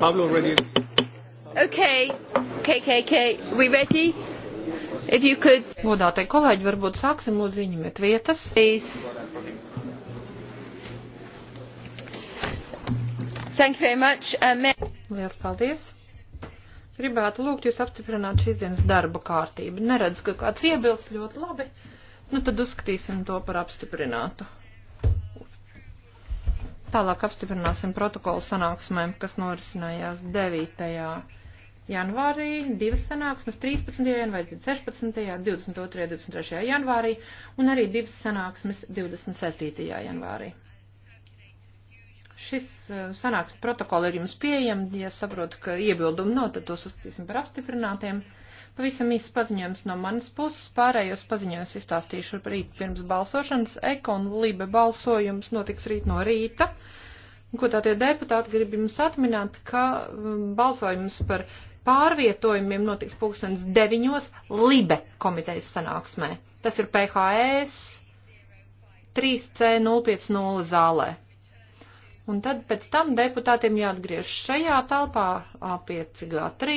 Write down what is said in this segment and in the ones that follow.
Pablo ready. Okay, KKK, we ready? If you could. Godātie kolēģi, varbūt sāksim lūdzu ieņemiet vietas. Please. Thank you very much. Um, Liels paldies. Gribētu lūgt jūs apstiprināt šīs dienas darba kārtību. Neredz, ka kāds iebilst ļoti labi. Nu tad uzskatīsim to par apstiprinātu. Tālāk apstiprināsim protokolu sanāksmēm, kas norisinājās 9. janvārī, divas sanāksmes 13. janvārī, 16. 22. 23. janvārī un arī divas sanāksmes 27. janvārī. Šis eh, sanāksmes protokoli ir jums pieejams, ja saprotu, ka iebildumi nav, tad tos uzskatīsim par apstiprinātiem. Pavisam īsts paziņojums no manas puses. Pārējos paziņojums izstāstīšu rīt pirms balsošanas. Ekon Libe balsojums notiks rīt no rīta. Ko tā tie deputāti grib jums atminēt, ka um, balsojums par pārvietojumiem notiks pulkstens deviņos Libe komitejas sanāksmē. Tas ir PHS 3C050 zālē. Un tad pēc tam deputātiem jāatgriež šajā telpā A5G3,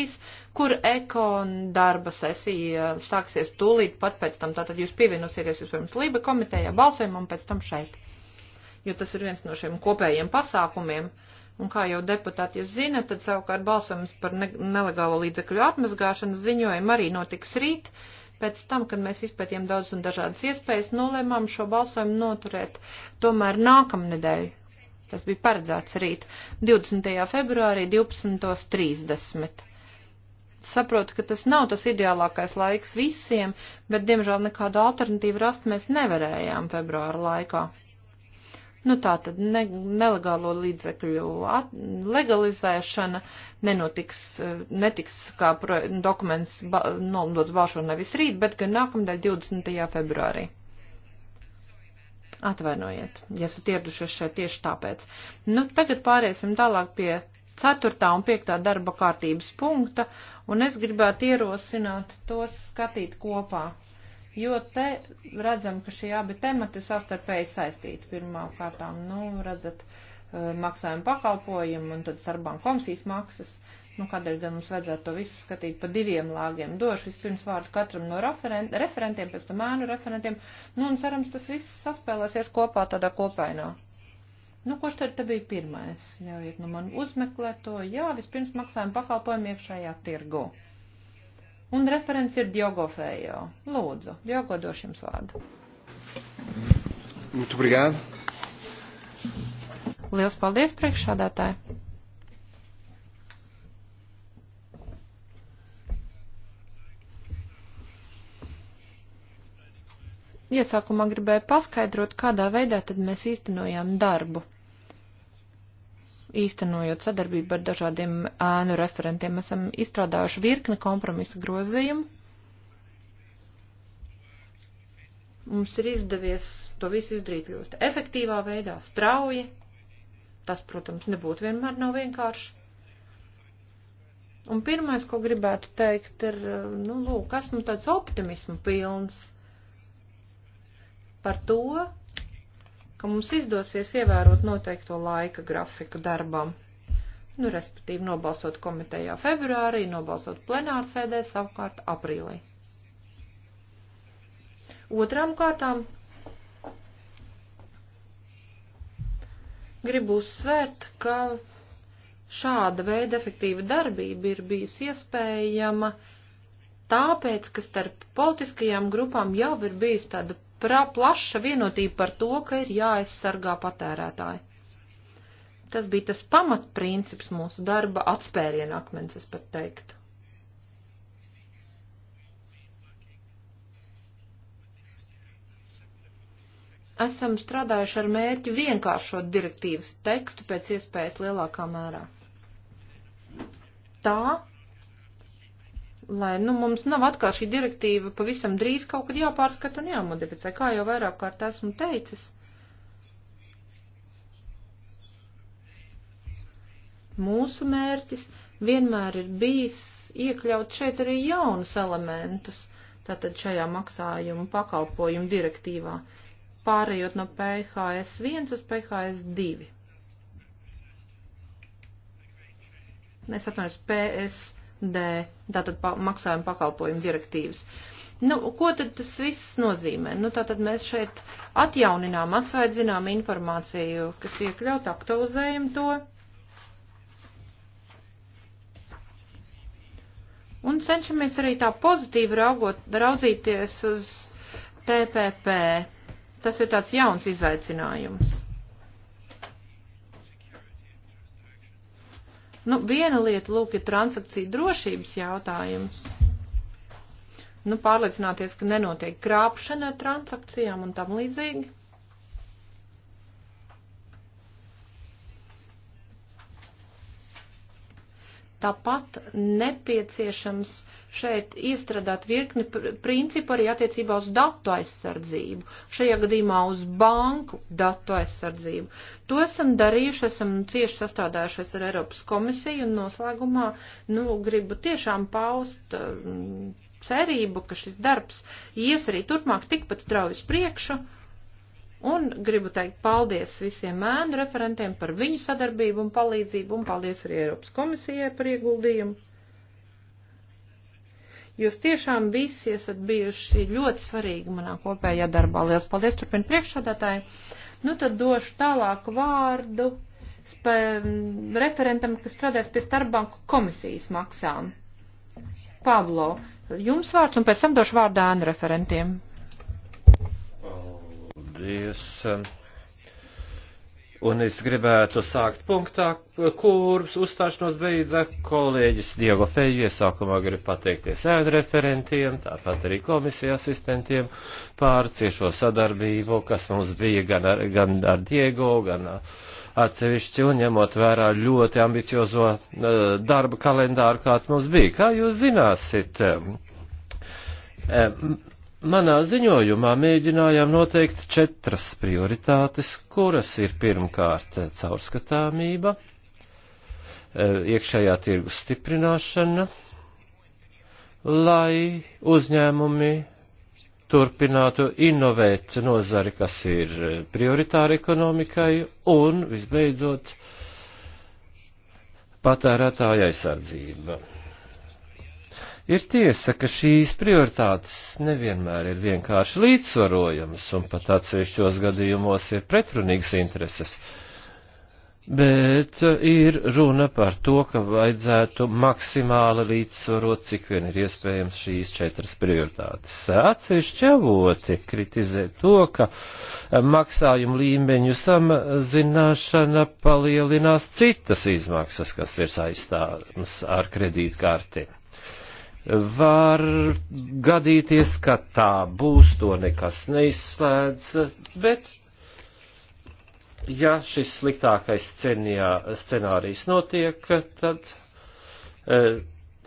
kur ekon darba sesija sāksies tūlīt pat pēc tam. Tātad jūs pievienosieties vispirms Lība komitejā balsojumam un pēc tam šeit. Jo tas ir viens no šiem kopējiem pasākumiem. Un kā jau deputāti jūs zina, tad savukārt balsojums par ne nelegālo līdzekļu atmazgāšanas ziņojumu arī notiks rīt pēc tam, kad mēs izpētījām daudz un dažādas iespējas, nolēmām šo balsojumu noturēt tomēr nākamnedēļ, Tas bija paredzēts rīt 20. februārī 12.30. Saprotu, ka tas nav tas ideālākais laiks visiem, bet, diemžēl, nekādu alternatīvu rast mēs nevarējām februāra laikā. Nu tā tad ne, nelegālo līdzekļu at, legalizēšana nenotiks, netiks kā pro, dokuments ba, nodots balšanai nevis rīt, bet gan nākamdēļ 20. februārī. Atvainojiet, ja esat ieradušies šeit tieši tāpēc. Nu, tagad pāriesim tālāk pie 4. un 5. darba kārtības punkta, un es gribētu ierosināt tos skatīt kopā, jo te redzam, ka šie abi temati sastarpēji saistīti pirmām kārtām, nu, redzat, eh, maksājuma pakalpojumu un tad starpbanku komisijas maksas. Nu, kādēļ gan mums vajadzētu to visu skatīt pa diviem lāgiem? Došu vispirms vārdu katram no referent, referentiem, pēc tam ēnu referentiem. Nu, un cerams, tas viss saspēlēsies kopā tādā kopainā. Nu, kurš tad te bija pirmais? Ļaujiet nu man uzmeklēt to. Jā, vispirms maksājam pakalpojumu iekšējā tirgu. Un referents ir Diogo Fejo. Lūdzu, Diogo, došu jums vārdu. Muito obrigado. Liels paldies priekšādātāji. Iesākumā gribēju paskaidrot, kādā veidā tad mēs īstenojām darbu. Īstenojot sadarbību ar dažādiem ēnu referentiem, esam izstrādājuši virkni kompromisa grozījumu. Mums ir izdevies to visu izdarīt ļoti efektīvā veidā, strauji. Tas, protams, nebūtu vienmēr nav vienkārši. Un pirmais, ko gribētu teikt, ir, nu, lūk, esmu tāds optimismu pilns par to, ka mums izdosies ievērot noteikto laika grafiku darbam. Nu, respektīvi, nobalsot komitejā februārī, nobalsot plenārsēdē savukārt aprīlī. Otrām kārtām gribu uzsvērt, ka šāda veida efektīva darbība ir bijusi iespējama tāpēc, ka starp politiskajām grupām jau ir bijusi tāda pra, plaša vienotība par to, ka ir jāaizsargā patērētāji. Tas bija tas pamatprincips mūsu darba atspēriena akmens, es pat teiktu. Esam strādājuši ar mērķi vienkāršot direktīvas tekstu pēc iespējas lielākā mērā. Tā, lai, nu, mums nav atkal šī direktīva pavisam drīz kaut kad jāpārskata un jāmodificē, kā jau vairāk kārt esmu teicis. Mūsu mērķis vienmēr ir bijis iekļaut šeit arī jaunus elementus, tātad šajā maksājumu pakalpojumu direktīvā, pārējot no PHS 1 uz PHS 2. Es atvainojos, PS 2 D, tātad pa, maksājuma pakalpojumu direktīvas. Nu, ko tad tas viss nozīmē? Nu, tātad mēs šeit atjauninām, atsvaidzinām informāciju, kas iekļaut, aktualizējam to. Un cenšamies arī tā pozitīvi raugot, raudzīties uz TPP. Tas ir tāds jauns izaicinājums. Nu, viena lieta, lūk, ir transakcija drošības jautājums. Nu, pārliecināties, ka nenotiek krāpšana ar transakcijām un tam līdzīgi. Tāpat nepieciešams šeit iestrādāt virkni principu arī attiecībā uz datu aizsardzību, šajā gadījumā uz banku datu aizsardzību. To esam darījuši, esam cieši sastrādājušies ar Eiropas komisiju un noslēgumā, nu, gribu tiešām paust mm, cerību, ka šis darbs ies arī turpmāk tikpat strauji uz priekšu Un gribu teikt paldies visiem mēnu referentiem par viņu sadarbību un palīdzību, un paldies arī Eiropas komisijai par ieguldījumu. Jūs tiešām visi esat bijuši ļoti svarīgi manā kopējā darbā. Lielas paldies turpin priekšsādātāji. Nu tad došu tālāk vārdu spē, mm, referentam, kas strādās pie starpbanku komisijas maksām. Pablo, jums vārds un pēc tam došu vārdu ēnu referentiem. Paldies. Un es gribētu sākt punktā, kurus uzstāšanos beidza kolēģis Diego Feju. Iesākumā gribu pateikties ēdreferentiem, tāpat arī komisija asistentiem pār ciešo sadarbību, kas mums bija gan ar, gan ar Diego, gan atsevišķi un ņemot vērā ļoti ambiciozo eh, darba kalendāru, kāds mums bija. Kā jūs zināsit? Eh, Manā ziņojumā mēģinājām noteikt četras prioritātes, kuras ir pirmkārt caurskatāmība, e, iekšējā tirgus stiprināšana, lai uzņēmumi turpinātu inovēt nozari, kas ir prioritāra ekonomikai, un, visbeidzot, patērētāja aizsardzība. Ir tiesa, ka šīs prioritātes nevienmēr ir vienkārši līdzsvarojamas un pat atsevišķos gadījumos ir pretrunīgas intereses. Bet uh, ir runa par to, ka vajadzētu maksimāli līdzsvarot, cik vien ir iespējams šīs četras prioritātes. Atsevišķi avoti kritizē to, ka uh, maksājumu līmeņu samazināšana palielinās citas izmaksas, kas ir saistāmas ar kredītkartēm var gadīties, ka tā būs, to nekas neizslēdz, bet ja šis sliktākais scenijā, scenārijs notiek, tad e,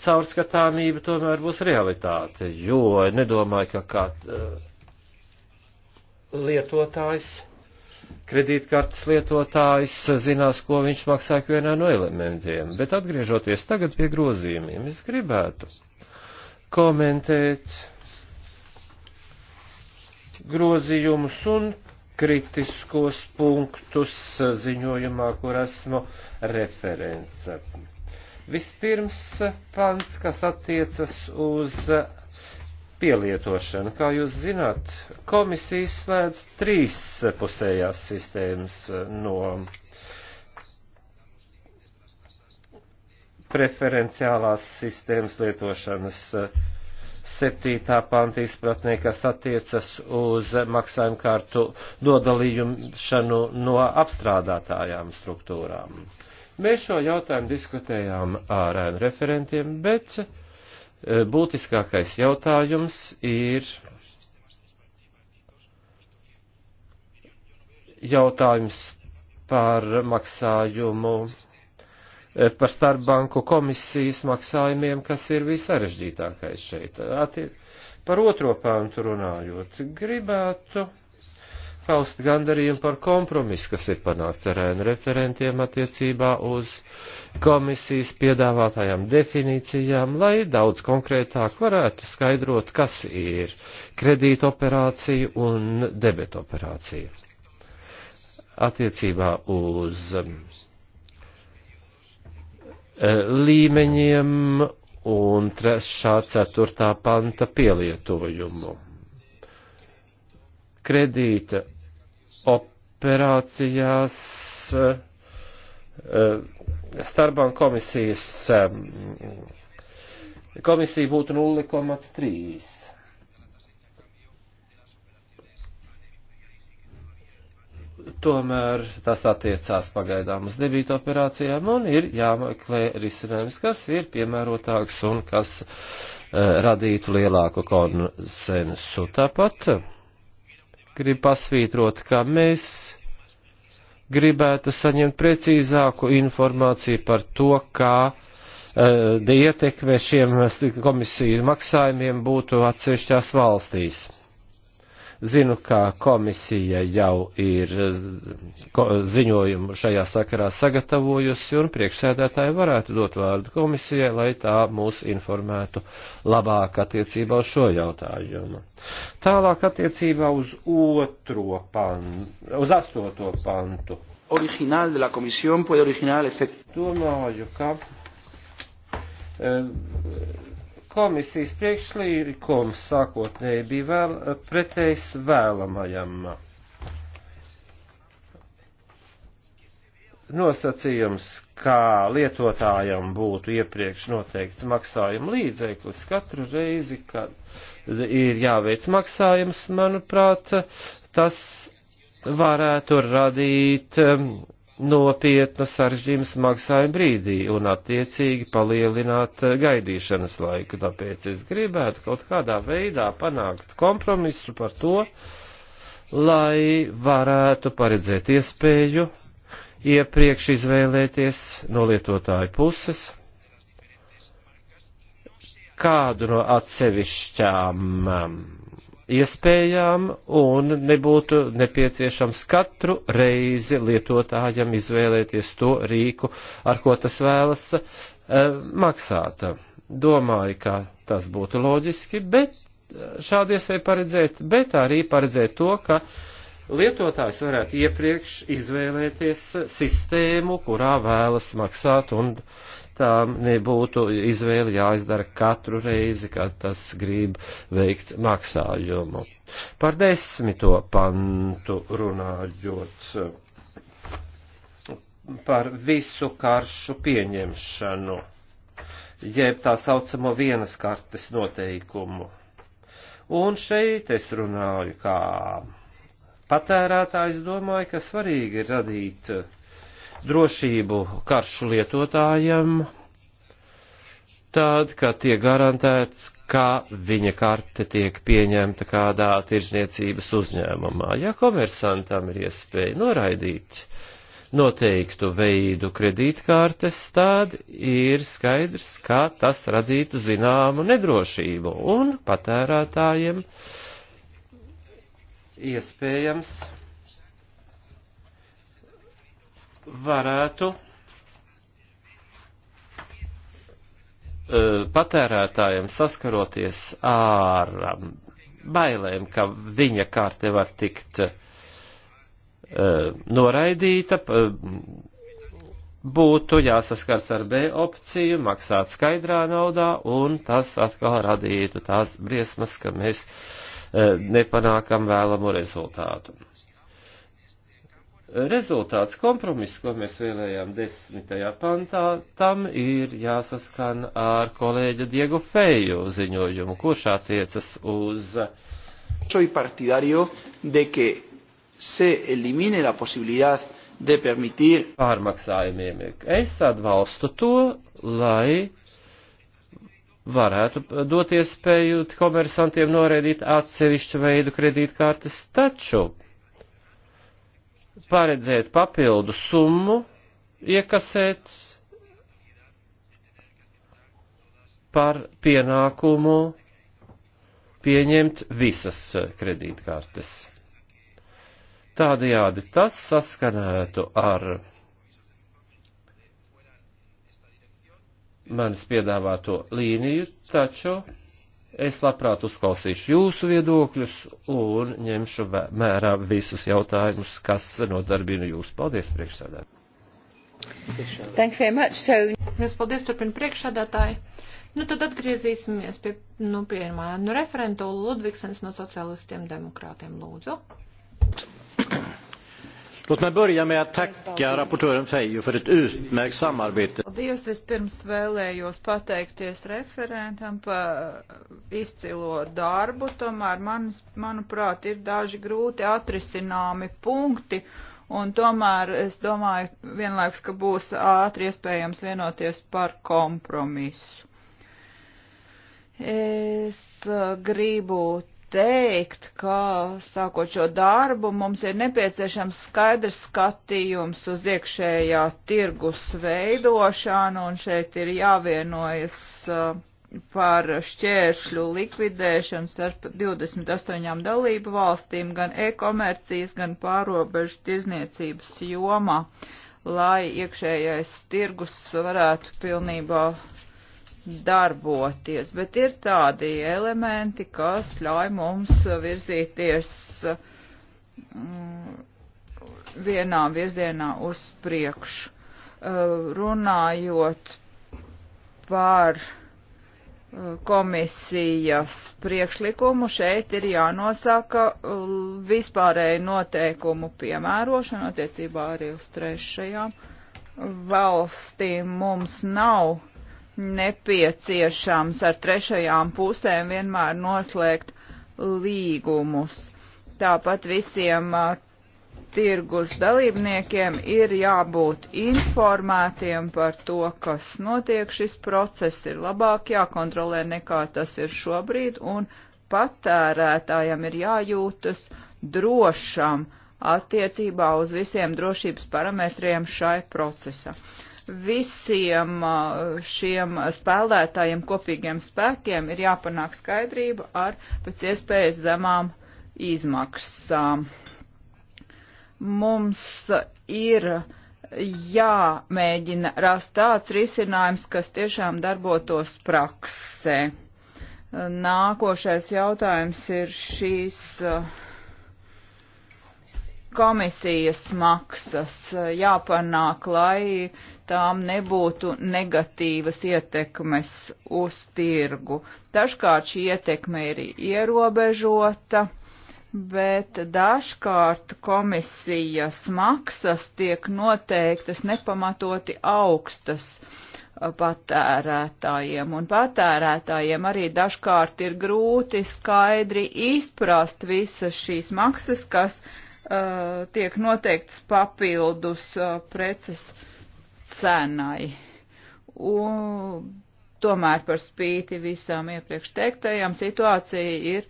caurskatāmība tomēr būs realitāte, jo nedomāju, ka kāds e, lietotājs, kredītkartes lietotājs zinās, ko viņš maksā ikvienā no elementiem. Bet atgriežoties tagad pie grozījumiem, es gribētu komentēt grozījumus un kritiskos punktus ziņojumā, kur esmu referents. Vispirms pants, kas attiecas uz pielietošanu. Kā jūs zināt, komisija slēdz trīs pusējās sistēmas no preferenciālās sistēmas lietošanas eh, septītā panta izpratnē, kas attiecas uz maksājumu kārtu nodalījumu no apstrādātājām struktūrām. Mēs šo jautājumu diskutējām ar ēnu referentiem, bet eh, būtiskākais jautājums ir jautājums par maksājumu Eh, par starpbanku komisijas maksājumiem, kas ir visarežģītākais šeit. Ati, par otro pāntu runājot, gribētu paust gandarījumu par kompromisu, kas ir panākts ar ēnu referentiem attiecībā uz komisijas piedāvātajām definīcijām, lai daudz konkrētāk varētu skaidrot, kas ir kredīta operācija un debeta operācija. Attiecībā uz um, Eh, līmeņiem un 3. 4. panta pielietojumu. Kredīta operācijās eh, starpbank komisijas eh, komisija būtu 0,3. tomēr tas attiecās pagaidām uz debīta operācijām un ir jāmeklē risinājums, kas ir piemērotāks un kas uh, radītu lielāku konsensu. Tāpat gribu pasvītrot, ka mēs gribētu saņemt precīzāku informāciju par to, kā uh, ietekme šiem komisiju maksājumiem būtu atsevišķās valstīs Zinu, ka komisija jau ir ziņojumu šajā sakarā sagatavojusi, un priekšsēdētāji varētu dot vārdu komisijai, lai tā mūs informētu labāk attiecībā uz šo jautājumu. Tālāk attiecībā uz otro pantu, uz astoto pantu. Original de la comisión puede originar efecto. Domāju, ka. Eh, Komisijas priekšlīkums sākotnēji bija vēl eh, pretējs vēlamajam. Nosacījums, kā lietotājam būtu iepriekš noteikts maksājuma līdzeklis katru reizi, kad ir jāveic maksājums, manuprāt, tas varētu radīt eh, nopietna saržģījuma maksājuma brīdī un attiecīgi palielināt eh, gaidīšanas laiku. Tāpēc es gribētu kaut kādā veidā panākt kompromisu par to, lai varētu paredzēt iespēju iepriekš izvēlēties no lietotāju puses kādu no atsevišķām um, iespējām un nebūtu nepieciešams katru reizi lietotājam izvēlēties to rīku, ar ko tas vēlas e, maksāt. Domāju, ka tas būtu loģiski, bet eh, šādi iespēja paredzēt, bet arī paredzēt to, ka uh, lietotājs varētu iepriekš izvēlēties sistēmu, kurā vēlas maksāt, un tām nebūtu izvēle jāizdara katru reizi, kad tas grib veikt maksājumu. Par desmito pantu runājot par visu karšu pieņemšanu, jeb tā saucamo vienas kartes noteikumu. Un šeit es runāju kā patērētājs, domāju, ka svarīgi ir radīt drošību karšu lietotājiem, tad, ka tiek garantēts, ka viņa karte tiek pieņemta kādā tirzniecības uzņēmumā. Ja komersantam ir iespēja noraidīt noteiktu veidu kredītkartes, tad ir skaidrs, ka tas radītu zināmu nedrošību un patērētājiem. Uh, iespējams varētu e, patērētājiem saskaroties ar um, bailēm, ka viņa kārte var tikt e, noraidīta, būtu jāsaskars ar B opciju, maksāt skaidrā naudā, un tas atkal radītu tās briesmas, ka mēs uh, Eh, nepanākam vēlamo rezultātu. Rezultāts kompromiss, ko mēs vēlējām desmitajā pantā, tam ir jāsaskan ar kolēģa Diego Feju ziņojumu, kurš attiecas uz. Soy partidario de que se elimine la posibilidad de permitir. Pārmaksājumiem. Es atbalstu to, lai varētu dot iespēju komersantiem norēdīt atsevišķu veidu kredītkartes, taču paredzēt papildu summu, iekasēt par pienākumu pieņemt visas kredītkartes. Tādējādi tas saskanētu ar manis piedāvāto līniju, taču es labprāt uzklausīšu jūsu viedokļus un ņemšu mērā visus jautājumus, kas nodarbina jūs. Paldies, priekšsēdētāji! So... Mēs paldies turpin priekšsēdētāji. Nu tad atgriezīsimies pie, nu, pirmā, nu referentu Ludvigsens no socialistiem demokrātiem lūdzu. Låt mig börja med att tacka rapportören Feiju för ett utmärkt samarbete. Paldies, vispirms vēlējos pateikties referentam par izcilo darbu, tomēr manis, manuprāt ir daži grūti atrisināmi punkti, un tomēr es domāju vienlaiks, ka būs ātri iespējams vienoties par kompromisu. Es eh, gribu teikt, ka sākot šo darbu mums ir nepieciešams skaidrs skatījums uz iekšējā tirgus veidošanu un šeit ir jāvienojas uh, par šķēršļu likvidēšanu starp 28 dalību valstīm gan e-komercijas, gan pārobežu tirzniecības jomā, lai iekšējais tirgus varētu pilnībā darboties, bet ir tādi elementi, kas ļauj mums virzīties mm, vienā virzienā uz priekšu. Eh, runājot par eh, komisijas priekšlikumu, šeit ir jānosaka eh, vispārēji noteikumu piemērošana attiecībā arī uz trešajām valstīm. Mums nav uh, nepieciešams ar trešajām pusēm vienmēr noslēgt līgumus. Tāpat visiem uh, tirgus dalībniekiem ir jābūt informētiem par to, kas notiek. Šis process ir labāk jākontrolē nekā tas ir šobrīd, un patērētājam ir jājūtas drošam attiecībā uz visiem drošības parametriem šai procesā visiem šiem spēlētājiem kopīgiem spēkiem ir jāpanāk skaidrība ar pēc iespējas zemām izmaksām. Mums ir jāmēģina rast tāds risinājums, kas tiešām darbotos praksē. Nākošais jautājums ir šīs uh, komisijas maksas jāpanāk, lai tām nebūtu negatīvas ietekmes uz tirgu. Dažkārt šī ietekme ir ierobežota, bet dažkārt komisijas maksas tiek noteiktas nepamatoti augstas patērētājiem, un patērētājiem arī dažkārt ir grūti skaidri izprast visas šīs maksas, kas uh, Uh, tiek noteikts papildus uh, preces cenai. Un, tomēr par spīti visām iepriekš teiktajām situācija ir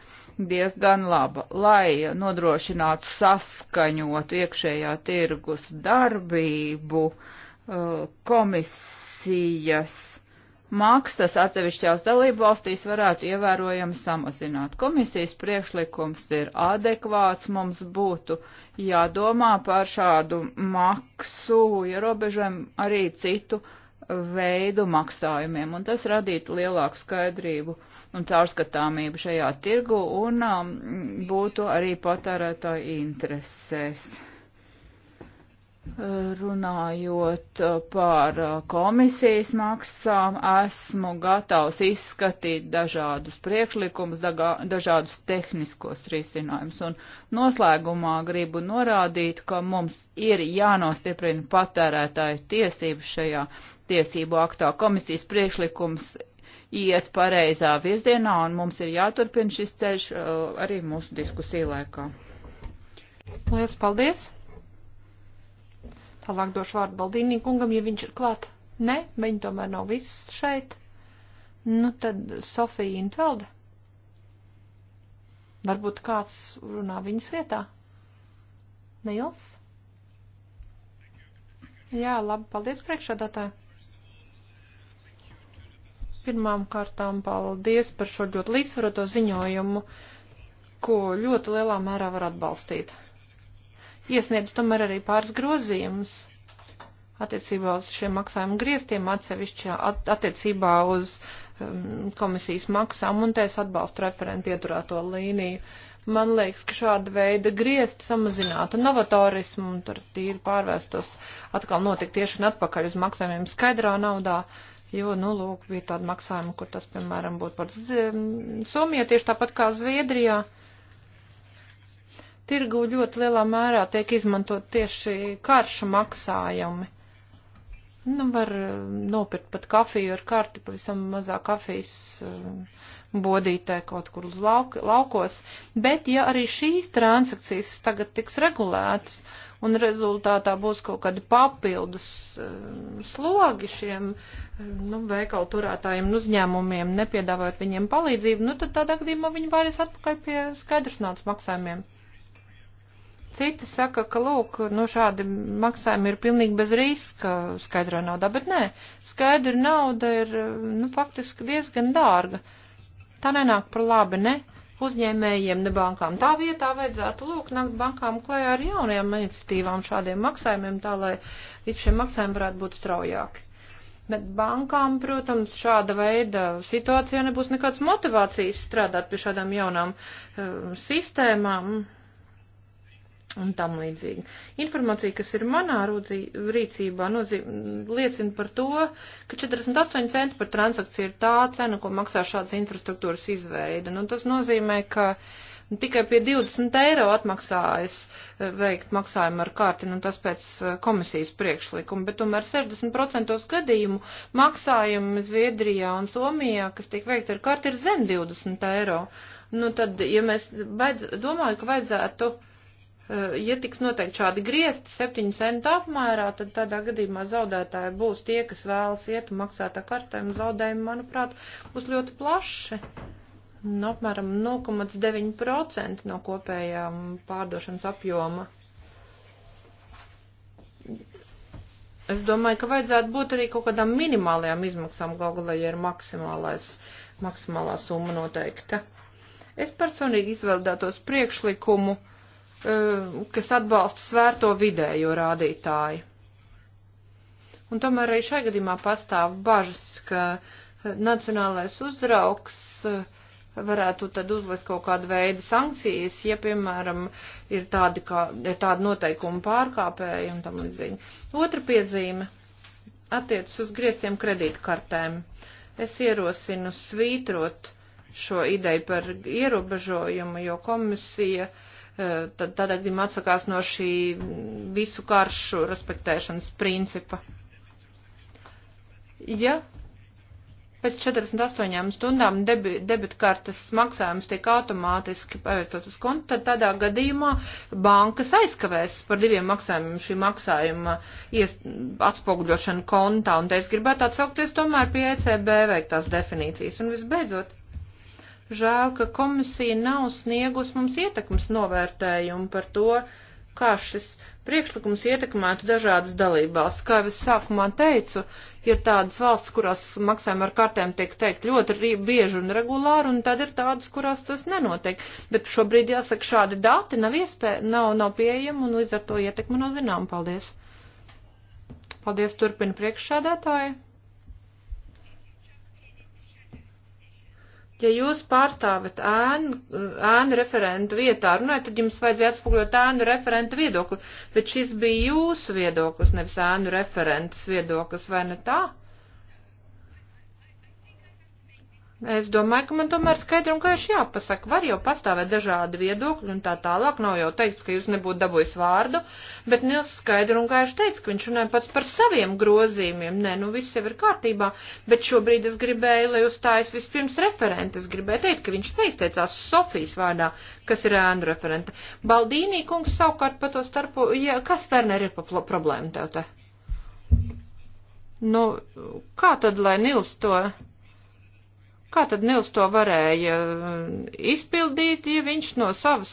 diezgan laba. Lai nodrošinātu saskaņotu iekšējā tirgus darbību, uh, komisijas maksas atsevišķās dalību valstīs varētu ievērojami samazināt. Komisijas priekšlikums ir adekvāts, mums būtu jādomā par šādu maksu ierobežojumu ja arī citu veidu maksājumiem, un tas radītu lielāku skaidrību un caurskatāmību šajā tirgu un um, būtu arī patērētāju interesēs. Runājot uh, par uh, komisijas maksām, esmu gatavs izskatīt dažādus priekšlikumus, dažādus tehniskos risinājumus. Un noslēgumā gribu norādīt, ka mums ir jānostiprina patērētāju tiesības šajā tiesību aktā. Komisijas priekšlikums iet pareizā virzienā, un mums ir jāturpina šis ceļš uh, arī mūsu diskusiju laikā. Lielas paldies! Tālāk došu vārdu Baldīnī kungam, ja viņš ir klāt. Nē, viņi tomēr nav viss šeit. Nu, tad Sofija Intvelda. Varbūt kāds runā viņas vietā. Nils? Jā, labi, paldies priekšādātāji. Pirmām kārtām paldies par šo ļoti līdzsvaroto ziņojumu, ko ļoti lielā mērā var atbalstīt iesniedz tomēr arī pāris grozījumus attiecībā uz šiem maksājumu grieztiem atsevišķi at, attiecībā uz um, komisijas maksām un te es atbalstu referentu ieturēto līniju. Man liekas, ka šāda veida griezti samazinātu novatorismu un tur tīri pārvēstos atkal notikt tieši un atpakaļ uz maksājumiem skaidrā naudā. Jo, nu, lūk, bija tāda maksājuma, kur tas, piemēram, būtu par mm, Somijā tieši tāpat kā Zviedrijā. Uh, Tirgu ļoti lielā mērā tiek izmantot tieši karšu maksājumi. Nu, var eh, nopirkt pat kafiju ar karti, pavisam mazā kafijas eh, bodītē kaut kur uz lauk, laukos. Bet, ja arī šīs transakcijas tagad tiks regulētas un rezultātā būs kaut kādi papildus eh, slogi šiem nu, veikalu turētājiem un uzņēmumiem, nepiedāvājot viņiem palīdzību, nu, tad tādā gadījumā viņi vairs atpakaļ pie skaidrs naudas maksājumiem. Citi saka, ka, lūk, nu šādi maksājumi ir pilnīgi bez riska skaidrā naudā, bet nē, skaidra nauda ir, nu, faktiski diezgan dārga. Tā nenāk par labi, ne uzņēmējiem, ne bankām. Tā vietā vajadzētu, lūk, nākt bankām klajā ar jaunajām iniciatīvām šādiem maksājumiem, tā lai visi šie maksājumi varētu būt straujāki. Bet bankām, protams, šāda veida situācijā nebūs nekādas motivācijas strādāt pie šādām jaunām um, sistēmām un tam līdzīgi. Informācija, kas ir manā rūdzī, rīcībā, nozīm, liecina par to, ka 48 centi par transakciju ir tā cena, ko maksā šāds infrastruktūras izveida. Nu, tas nozīmē, ka tikai pie 20 eiro atmaksājas eh, veikt maksājumu ar karti, nu tas pēc eh, komisijas priekšlikuma, bet tomēr 60% gadījumu maksājumi Zviedrijā un Somijā, kas tiek veikti ar karti, ir zem 20 eiro. Nu tad, ja mēs vajadz, domāju, ka vajadzētu Eh, ja tiks noteikti šādi griezti 7 centu apmērā, tad tādā gadījumā zaudētāji būs tie, kas vēlas iet un maksāt ar kartēm. Zaudējumi, manuprāt, būs ļoti plaši. Nu, apmēram 0,9% no kopējā mm, pārdošanas apjoma. Es domāju, ka vajadzētu būt arī kaut kādām minimālajām izmaksām Google, ja ir maksimālā summa noteikta. Es personīgi izvēlētos priekšlikumu uh, Eh, kas atbalsta svērto vidējo rādītāju. Un tomēr arī šajā gadījumā pastāv bažas, ka eh, nacionālais uzrauks eh, varētu tad uzlikt kaut kādu veidu sankcijas, ja, piemēram, ir tādi, kā, ir tādi noteikumi pārkāpēji un tam līdzīgi. Otra piezīme attiecas uz grieztiem kredītkartēm. Es ierosinu svītrot šo ideju par ierobežojumu, jo komisija uh, tad tādā gadījumā atsakās no šī visu karšu respektēšanas principa. Ja pēc 48 stundām debi, debitkartes maksājums tiek automātiski pavietot uz kontu, tad tādā gadījumā bankas aizkavēs par diviem maksājumiem šī maksājuma atspoguļošanu kontā, un te es gribētu atsaukties tomēr pie ECB veiktās definīcijas. Un visbeidzot, Žēl, ka komisija nav sniegus mums ietekmes novērtējumu par to, kā šis priekšlikums ietekmētu dažādas dalībās. Kā jau es sākumā teicu, ir tādas valsts, kurās maksājumi ar kartēm tiek teikt ļoti bieži un regulāri, un tad ir tādas, kurās tas nenotiek. Bet šobrīd jāsaka, šādi dati nav iespēja, nav, nav pieejami, un līdz ar to ietekme nav zinām. Paldies! Paldies, turpina priekšsādātāji! Ja jūs pārstāvat ēnu, ēnu referentu vietā, runājot, tad jums vajadzēja atspoguļot ēnu referentu viedokli, bet šis bija jūsu viedoklis, nevis ēnu referentas viedoklis, vai ne tā? Uh, Es domāju, ka man tomēr skaidri un gaiši jāpasaka, var jau pastāvēt dažādi viedokļi un tā tālāk, nav jau teikts, ka jūs nebūtu dabūjis vārdu, bet Nils skaidri un gaiši teica, ka viņš runāja pats par saviem grozījumiem, nē, nu viss jau ir kārtībā, bet šobrīd es gribēju, lai uzstājas vispirms referente, es gribēju teikt, ka viņš neizteicās Sofijas vārdā, kas ir ēnu referente. Baldīnī kungs savukārt pa to starpu, ja, kas Werner ir pa problēmu tev te? Nu, kā tad, lai Nils to Kā tad Nils to varēja mm, izpildīt, ja viņš no savas.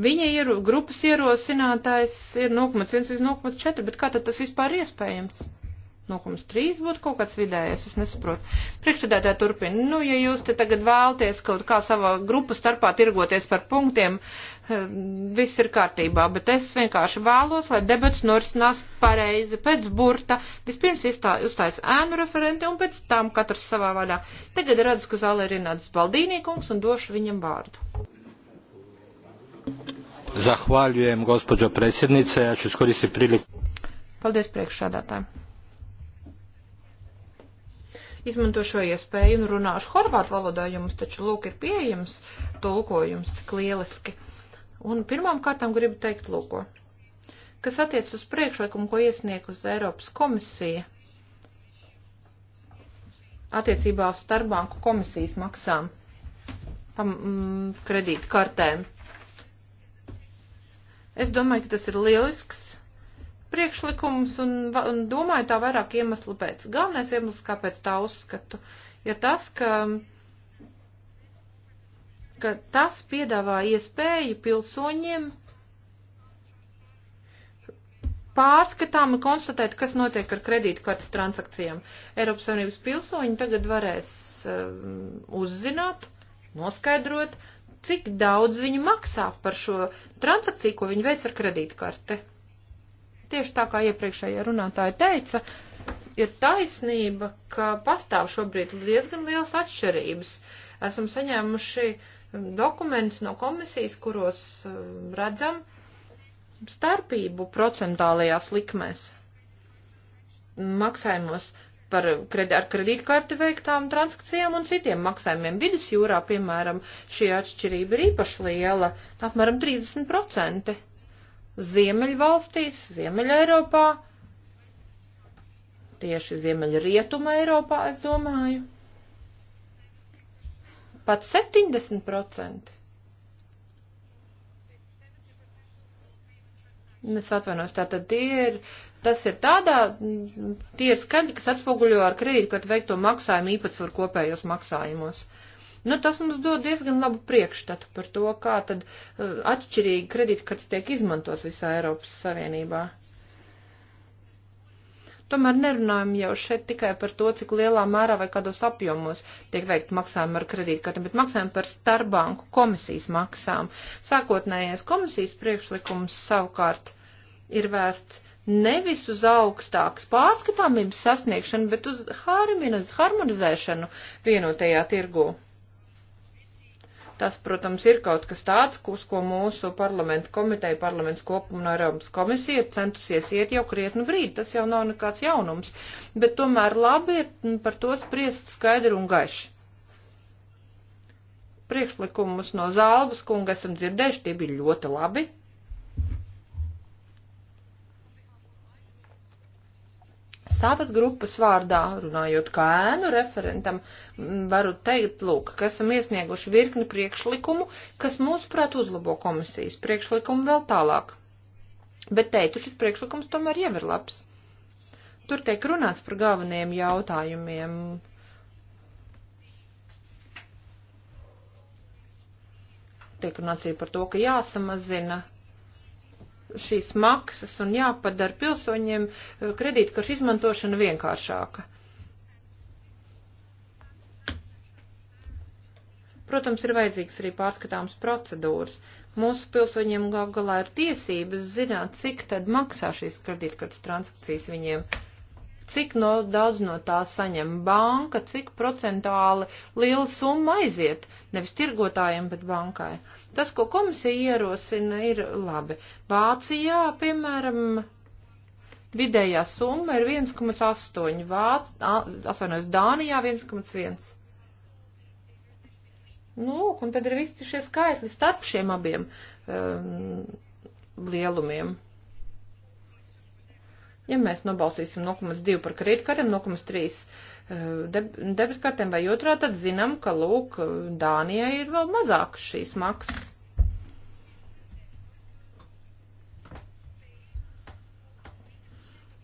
Viņa ir grupas ierosinātājs ir 0,1 līdz 0,4, bet kā tad tas vispār iespējams? 0,3 būtu kaut kāds vidējais, es nesaprotu. Priekšsēdētāji turpina, nu, ja jūs te tagad vēlties kaut kā savā grupu starpā tirgoties par punktiem, eh, viss ir kārtībā, bet es vienkārši vēlos, lai debats norisinās pareizi pēc burta. Vispirms uzstājas ēnu referenti un pēc tam katrs savā vaļā. Tagad redzu, ka zālē ir ienācis Baldīnīkungs un došu viņam vārdu. Zahvaljujem, gospođo predsjednice, ja ću iskoristiti priliku. Paldies, priekšsādātāji izmanto šo iespēju un runāšu horvātu valodā, jo mums taču lūk ir pieejams tulkojums, cik lieliski. Un pirmām kārtām gribu teikt lūko, kas attiec uz priekšlikumu, ko iesniegus Eiropas komisija attiecībā uz starpbanku komisijas maksām pam, mm, kredītkartēm. Es domāju, ka tas ir lielisks priekšlikumus un, un domāju tā vairāk iemeslu pēc. Galvenais iemesls, kāpēc tā uzskatu, ir tas, ka, ka tas piedāvā iespēju pilsoņiem pārskatām un konstatēt, kas notiek ar kredītkartes transakcijām. Eiropas Savienības pilsoņi tagad varēs um, uzzināt, noskaidrot, cik daudz viņi maksā par šo transakciju, ko viņi veic ar kredītkarte. Tieši tā kā iepriekšējā runātāja teica, ir taisnība, ka pastāv šobrīd diezgan liels atšķirības. Esam saņēmuši dokumentus no komisijas, kuros uh, redzam starpību procentālajās likmēs maksājumos par kredi, ar kredītkarti veiktām transakcijām un citiem maksājumiem. Vidusjūrā, piemēram, šī atšķirība ir īpaši liela, apmēram 30%. Ziemeļvalstīs, Ziemeļa Eiropā, tieši Ziemeļa Rietuma Eiropā, es domāju, pat 70%. Es atvainos, tātad tie ir, tas ir tādā, tie ir skaļi, kas atspoguļo ar kredītkartu veikto maksājumu īpatsvaru kopējos maksājumos. Uh, Nu, tas mums dod diezgan labu priekšstatu par to, kā tad uh, atšķirīgi kredītkartes tiek izmantots visā Eiropas Savienībā. Tomēr nerunājam jau šeit tikai par to, cik lielā mērā vai kādos apjomos tiek veikt maksājumi ar kredītkarti, bet maksājumi par starpbanku komisijas maksām. Sākotnējais komisijas priekšlikums savukārt ir vērsts nevis uz augstākas pārskatāmības sasniegšanu, bet uz harmonizēšanu vienotajā tirgū. Tas, protams, ir kaut kas tāds, uz ko mūsu parlamenta komiteja, parlaments kopuma un Eiropas komisija ir centusies iet jau krietnu brīdi. Tas jau nav nekāds jaunums, bet tomēr labi ir par to spriest skaidri un gaiši. Priekšlikumus no Zālbas kunga esam dzirdējuši, tie bija ļoti labi. savas grupas vārdā, runājot kā ēnu referentam, varu teikt, lūk, ka esam iesnieguši virkni priekšlikumu, kas mūsuprāt uzlabo komisijas priekšlikumu vēl tālāk. Bet teicu, šis priekšlikums tomēr jau ir labs. Tur tiek runāts par galvenajiem jautājumiem, tiek runāts arī par to, ka jāsamazina šīs maksas un jāpadara pilsoņiem eh, kredītkaršu izmantošana vienkāršāka. Protams, ir vajadzīgs arī pārskatāms procedūras. Mūsu pilsoņiem gal galā ir tiesības zināt, cik tad maksā šīs kredītkartes transakcijas viņiem. Uh, cik no, daudz no tā saņem banka, cik procentuāli liela summa aiziet nevis tirgotājiem, bet bankai. Tas, ko komisija ierosina, ir labi. Vācijā, piemēram, vidējā summa ir 1,8, Vāc, atvainojos, Dānijā 1,1. Nu, lūk, un tad ir visi šie skaitļi starp šiem abiem um, lielumiem ja mēs nobalsīsim 0,2 par kredītkartēm, 0,3 eh, debitkartēm vai otrā, tad zinām, ka, lūk, Dānijai ir vēl mazāk šīs maksas.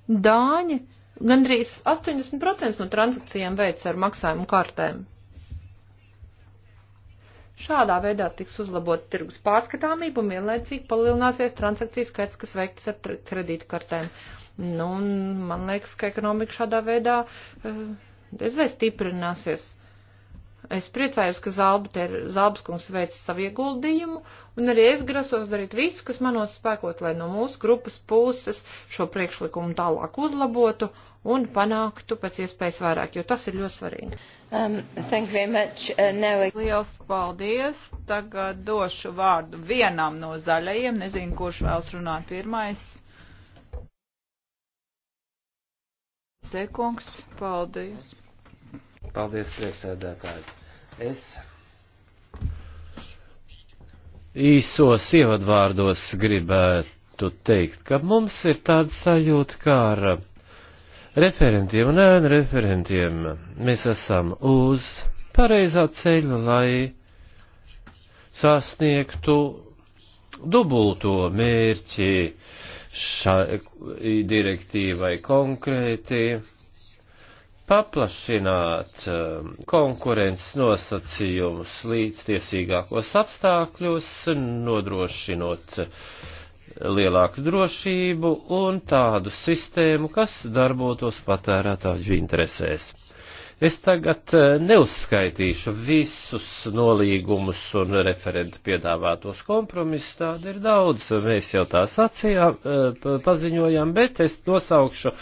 Dāņi gandrīz 80% no transakcijām veids ar maksājumu kartēm. Šādā veidā tiks uzlabot tirgus pārskatāmību un vienlaicīgi palielināsies transakcijas skaits, kas veikts ar kredītkartēm. Nu, man liekas, ka ekonomika šādā veidā eh, diezvēl stiprināsies. Es priecājos, ka Zābas kungs veic savu ieguldījumu, un arī es grasos darīt visu, kas manos spēkot, lai no mūsu grupas puses šo priekšlikumu tālāk uzlabotu un panāktu pēc iespējas vairāk, jo tas ir ļoti svarīgi. Um, uh, now... Liels paldies! Tagad došu vārdu vienam no zaļajiem, nezinu, kurš vēlas runāt pirmais. Sekungs, paldies. Paldies, priekšsēdētāji. Es īsos ievadvārdos gribētu teikt, ka mums ir tāda sajūta kā ar referentiem un ēnu referentiem. Mēs esam uz pareizā ceļa, lai sasniegtu dubulto mērķi šai direktīvai konkrēti paplašināt um, konkurences nosacījumus līdz tiesīgākos apstākļos, nodrošinot lielāku drošību un tādu sistēmu, kas darbotos patērētāju interesēs. Es tagad e, neuzskaitīšu visus nolīgumus un referenta piedāvātos kompromisus, tāda ir daudz, mēs jau tā sacījām, e, paziņojām, bet es nosaukšu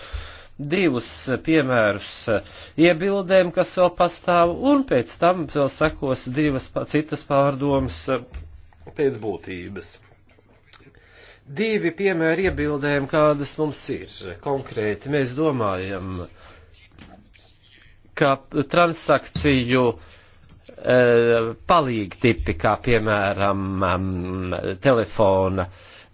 divus piemērus e, iebildēm, kas vēl pastāv, un pēc tam vēl sekos divas citas pārdomas pēc būtības divi piemēri iebildēm, kādas mums ir. Konkrēti mēs domājam ka transakciju e, palīgi tipi, kā piemēram telefona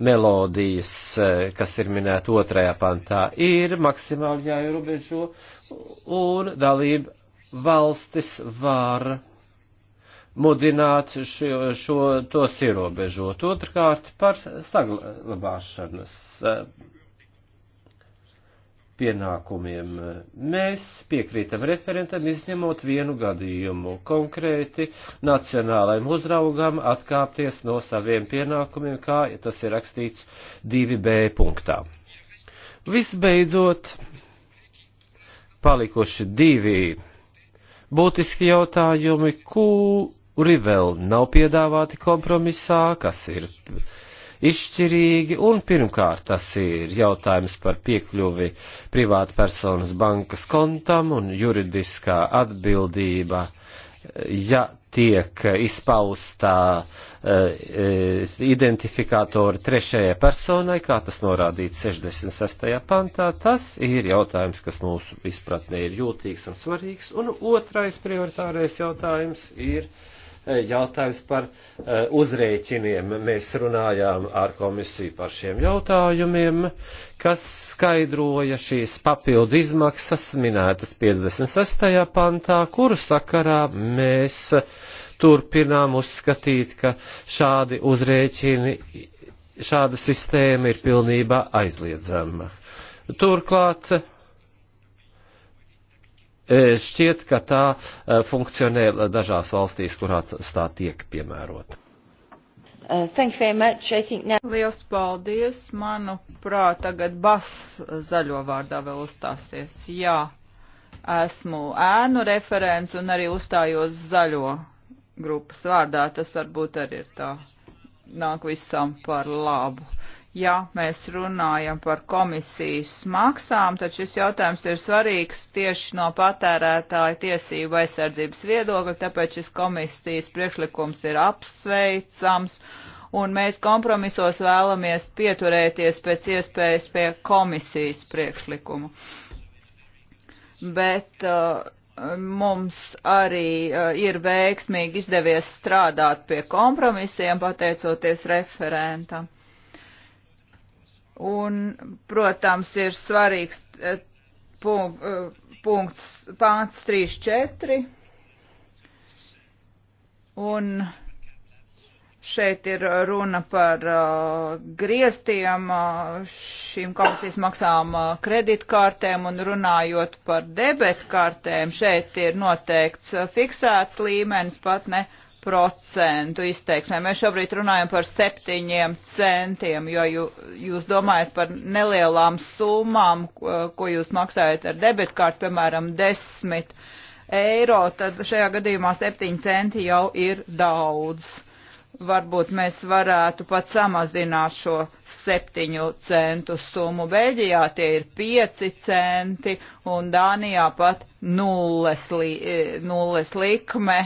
melodijas, e, kas ir minēta otrajā pantā, ir maksimāli jāierobežo un dalība valstis var mudināt šo, šo tos ierobežot. Otrkārt par saglabāšanas e, pienākumiem. Mēs piekrītam referentam izņemot vienu gadījumu, konkrēti nacionālajiem uzraugam atkāpties no saviem pienākumiem, kā tas ir rakstīts 2b punktā. Visbeidzot, palikuši divi būtiski jautājumi, kuri vēl nav piedāvāti kompromisā, kas ir izšķirīgi, un pirmkārt tas ir jautājums par piekļuvi privāta personas bankas kontam un juridiskā atbildība, ja tiek izpaustā e, e identifikātori trešajai personai, kā tas norādīts 66. pantā, tas ir jautājums, kas mūsu izpratnē ir jūtīgs un svarīgs, un otrais prioritārais jautājums ir E, jautājums par e, uzrēķiniem. Mēs runājām ar komisiju par šiem jautājumiem, kas skaidroja šīs papildu izmaksas minētas 56. pantā, kuru sakarā mēs turpinām uzskatīt, ka šādi uzrēķini, šāda sistēma ir pilnībā aizliedzama. Turklāt E, šķiet, ka tā e, funkcionē dažās valstīs, kurās tā tiek piemērota. Uh, now... Lielas paldies. Manuprāt, tagad Bas zaļo vārdā vēl uzstāsies. Jā, esmu ēnu referents un arī uzstājos zaļo grupas vārdā. Tas varbūt arī ir tā. Nāk visam par labu. Uh, ja mēs runājam par komisijas maksām, tad šis jautājums ir svarīgs tieši no patērētāja tiesību aizsardzības viedokļa, tāpēc šis komisijas priekšlikums ir apsveicams, un mēs kompromisos vēlamies pieturēties pēc iespējas pie komisijas priekšlikumu. Bet uh, mums arī uh, ir veiksmīgi izdevies strādāt pie kompromisiem, pateicoties referentam Un, protams, ir svarīgs eh, punk, eh, punkts pāns 3.4. Un šeit ir runa par uh, eh, griestiem, uh, šīm komisijas maksām uh, kreditkartēm un runājot par debetkartēm. Šeit ir noteikts uh, fiksēts līmenis, pat ne procentu izteiksmē. Mēs šobrīd runājam par septiņiem centiem, jo jū, jūs domājat par nelielām summām, ko, ko jūs maksājat ar debitkārtu, piemēram, desmit eiro, tad šajā gadījumā septiņi centi jau ir daudz. Varbūt mēs varētu pat samazināt šo septiņu centu summu. Beļģijā tie ir pieci centi un Dānijā pat nulles, li, eh, nulles likme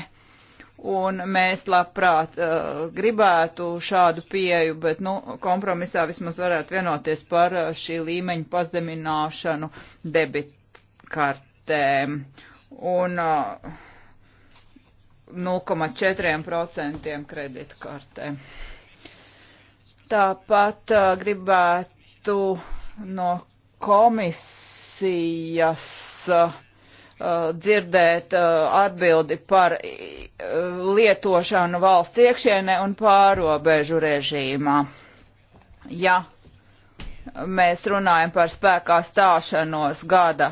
un mēs labprāt uh, gribētu šādu pieju, bet nu, kompromisā vismaz varētu vienoties par uh, šī līmeņa pazemināšanu debitkartēm. Un uh, 0,4% kreditkartē. Tāpat uh, gribētu no komisijas uh, Uh, dzirdēt uh, atbildi par uh, lietošanu valsts iekšienē un pārobežu režīmā. Ja mēs runājam par spēkā stāšanos gada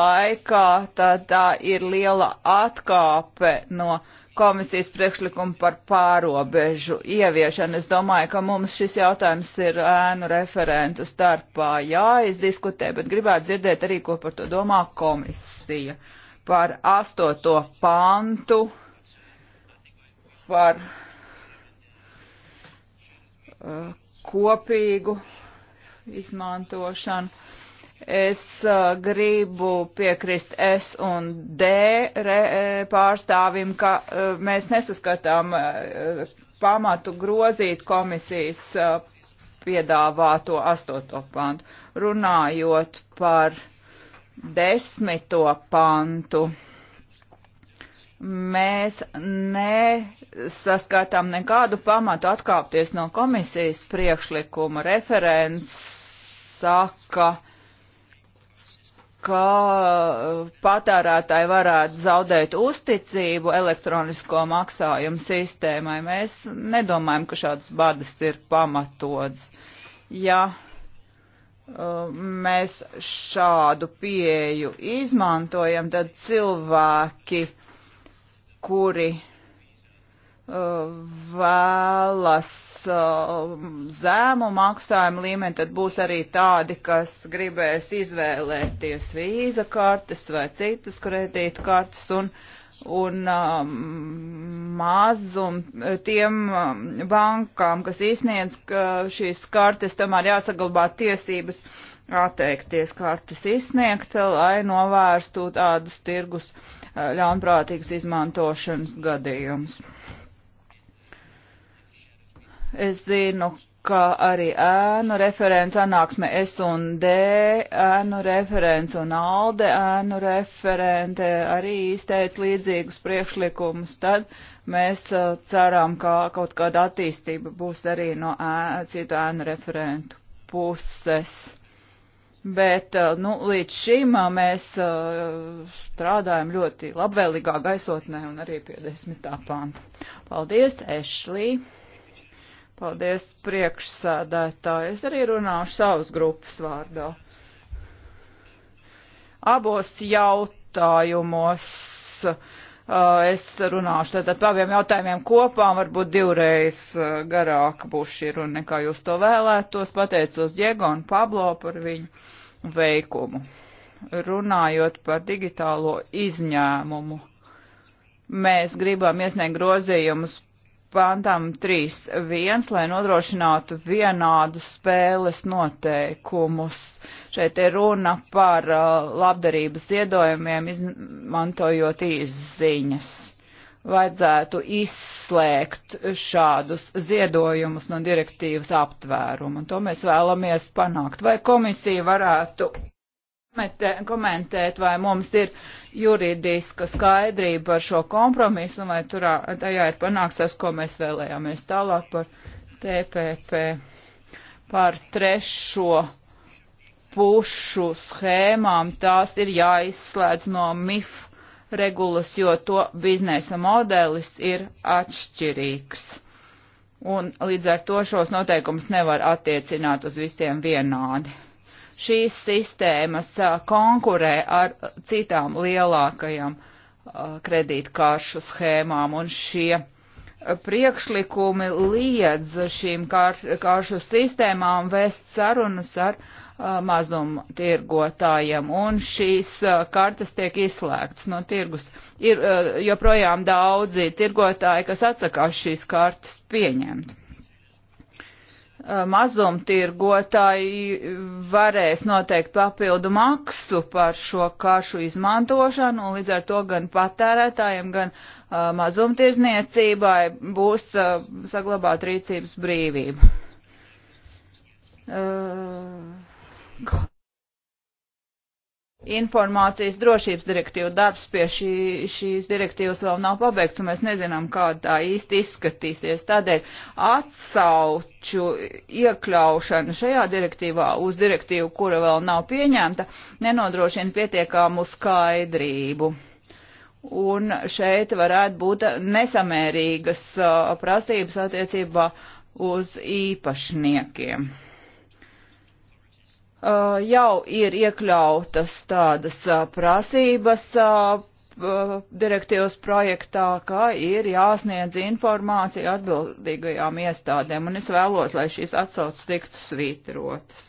laikā, tad tā ir liela atkāpe no komisijas priekšlikuma par pārobežu ieviešanu. Es domāju, ka mums šis jautājums ir ēnu referentu starpā jāizdiskutē, bet gribētu dzirdēt arī, ko par to domā komisija diskusija par astoto pantu, par uh, kopīgu izmantošanu. Es uh, gribu piekrist S un D re, eh, pārstāvim, ka uh, mēs nesaskatām uh, pamatu grozīt komisijas uh, piedāvāto astoto pantu. Runājot par desmito pantu mēs nesaskatām nekādu pamatu atkāpties no komisijas priekšlikuma. Referents saka, ka patērētāji varētu zaudēt uzticību elektronisko maksājumu sistēmai. Mēs nedomājam, ka šādas badas ir pamatots. Ja Uh, mēs šādu pieeju izmantojam, tad cilvēki, kuri uh, vēlas uh, zēmu maksājumu līmeni, tad būs arī tādi, kas gribēs izvēlēties vīza kartes vai citas kredītkartes un uh, un um, mazum eh, tiem um, bankām, kas izsniedz ka šīs kartes, tomēr jāsaglabā tiesības atteikties kartes izsniegt, lai novērstu tādus tirgus eh, ļaunprātīgas izmantošanas gadījumus. Es zinu, kā arī ēnu referents sanāksme S un D, ēnu referents un ALDE, ēnu referente arī izteica līdzīgus priekšlikumus, tad mēs uh, ceram, ka kaut kāda attīstība būs arī no ē, citu ēnu referentu puses. Bet uh, nu, līdz šim uh, mēs strādājam ļoti labvēlīgā gaisotnē un arī pie desmitā panta. Paldies, Ešlī! Paldies priekšsēdētāji. Es arī runāšu savas grupas vārdā. Abos jautājumos uh, es runāšu tātad par abiem jautājumiem kopā, varbūt divreiz uh, garāka būs šī runa nekā jūs to vēlētos. Pateicos Diego un Pablo par viņu veikumu. Runājot par digitālo izņēmumu, mēs gribam iesniegt grozījumus pantam 3.1, lai nodrošinātu vienādu spēles noteikumus. Šeit ir runa par uh, labdarības ziedojumiem, izmantojot izziņas. Vajadzētu izslēgt šādus ziedojumus no direktīvas aptvērumu, un to mēs vēlamies panākt. Vai komisija varētu komentēt, vai mums ir juridiska skaidrība par šo kompromisu un vai turā, tajā ir panāks tas, ko mēs vēlējāmies tālāk par TPP, par trešo pušu schēmām. Tās ir jāizslēdz no MIF regulas, jo to biznesa modelis ir atšķirīgs. Un līdz ar to šos noteikumus nevar attiecināt uz visiem vienādi šīs sistēmas konkurē ar citām lielākajām kredītkāršu schēmām, un šie priekšlikumi liedz šīm kāršu sistēmām vēst sarunas ar mazuma tirgotājiem, un šīs kartas tiek izslēgtas no tirgus. Ir joprojām daudzi tirgotāji, kas atsakās šīs kartas pieņemt. Eh, mazumtirgotāji varēs noteikt papildu maksu par šo kašu izmantošanu, un līdz ar to gan patērētājiem, gan uh, eh, mazumtirzniecībai būs uh, eh, saglabāt rīcības brīvība. Uh, informācijas drošības direktīva darbs pie šī, šīs direktīvas vēl nav pabeigts, un mēs nezinām, kā tā īsti izskatīsies. Tādēļ atsauču iekļaušana šajā direktīvā uz direktīvu, kura vēl nav pieņemta, nenodrošina pietiekamu skaidrību. Un šeit varētu būt nesamērīgas uh, prasības attiecībā uz īpašniekiem. Uh, jau ir iekļautas tādas uh, prasības uh, direktīvas projektā, ka ir jāsniedz informācija atbildīgajām iestādēm, un es vēlos, lai šīs atsauces tiktu svītrotas.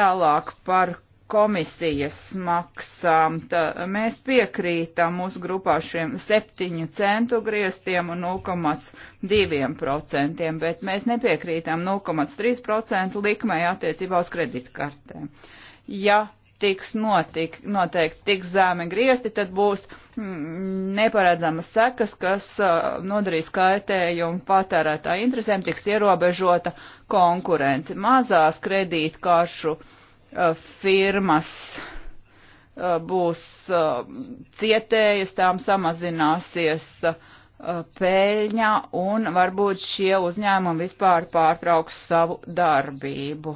Tālāk par komisijas maksām. Tā, mēs piekrītam mūsu grupā šiem 7 centu griestiem un 0,2%, bet mēs nepiekrītam 0,3% likmai attiecībā uz kreditkartēm. Ja tiks notik, noteikti tik zēmi griesti, tad būs mm, neparedzamas sekas, kas nodarīs kaitējumu patērētāju interesēm, tiks ierobežota konkurence. Mazās kredītkāršu uh, Eh, firmas eh, būs eh, cietējas, tām samazināsies peļņa un varbūt šie uzņēmumi vispār pārtrauks savu darbību.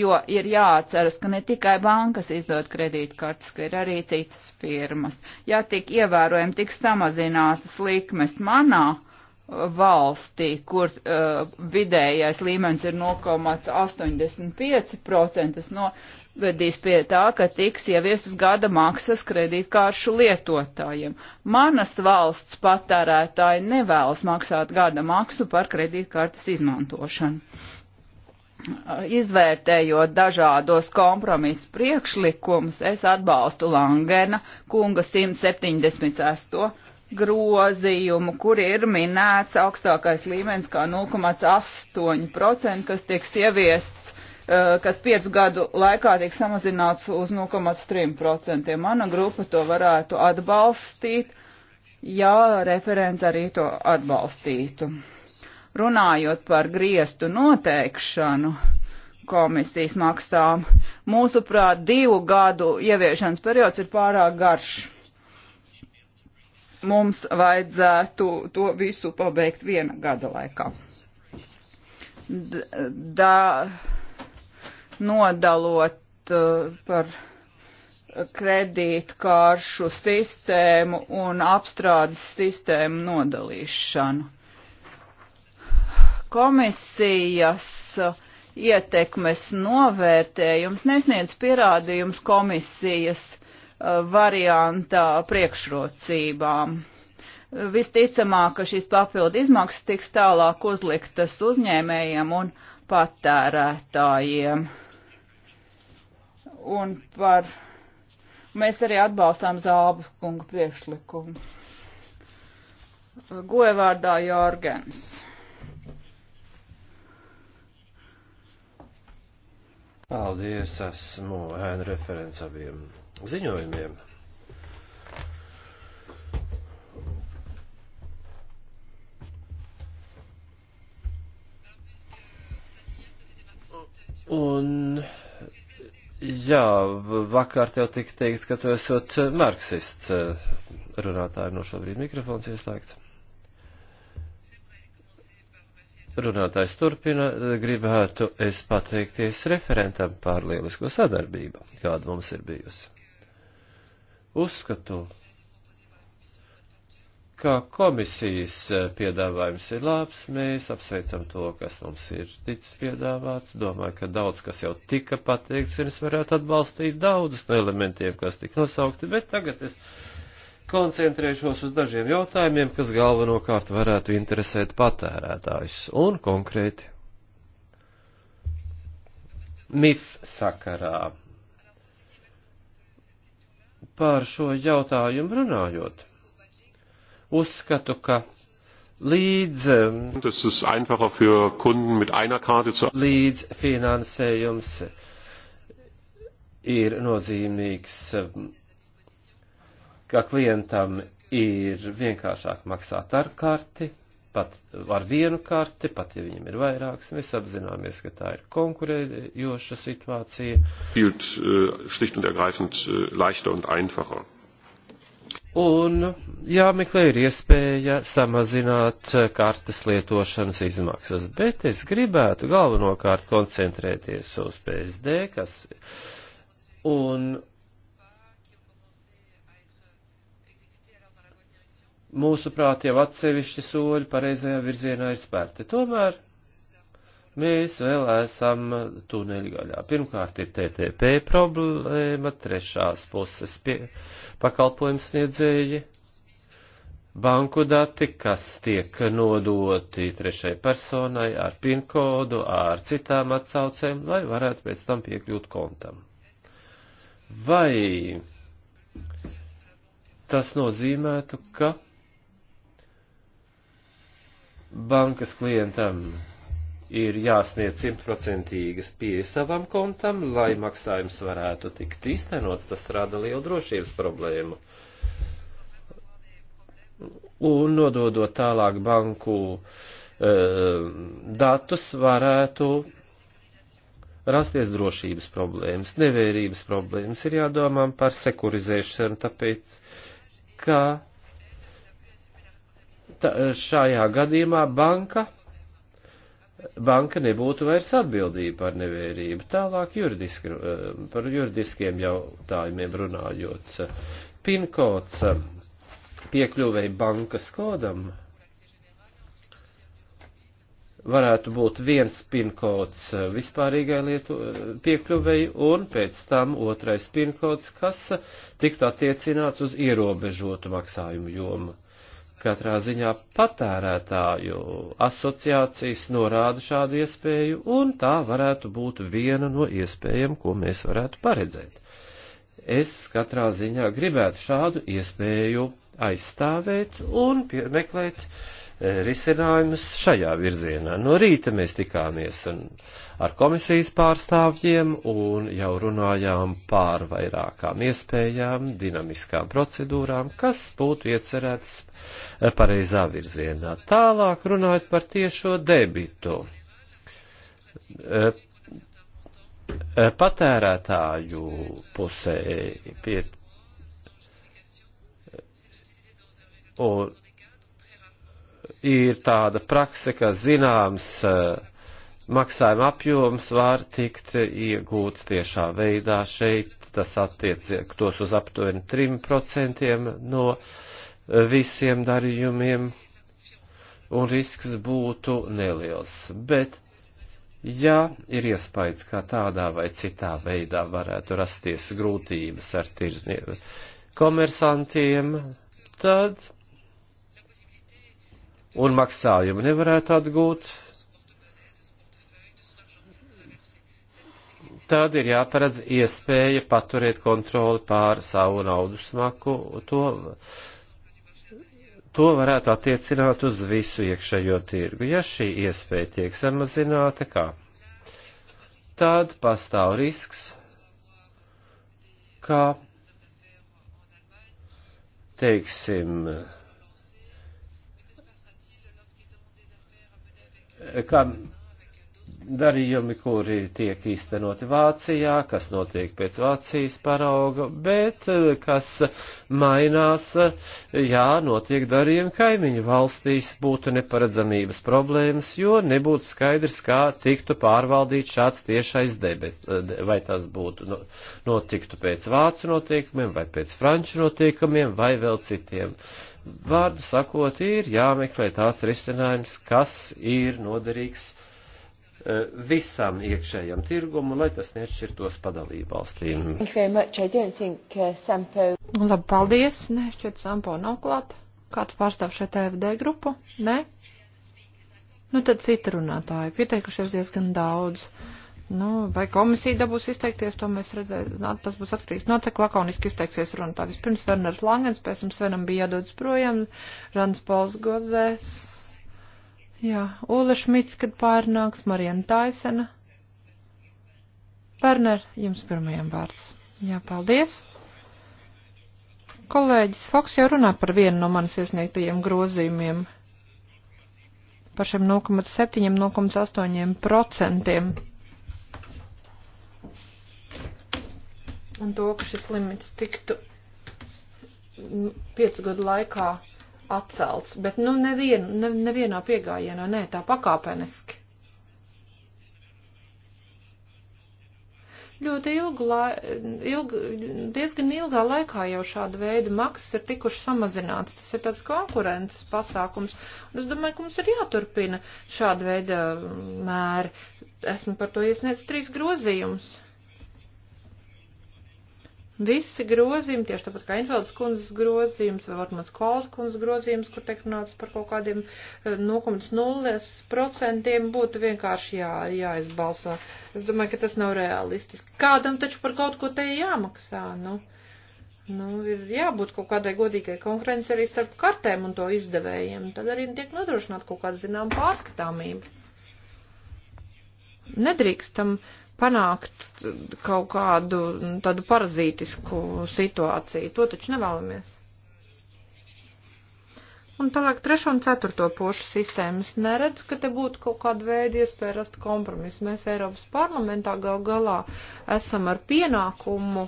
Jo ir jāatceras, ka ne tikai bankas izdod kredītkartes, ka ir arī citas firmas. Ja tik ievērojami tiks samazinātas likmes manā, uh, valstī, kur uh, vidējais līmenis ir 0,85%, tas novedīs pie tā, ka tiks ieviestas gada maksas kredītkāršu lietotājiem. Manas valsts patērētāji nevēlas maksāt gada maksu par kredītkartes izmantošanu. Uh, izvērtējot dažādos kompromisu priekšlikumus, es atbalstu Langena kunga 176 grozījumu, kur ir minēts augstākais līmenis kā 0,8%, kas tiks ieviests, eh, kas piecu gadu laikā tiek samazināts uz 0,3%. Mana grupa to varētu atbalstīt, ja referents arī to atbalstītu. Runājot par griestu noteikšanu, komisijas maksām. Mūsuprāt, divu gadu ieviešanas periods ir pārāk garš mums vajadzētu to visu pabeigt viena gada laikā. D da, nodalot uh, par kredītkāršu sistēmu un apstrādes sistēmu nodalīšanu. Komisijas uh, ietekmes novērtējums nesniedz pierādījums komisijas varianta priekšrocībām. Visticamāk, ka šīs papildu izmaksas tiks tālāk uzliktas uzņēmējiem un patērētājiem. Un par mēs arī atbalstām Zābas kunga priekšlikumu. Goevārdā Jorgens. Paldies, esmu ēnu referents abiem ziņojumiem. Un, jā, vakar tev tika teikts, ka tu esot marksists. Runātāji no šobrīd mikrofons ieslēgts. Runātājs turpina, gribētu es pateikties referentam par lielisko sadarbību, kāda mums ir bijusi. Uzskatu, ka komisijas eh, piedāvājums ir labs, mēs apsveicam to, kas mums ir ticis piedāvāts. Domāju, ka daudz, kas jau tika pateikts, un es varētu atbalstīt daudzus no elementiem, kas tika nosaukti, bet tagad es koncentrēšos uz dažiem jautājumiem, kas galvenokārt varētu interesēt patērētājus un konkrēti MIF sakarā par šo jautājumu runājot. Uzskatu, ka līdz, līdz finansējums ir nozīmīgs, ka klientam ir vienkāršāk maksāt ar karti pat ar vienu karti, pat ja viņam ir vairākas, mēs apzināmies, ka tā ir konkurējoša situācija. Bild, äh, schlicht un ergreifend äh, leichter un einfacher. Un jāmeklē ir iespēja samazināt äh, kartes lietošanas izmaksas, bet es gribētu galvenokārt koncentrēties uz PSD, kas un mūsuprāt, jau atsevišķi soļi pareizajā virzienā ir spērti. Tomēr mēs vēl esam tuneļgaļā. Pirmkārt ir TTP problēma, trešās puses pie, pakalpojums sniedzēji, banku dati, kas tiek nodoti trešai personai ar PIN kodu, ar citām atsaucēm, lai varētu pēc tam piekļūt kontam. Vai tas nozīmētu, ka bankas klientam ir jāsniedz simtprocentīgas pieeja savam kontam, lai maksājums varētu tikt īstenots, tas rada lielu drošības problēmu. Un nododot tālāk banku e, datus, varētu rasties drošības problēmas, nevērības problēmas. Ir jādomā par sekurizēšanu, tāpēc, ka šajā gadījumā banka, banka nebūtu vairs atbildība par nevērību. Tālāk juridiski, eh, par juridiskiem jautājumiem runājot. Pinkots eh, piekļuvēja bankas kodam varētu būt viens pinkods vispārīgai lietu eh, piekļuvēji un pēc tam otrais pinkods, kas tiktu attiecināts uz ierobežotu maksājumu jomu. Katrā ziņā patērētāju asociācijas norāda šādu iespēju, un tā varētu būt viena no iespējām, ko mēs varētu paredzēt. Es katrā ziņā gribētu šādu iespēju aizstāvēt un meklēt uh, risinājumus šajā virzienā. No rīta mēs tikāmies ar komisijas pārstāvjiem un jau runājām pār vairākām iespējām, dinamiskām procedūrām, kas būtu iecerētas pareizā virzienā. Tālāk runājot par tiešo debitu. Eh, eh, patērētāju pusē pie. Un ir tāda prakse, ka zināms eh, maksājuma apjoms var tikt iegūts tiešā veidā šeit. Tas attiec tos uz aptuveni 3% no eh, visiem darījumiem, un risks būtu neliels. Bet Ja ir iespējas, ka tādā vai citā veidā varētu rasties grūtības ar tirzniecību komersantiem, tad un maksājumu nevarētu atgūt, tad ir jāparedz iespēja paturēt kontroli pār savu naudu smaku. To, to varētu attiecināt uz visu iekšējo tirgu. Ja šī iespēja tiek samazināta, kā? Tad pastāv risks, kā, teiksim, ka darījumi, kuri tiek īstenoti Vācijā, kas notiek pēc Vācijas parauga, bet eh, kas mainās, jā, notiek darījumi kaimiņu valstīs, būtu neparedzamības problēmas, jo nebūtu skaidrs, kā tiktu pārvaldīt šāds tiešais debes, eh, vai tas būtu notiktu pēc vācu noteikumiem, vai pēc franču noteikumiem, vai vēl citiem. Vārdu sakot, ir jāmeklē tāds risinājums, kas ir noderīgs Eh, visam iekšējam tirgumu, lai tas nešķirtos padalību valstīm. Uh, labi, paldies. Nē, šķiet, Sampo nav klāt. Kāds pārstāv šeit EFD grupu? Nē? Nu, tad citi runātāji. Pieteikušies diezgan daudz. Nu, vai komisija dabūs izteikties, to mēs redzēsim. Nu, tas būs atkarīgs no cik lakoniski izteiksies runātāji. Vispirms Werners Langens, pēc tam Svenam bija jādodas projām, Rans Pols Gozēs. Jā, Ola Šmits, kad pārnāks, Mariana Taisena. Perner, jums pirmajam vārds. Jā, paldies. Kolēģis Foks jau runā par vienu no manas iesniegtajiem grozījumiem. Par šiem 0,7-0,8%. Un to, ka šis limits tiktu piecu gadu laikā atcelts, bet nu nevien, ne, nevienā piegājienā, nē, tā pakāpeniski. Ļoti ilgu, lai, ilgu, diezgan ilgā laikā jau šāda veida maksas ir tikuši samazināts. Tas ir tāds konkurences pasākums. Un es domāju, ka mums ir jāturpina šāda veida mēri. Esmu par to iesniedzis trīs grozījumus. Visi grozījumi, tieši tāpat kā Infeldas kundzes grozījums, vai varbūt Skolas kundzes grozījums, kur tiek runāts par kaut kādiem 0,0% eh, būtu vienkārši jā, jāizbalso. Es domāju, ka tas nav realistiski. Kādam taču par kaut ko te jāmaksā, nu. Nu, ir jābūt kaut kādai godīgai konkurence arī starp kartēm un to izdevējiem. Tad arī tiek nodrošināt kaut kāda zinām pārskatāmība. Nedrīkstam. Uh, panākt kaut kādu tādu parazītisku situāciju. To taču nevēlamies. Un tālāk trešo un ceturto pošu sistēmas neredz, ka te būtu kaut kāda veida iespēja rast kompromisu. Mēs Eiropas parlamentā gal galā esam ar pienākumu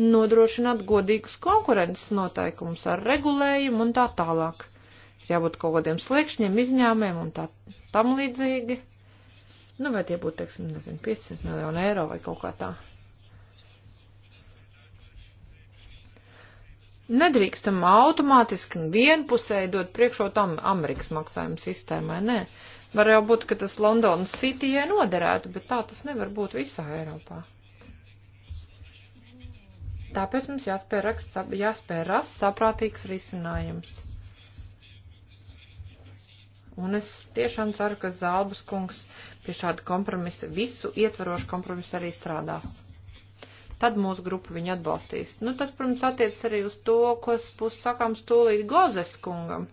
nodrošināt godīgus konkurences noteikumus ar regulējumu un tā tālāk. Jābūt kaut kādiem sliekšņiem, izņēmēm un tā tam līdzīgi. Nu, vai tie būtu, teiksim, nezinu, 500 miljonu eiro vai kaut kā tā. Nedrīkstam automātiski un vienpusēji dot priekšrotam Amerikas maksājumu sistēmai, nē. Var jau būt, ka tas Londonas Cityjai noderētu, bet tā tas nevar būt visā Eiropā. Tāpēc mums jāspēj, rakst, jāspēj rast saprātīgs risinājums. Un es tiešām ceru, ka Zālbas kungs pie šāda kompromisa, visu ietvarošu kompromisa arī strādās. Tad mūsu grupu viņu atbalstīs. Nu, tas, protams, attiec arī uz to, kas būs sakāms tūlīt Gozes kungam.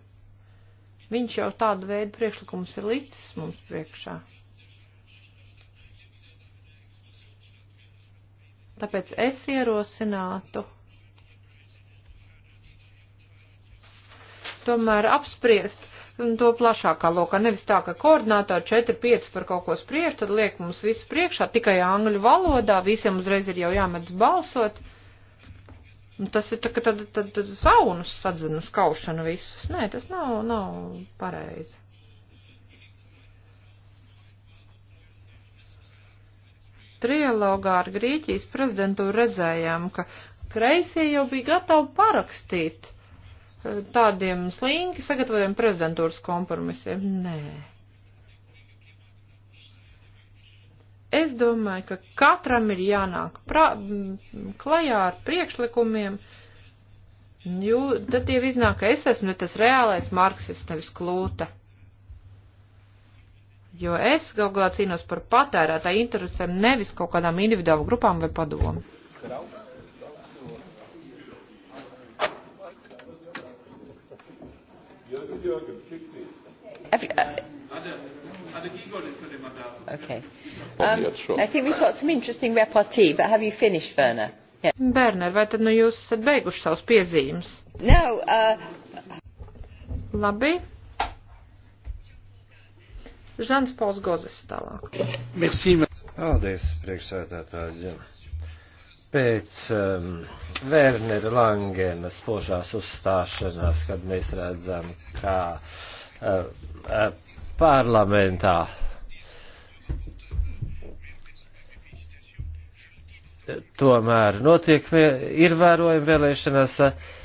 Viņš jau tādu veidu priekšlikumus ir licis mums priekšā. Tāpēc es ierosinātu tomēr apspriest to plašākā lokā. Nevis tā, ka koordinātori 4-5 par kaut ko spriež, tad liek mums visu priekšā tikai angļu valodā, visiem uzreiz ir jau jāmedz balsot. Tas ir tā, ka tad, tad, tad saunus sadzinu skaušanu visus. Nē, tas nav, nav pareizi. Trialogā ar Grieķijas prezidentu redzējām, ka kreisie jau bija gatavi parakstīt tādiem slinki sagatavotiem prezidentūras kompromisiem. Nē. Es domāju, ka katram ir jānāk pra, klajā ar priekšlikumiem, jo tad jau iznāk, ka es esmu tas reālais marksists, nevis klūta. Jo es galvā cīnos par patērētāju interesēm, nevis kaut kādām individuālu grupām vai padomu. Kraut. Jürgen, Jürgen, klick nicht. Have you, uh, okay. Um, I think we've got some interesting repartee, but have you finished, Werner? Yeah. Berner, vai tad nu jūs esat beiguši savus piezīmes? No, uh... Labi. Žans Pauls Gozes tālāk. Paldies, priekšsēdētāji pēc um, Wernera Langena spožās uzstāšanās, kad mēs redzam, kā uh, uh, parlamentā tomēr notiek, ir vērojama vēlēšanās. Uh,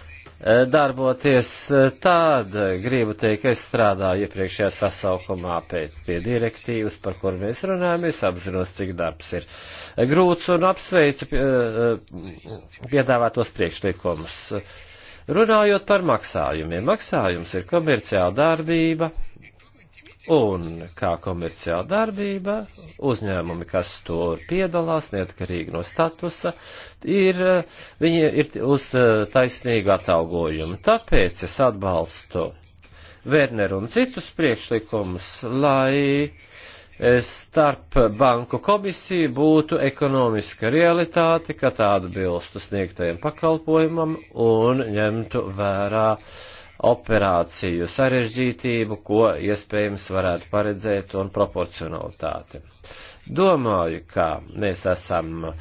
darboties. Eh, Tād gribu teikt, es strādāju iepriekšējā sasaukumā pēc pie direktīvas, par kur mēs runājam. Es apzinos, cik darbs ir grūts un apsveicu eh, eh, piedāvātos priekšlikumus. Runājot par maksājumiem, maksājums ir komerciāla darbība Un kā komerciāla darbība, uzņēmumi, kas tur piedalās, neatkarīgi no statusa, ir, viņi ir uz eh, taisnīgu atalgojumu. Tāpēc es atbalstu Werneru un citus priekšlikumus, lai eh, starp banku komisiju būtu ekonomiska realitāte, ka tāda bilstu sniegtajam pakalpojumam un ņemtu vērā uh, operāciju sarežģītību, ko iespējams varētu paredzēt un proporcionalitāti. Domāju, ka mēs esam uh,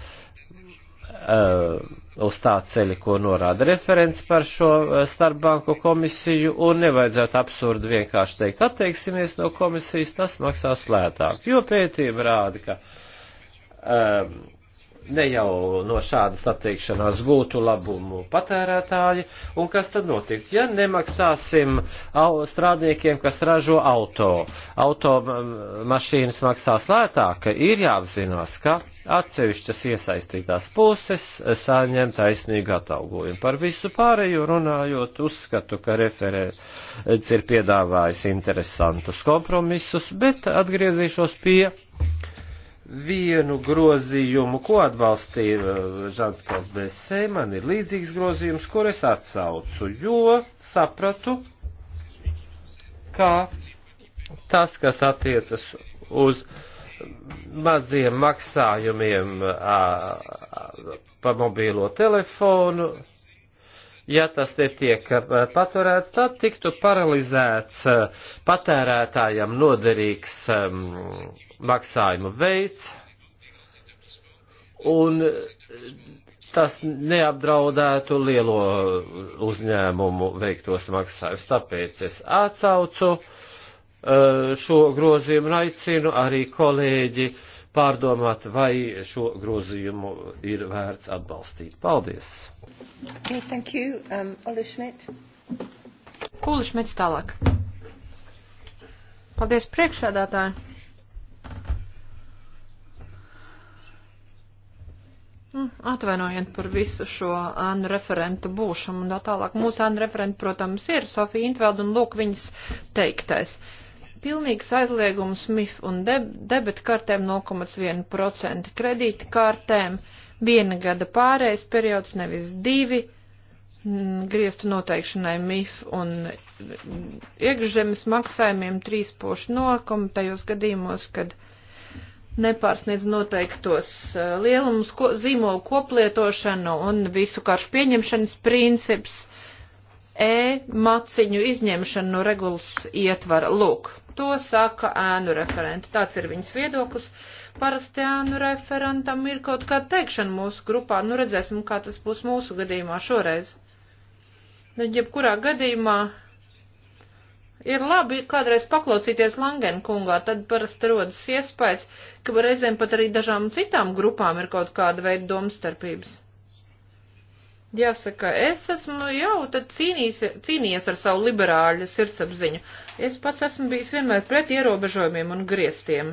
uz tā ceļa, ko norāda referents par šo uh, starpbanku komisiju, un nevajadzētu absurdu vienkārši teikt, atteiksimies no komisijas, tas maksās lētāk, jo pētījumi rāda, ka um, ne jau no šādas atteikšanās gūtu labumu patērētāji, un kas tad notiktu, ja nemaksāsim strādniekiem, kas ražo auto. Auto mašīnas maksās lētāk, ir jāapzinās, ka atsevišķas iesaistītās puses saņem taisnīgu atalgojumu. Par visu pārējo runājot, uzskatu, ka referents ir piedāvājis interesantus kompromisus, bet atgriezīšos pie vienu grozījumu, ko atbalstīja uh, Žants Pauls Bēsē, man ir līdzīgs grozījums, kur es atsaucu, jo sapratu, kā tas, kas attiecas uz maziem maksājumiem a, uh, a, uh, pa mobīlo telefonu, ja tas netiek eh, paturēts, tad tiktu paralizēts eh, patērētājam noderīgs ehm, maksājumu veids, un eh, tas neapdraudētu lielo uzņēmumu veiktos maksājumus. Tāpēc es atsaucu šo grozījumu un aicinu arī kolēģi uh, pārdomāt, vai šo grozījumu ir vērts atbalstīt. Paldies! Okay, thank you, um, Oli Schmidt. Uli Šmits tālāk. Paldies priekšsēdētāji. Nu, atvainojiet par visu šo ānu referentu būšanu un tā tālāk. Mūsu ānu referenti, protams, ir Sofija Intveld un lūk viņas teiktais. Uh, pilnīgs aizliegums MIF un deb debetkartēm 0,1%, kredītkartēm viena gada pārējais periods, nevis divi, mm, griestu noteikšanai MIF un iekšzemes maksājumiem trīs pošu nokam tajos gadījumos, kad nepārsniedz noteiktos eh, lielumus, ko, zīmolu koplietošanu un visu karšu pieņemšanas princips e-maciņu izņemšanu no regulas ietvara. Lūk, to saka ēnu referenti. Tāds ir viņas viedoklis. Parasti ēnu referentam ir kaut kāda teikšana mūsu grupā. Nu, redzēsim, kā tas būs mūsu gadījumā šoreiz. Nu, jebkurā gadījumā ir labi kādreiz paklausīties Langenkungā, tad parasti rodas iespējas, ka reizēm pat arī dažām citām grupām ir kaut kāda veida domstarpības. Jāsaka, es esmu nu, jau tad cīnījis, cīnījies ar savu liberāļu sirdsapziņu. Es pats esmu bijis vienmēr pret ierobežojumiem un griestiem,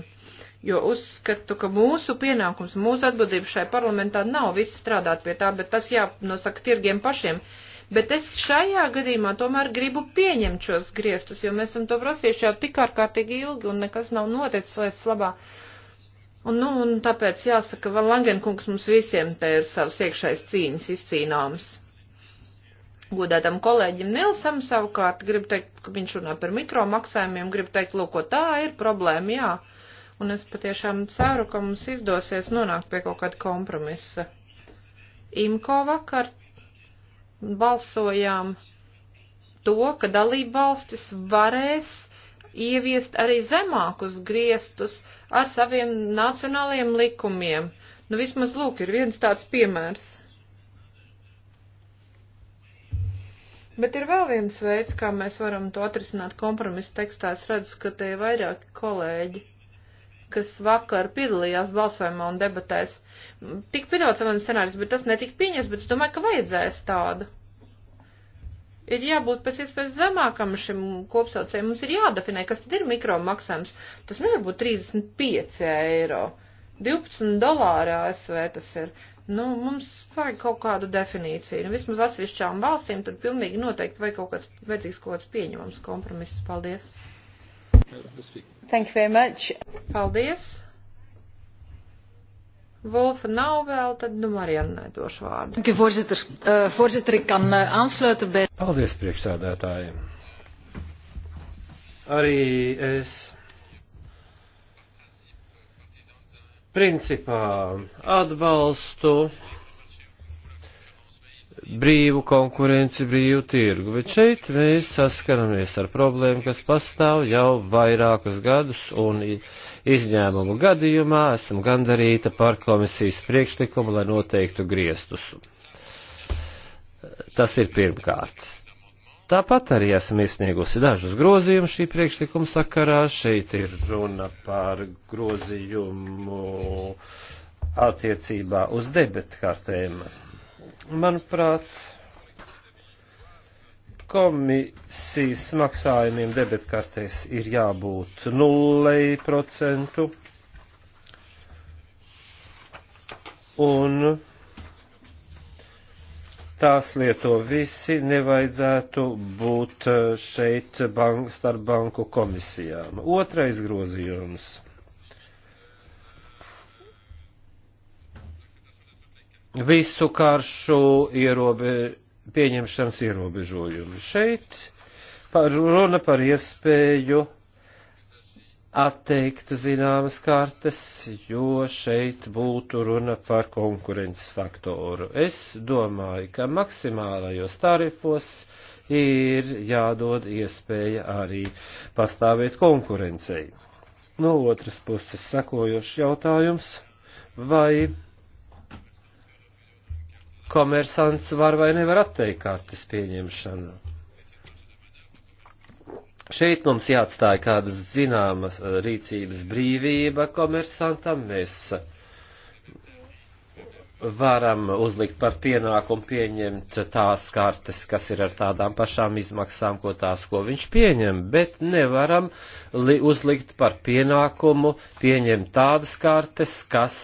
jo uzskatu, ka mūsu pienākums, mūsu atbildība šai parlamentā nav viss strādāt pie tā, bet tas jānosaka tirgiem pašiem. Bet es šajā gadījumā tomēr gribu pieņemt šos griestus, jo mēs esam to prasījuši jau tik ārkārtīgi ilgi un nekas nav noticis lietas labā. Uh, Un, nu, un tāpēc jāsaka, Van Langenkungs mums visiem te ir savs iekšējs cīņas izcīnāms. Godētam kolēģim Nilsam savukārt grib teikt, ka viņš runā par mikromaksājumiem, grib teikt, lūk, tā ir problēma, jā. Un es patiešām ceru, ka mums izdosies nonākt pie kaut kāda kompromisa. Imko vakar balsojām to, ka dalība valstis varēs ieviest arī zemākus griestus ar saviem nacionālajiem likumiem. Nu, vismaz lūk, ir viens tāds piemērs. Bet ir vēl viens veids, kā mēs varam to atrisināt kompromisu tekstā. Es redzu, ka te ir vairāki kolēģi, kas vakar piedalījās balsojumā un debatēs. Tik piedāvāts man scenārijs, bet tas netika pieņas, bet es domāju, ka vajadzēs tādu ir jābūt pēc iespējas zemākam šim kopsaucējiem. Mums ir jādefinē, kas tad ir mikromaksājums. Tas nevar būt 35 eiro. 12 dolāri ASV tas ir. Nu, mums vajag kaut kādu definīciju. Nu, vismaz atsevišķām valstīm tad pilnīgi noteikti vajag kaut kāds vajadzīgs kaut kāds pieņemams kompromiss. Paldies. Thank you very much. Paldies. Wolfa nav vēl, tad nu Mariannai došu vārdu. Voorzitter, uh, voorzitter, ik kan uh, aansluiten bij. Paldies priekšsēdētājiem. Arī es principā atbalstu brīvu konkurenci, brīvu tirgu, bet šeit mēs saskaramies ar problēmu, kas pastāv jau vairākus gadus un. Uh, izņēmumu gadījumā esam gandarīta par komisijas priekšlikumu, lai noteiktu griestus. Tas ir pirmkārts. Tāpat arī esam iesniegusi dažus grozījumus šī priekšlikuma sakarā. Šeit ir runa par grozījumu attiecībā uz debetkartēm. Manuprāt, komisijas maksājumiem debetkartēs ir jābūt 0%. Un tās lieto visi, nevajadzētu būt šeit bank, starp banku komisijām. Otrais grozījums. Visu karšu ierobežojumu pieņemšanas ierobežojumi. Šeit par, runa par iespēju atteikt zināmas kartes, jo šeit būtu runa par konkurences faktoru. Es domāju, ka maksimālajos tarifos ir jādod iespēja arī pastāvēt konkurencei. No otras puses sakojošs jautājums, vai komersants var vai nevar atteikt kartes pieņemšanu. Šeit mums jāatstāja kādas zināmas eh, rīcības brīvība komersantam. Mēs uh, varam uzlikt par pienākumu pieņemt tās kartes, kas ir ar tādām pašām izmaksām, ko tās, ko viņš pieņem, bet nevaram uzlikt par pienākumu pieņemt tādas kartes, kas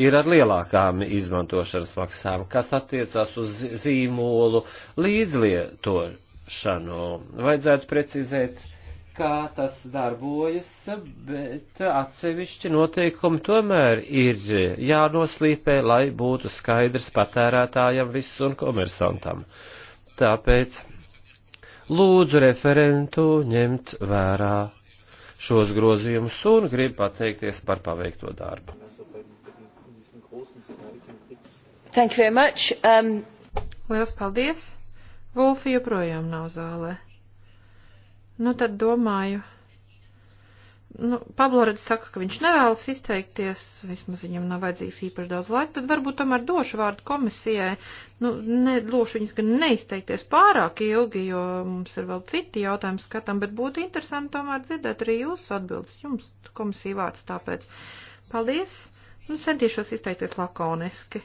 ir ar lielākām izmantošanas maksām, kas attiecās uz zīmolu līdzlietošanu. Vajadzētu precizēt kā tas darbojas, bet atsevišķi noteikumi tomēr ir jānoslīpē, lai būtu skaidrs patērētājam viss un komersantam. Tāpēc lūdzu referentu ņemt vērā šos grozījumus un gribu pateikties par paveikto darbu. Thank you very much. Um... Liels paldies! Wolfi joprojām nav zālē. Nu, tad domāju. Nu, Pablo redz saka, ka viņš nevēlas izteikties, vismaz viņam nav vajadzīgs īpaši daudz laika, tad varbūt tomēr došu vārdu komisijai. Nu, nedošu viņus gan neizteikties pārāk ilgi, jo mums ir vēl citi jautājumi skatām, bet būtu interesanti tomēr dzirdēt arī jūsu atbildes. Jums komisija vārds tāpēc. Paldies! Nu, centīšos izteikties lakoniski.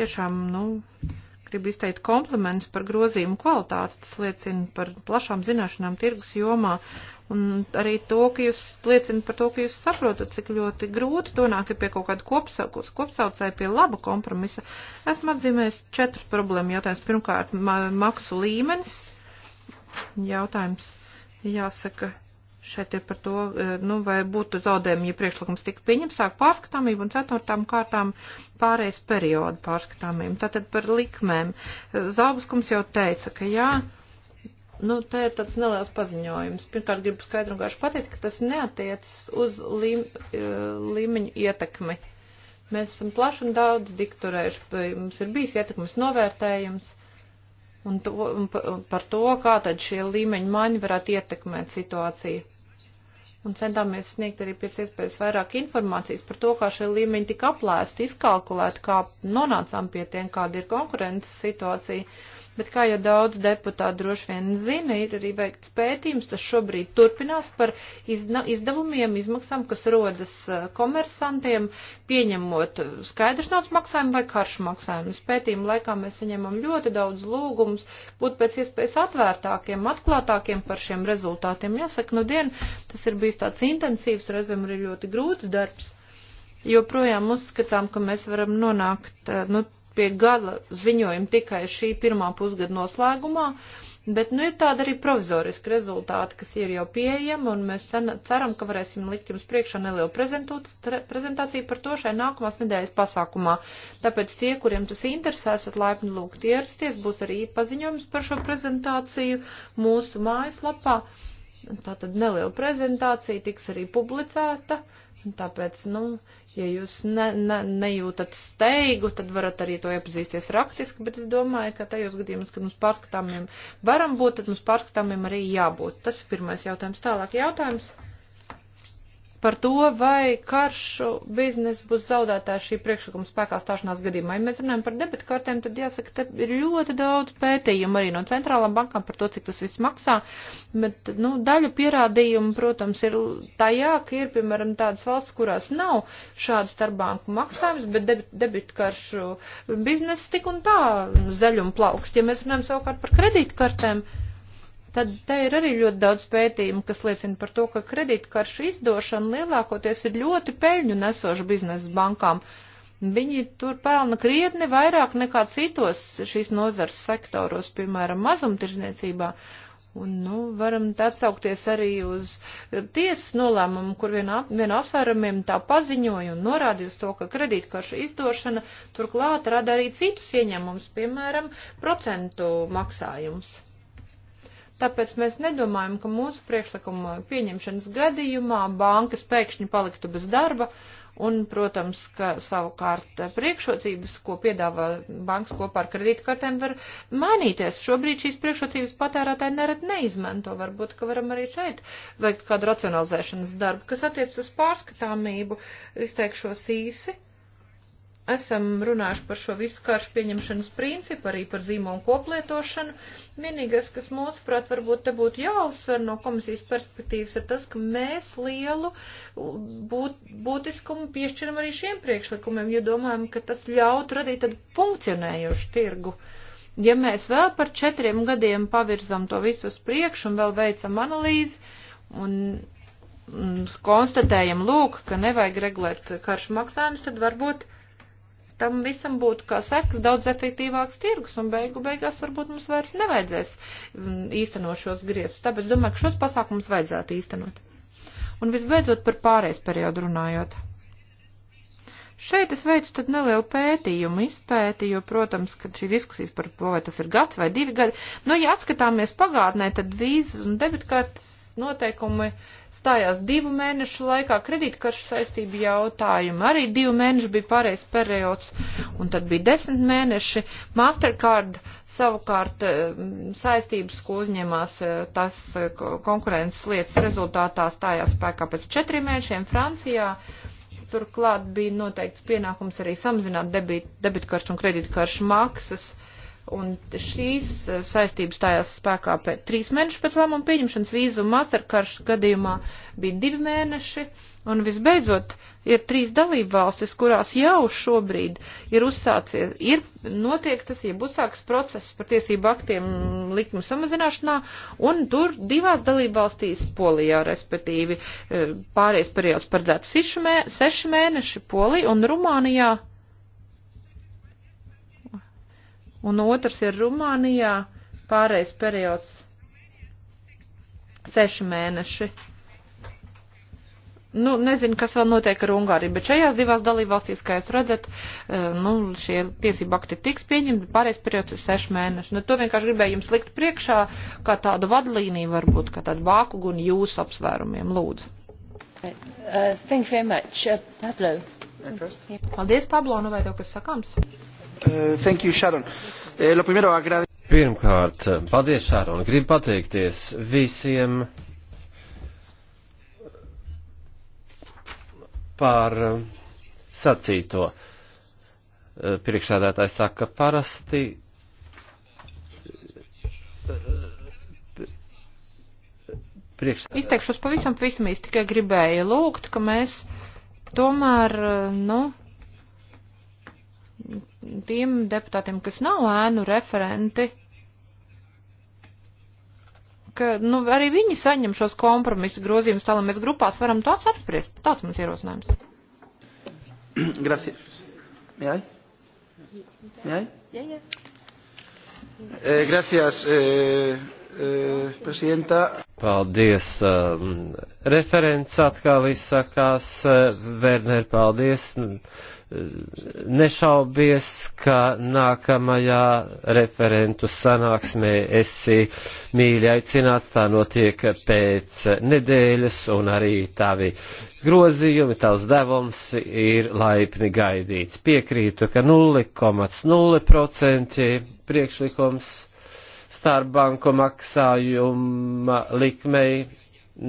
Tiešām, nu, gribu izteikt komplementus par grozījumu kvalitāti. Tas liecina par plašām zināšanām tirgus jomā un arī to, ka jūs liecina par to, ka jūs saprotat, cik ļoti grūti nonākt pie kaut kāda kopsaukus, kopsaucēja pie laba kompromisa. Esmu atzīmējis četrus problēmu jautājumus. Pirmkārt, ma maksu līmenis. Jautājums jāsaka Šeit ir par to, e, nu, vai būtu zaudējumi, ja priekšlikums tika pieņemts, sāk pārskatāmību un ceturtām kārtām pārējais periodu pārskatāmību. Tātad par likmēm. E, Zābuskums jau teica, ka jā, Nu, tā ir tāds neliels paziņojums. Pirmkārt, gribu skaidru un gaišu pateikt, ka tas neatiecas uz līm, e, līmeņu ietekmi. Mēs esam plaši un daudz dikturējuši, mums ir bijis ietekmes novērtējums un, to, un par to, kā tad šie līmeņi maiņi varētu ietekmēt situāciju un centāmies sniegt arī pēc iespējas vairāk informācijas par to, kā šie līmeņi tika aplēsti, izkalkulēti, kā nonācām pie tiem, kāda ir konkurences situācija Bet, kā jau daudz deputāti droši vien zina, ir arī veikts pētījums, tas šobrīd turpinās par izdevumiem, izmaksām, kas rodas komersantiem, pieņemot skaidrs naudas maksājumu vai karšu maksājumu. Pētījuma laikā mēs saņemam ļoti daudz lūgumus būt pēc iespējas atvērtākiem, atklātākiem par šiem rezultātiem. Jāsaka, nu dien, tas ir bijis tāds intensīvs, reizēm arī ļoti grūts darbs joprojām uzskatām, ka mēs varam nonākt nu, pie gala ziņojumu tikai šī pirmā pusgada noslēgumā, bet nu ir tāda arī provizoriska rezultāta, kas ir jau pieejama, un mēs ceram, ka varēsim likt jums priekšā nelielu prezentāciju par to šai nākamās nedēļas pasākumā. Tāpēc tie, kuriem tas interesē, esat laipni lūgti ierasties, būs arī paziņojums par šo prezentāciju mūsu mājaslapā. Tātad neliela prezentācija tiks arī publicēta, tāpēc, nu, Ja jūs ne, ne, nejūtat steigu, tad varat arī to iepazīsties raktiski, bet es domāju, ka tajos gadījumos, kad mums pārskatāmiem varam būt, tad mums pārskatāmiem arī jābūt. Tas ir pirmais jautājums. Tālāk jautājums. Uh, par to, vai karšu biznesa būs zaudētāji šī priekšlikuma spēkā stāšanās gadījumā. Ja mēs runājam par debitkartēm, tad jāsaka, te ir ļoti daudz pētījumu arī no centrālām bankām par to, cik tas viss maksā, bet, nu, daļa pierādījumu, protams, ir tajā, ka ir, piemēram, tādas valsts, kurās nav šādu starpbanku maksājums, bet debit, debitkaršu biznesa tik un tā zaļuma plaukst. Ja mēs runājam savukārt par kredītkartēm, tad te ir arī ļoti daudz pētījumu, kas liecina par to, ka kredītkaršu izdošana lielākoties ir ļoti peļņu nesoša biznesa bankām. Viņi tur pelna krietni vairāk nekā citos šīs nozars sektoros, piemēram, mazumtirdzniecībā. Un, nu, varam atsaukties arī uz tiesas nolēmumu, kur viena, viena apsvērumiem tā paziņoja un norādīja uz to, ka kredītkarša izdošana turklāt rada arī citus ieņēmumus, piemēram, procentu maksājumus. Tāpēc mēs nedomājam, ka mūsu priekšlikuma pieņemšanas gadījumā bankas pēkšņi paliktu bez darba, un, protams, ka savukārt priekšrocības, ko piedāvā bankas kopā ar kredītkartēm, var mainīties. Šobrīd šīs priekšrocības patērētāji neret neizmanto. Varbūt, ka varam arī šeit veikt kādu racionalizēšanas darbu, kas attiec uz pārskatāmību. Izteikšos īsi esam runājuši par šo visu karšu pieņemšanas principu, arī par zīmolu koplietošanu. Vienīgais, kas mūsuprāt varbūt te būtu jāuzsver no komisijas perspektīvas, ir tas, ka mēs lielu būt, būtiskumu piešķiram arī šiem priekšlikumiem, jo domājam, ka tas ļautu radīt tādu funkcionējošu tirgu. Ja mēs vēl par četriem gadiem pavirzam to visu uz priekšu un vēl veicam analīzi un konstatējam, lūk, ka nevajag regulēt karšu maksājumus, tad varbūt tam visam būtu kā sekas daudz efektīvāks tirgus, un beigu beigās varbūt mums vairs nevajadzēs mm, īstenot šos griezus. Tāpēc domāju, ka šos pasākumus vajadzētu īstenot. Un visbeidzot par pārējais periodu runājot. Šeit es veicu tad nelielu pētījumu, izpēti, jo, protams, ka šī diskusijas par to, vai tas ir gads vai divi gadi, nu, ja atskatāmies pagātnē, tad vīzas un debitkārtas noteikumi uh, stājās divu mēnešu laikā kredītkaršu saistību jautājumu. Arī divu mēnešu bija pārējais periods, un tad bija desmit mēneši. Mastercard savukārt eh, saistības, ko uzņēmās eh, tas eh, konkurences lietas rezultātā, stājās spēkā pēc četriem mēnešiem Francijā. Turklāt bija noteikts pienākums arī samazināt debitkaršu un kredītkaršu maksas. Uh, Un šīs eh, saistības stājās spēkā pēc trīs mēnešu pēc lēmuma pieņemšanas vīzu masterkarš gadījumā bija divi mēneši. Un visbeidzot, ir trīs dalība valstis, kurās jau šobrīd ir uzsācies, ir notiek tas, ja uzsāks process par tiesību aktiem likumu samazināšanā, un tur divās dalība valstīs, Polijā, respektīvi, eh, pāries periods paredzēts seši mēneši, Polija un Rumānijā un otrs ir Rumānijā pārējais periods seši mēneši. Nu, nezinu, kas vēl notiek ar Ungāriju, bet šajās divās dalībvalstīs, kā jūs redzat, eh, nu, šie tiesība akti tiks pieņemti, pārējais periods ir seši mēneši. Nu, to vienkārši gribēju jums likt priekšā, kā tādu vadlīniju varbūt, kā tādu vākugu un jūsu apsvērumiem. Lūdzu. Uh, thank you very much. Uh, Pablo. Paldies, Pablo. Nu, vai tev kas sakāms? Uh, Uh, thank you, Sharon. Uh, lo primero agrade... Pirmkārt, paldies, Šāron. Gribu pateikties visiem par uh, sacīto. Priekšādātājs saka, parasti priekš... Izteikšos pavisam, pavisam īsti tikai gribēju lūgt, ka mēs tomēr, nu, tiem deputātiem, kas nav ēnu referenti, ka nu, arī viņi saņem šos kompromisu grozījumus, tā lai mēs grupās varam tāds apspriest. Tāds mums ierosinājums. Gracias. Jā? Jā? Jā, jā. Eh, gracias, eh, eh, presidenta. Paldies. Um, referents atkal izsakās. Eh, Werner, paldies nešaubies, ka nākamajā referentu sanāksmē esi mīļi aicināts, tā notiek pēc nedēļas un arī tavi grozījumi, tavs devums ir laipni gaidīts. Piekrītu, ka 0,0% priekšlikums starpbanku maksājuma likmei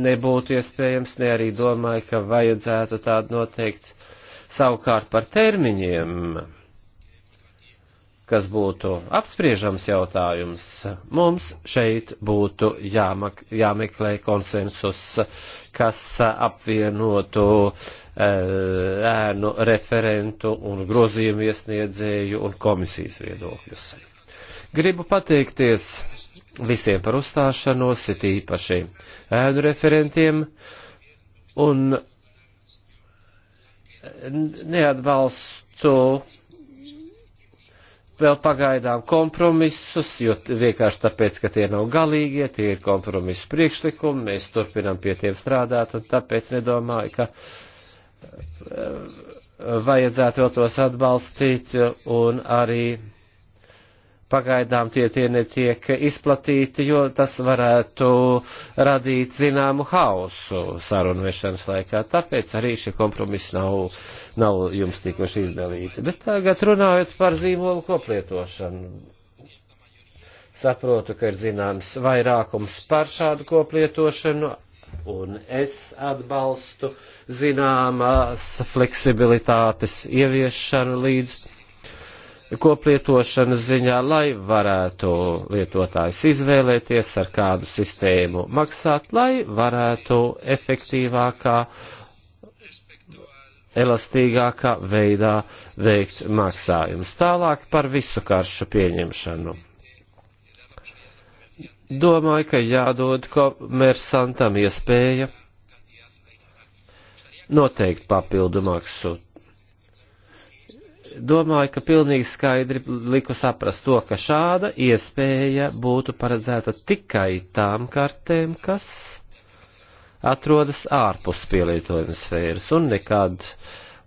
nebūtu iespējams, ne arī domāju, ka vajadzētu tādu noteikt Savukārt par termiņiem, kas būtu apspriežams jautājums, mums šeit būtu jāmak, jāmeklē konsensus, kas apvienotu e, ēnu referentu un grozījumu iesniedzēju un komisijas viedokļus. Gribu pateikties visiem par uzstāšanos, it īpaši ēnu referentiem, un neatbalstu vēl pagaidām kompromisus, jo vienkārši tāpēc, ka tie nav galīgie, tie ir kompromisu priekšlikumi, mēs turpinam pie tiem strādāt, un tāpēc nedomāju, ka eh, vajadzētu vēl tos atbalstīt un arī pagaidām tie, tie netiek izplatīti, jo tas varētu radīt zināmu hausu sarunvešanas laikā. Tāpēc arī šie kompromisi nav, nav jums tikuši izdalīti. Bet tagad runājot par zīmolu koplietošanu. Saprotu, ka ir zināms vairākums par šādu koplietošanu, un es atbalstu zināmas fleksibilitātes ieviešanu līdz koplietošanas ziņā, lai varētu lietotājs izvēlēties, ar kādu sistēmu maksāt, lai varētu efektīvākā, elastīgākā veidā veikt maksājumus. Tālāk par visu karšu pieņemšanu domāju, ka jādod komersantam iespēja noteikt papildu maksu domāju, ka pilnīgi skaidri liku saprast to, ka šāda iespēja būtu paredzēta tikai tām kartēm, kas atrodas ārpus pielietojuma sfēras un nekad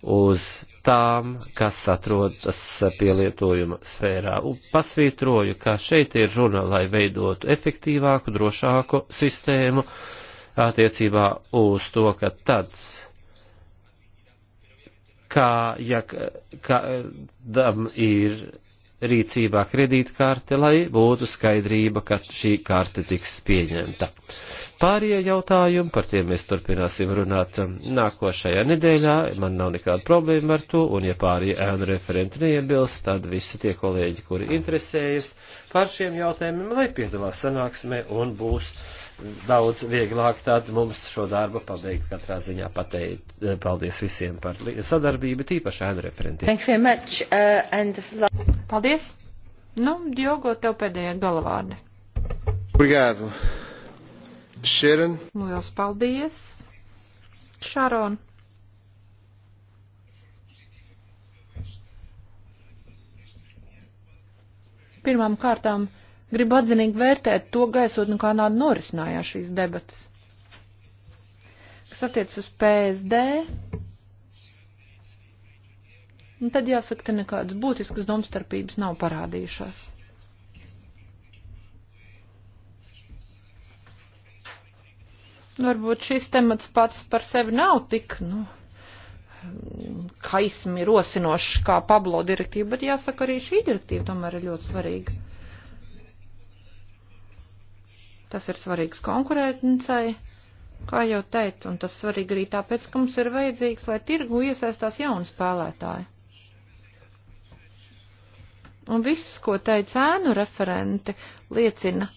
uz tām, kas atrodas pielietojuma sfērā. Un pasvītroju, ka šeit ir runa, lai veidotu efektīvāku, drošāku sistēmu attiecībā uz to, ka tāds kā, ja kādam ir rīcībā kredītkarte, lai būtu skaidrība, ka šī karte tiks pieņemta. Pārējie jautājumi, par tiem mēs turpināsim runāt um, nākošajā nedēļā, man nav nekāda problēma ar to, un ja pārējie ēnu referenti neiebilst, tad visi tie kolēģi, kuri interesējas par šiem jautājumiem, lai piedalās sanāksmē un būs daudz vieglāk tad mums šo darbu pabeigt katrā ziņā pateikt. Eh, paldies visiem par sadarbību, tīpaši ēnu referentiem. Uh, Paldies. Nu, Diogo, tev pēdējā galvārdi. Obrigado. Sharon. Nu, Lielas paldies. Sharon. Pirmām kārtām Gribu atzinīgi vērtēt to gaisotni, kā nāda norisinājās šīs debatas. Kas attiec uz PSD, un tad jāsaka, te nekādas būtiskas domstarpības nav parādījušās. Varbūt šis temats pats par sevi nav tik, nu, kaismi rosinošs kā Pablo direktīva, bet jāsaka, arī šī direktīva tomēr ir ļoti svarīga. Tas ir svarīgs konkurētnicei, kā jau teicu, un tas svarīgi arī tāpēc, ka mums ir vajadzīgs, lai tirgu iesaistās jauni spēlētāji. Un viss, ko teica ēnu referenti, liecina,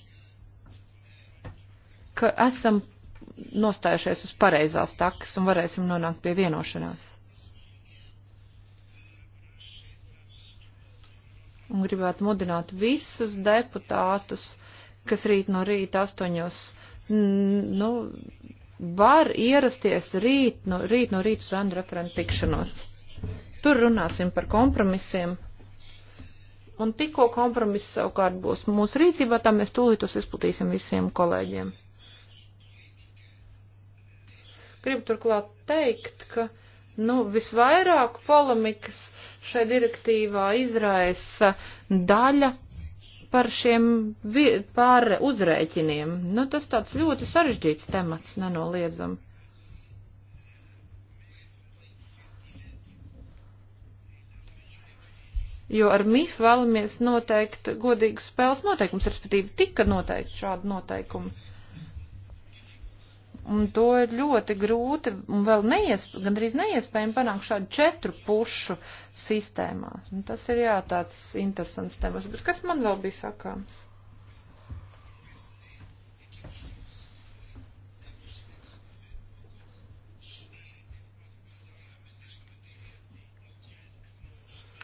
ka esam nostājušies uz pareizās takas un varēsim nonākt pie vienošanās. Un gribētu mudināt visus deputātus kas rīt no rīta astoņos, nu, var ierasties rīt no, rīt no rīta uz Andra referenta tikšanos. Tur runāsim par kompromisiem. Un tikko kompromiss savukārt būs mūsu rīcībā, tā mēs tūlīt tos izplatīsim visiem kolēģiem. Gribu turklāt teikt, ka nu, visvairāk polemikas šai direktīvā izraisa daļa par šiem pār uzrēķiniem. Nu, tas tāds ļoti sarežģīts temats, nenoliedzam. Jo ar MIF vēlamies noteikt godīgus spēles noteikumus, respektīvi tika noteikti šādi noteikumi. Un to ir ļoti grūti un vēl neiesp gandrīz neiespējami panākt šādu četru pušu sistēmā. Un tas ir jā, tāds interesants temats. Bet kas man vēl bija sakāms?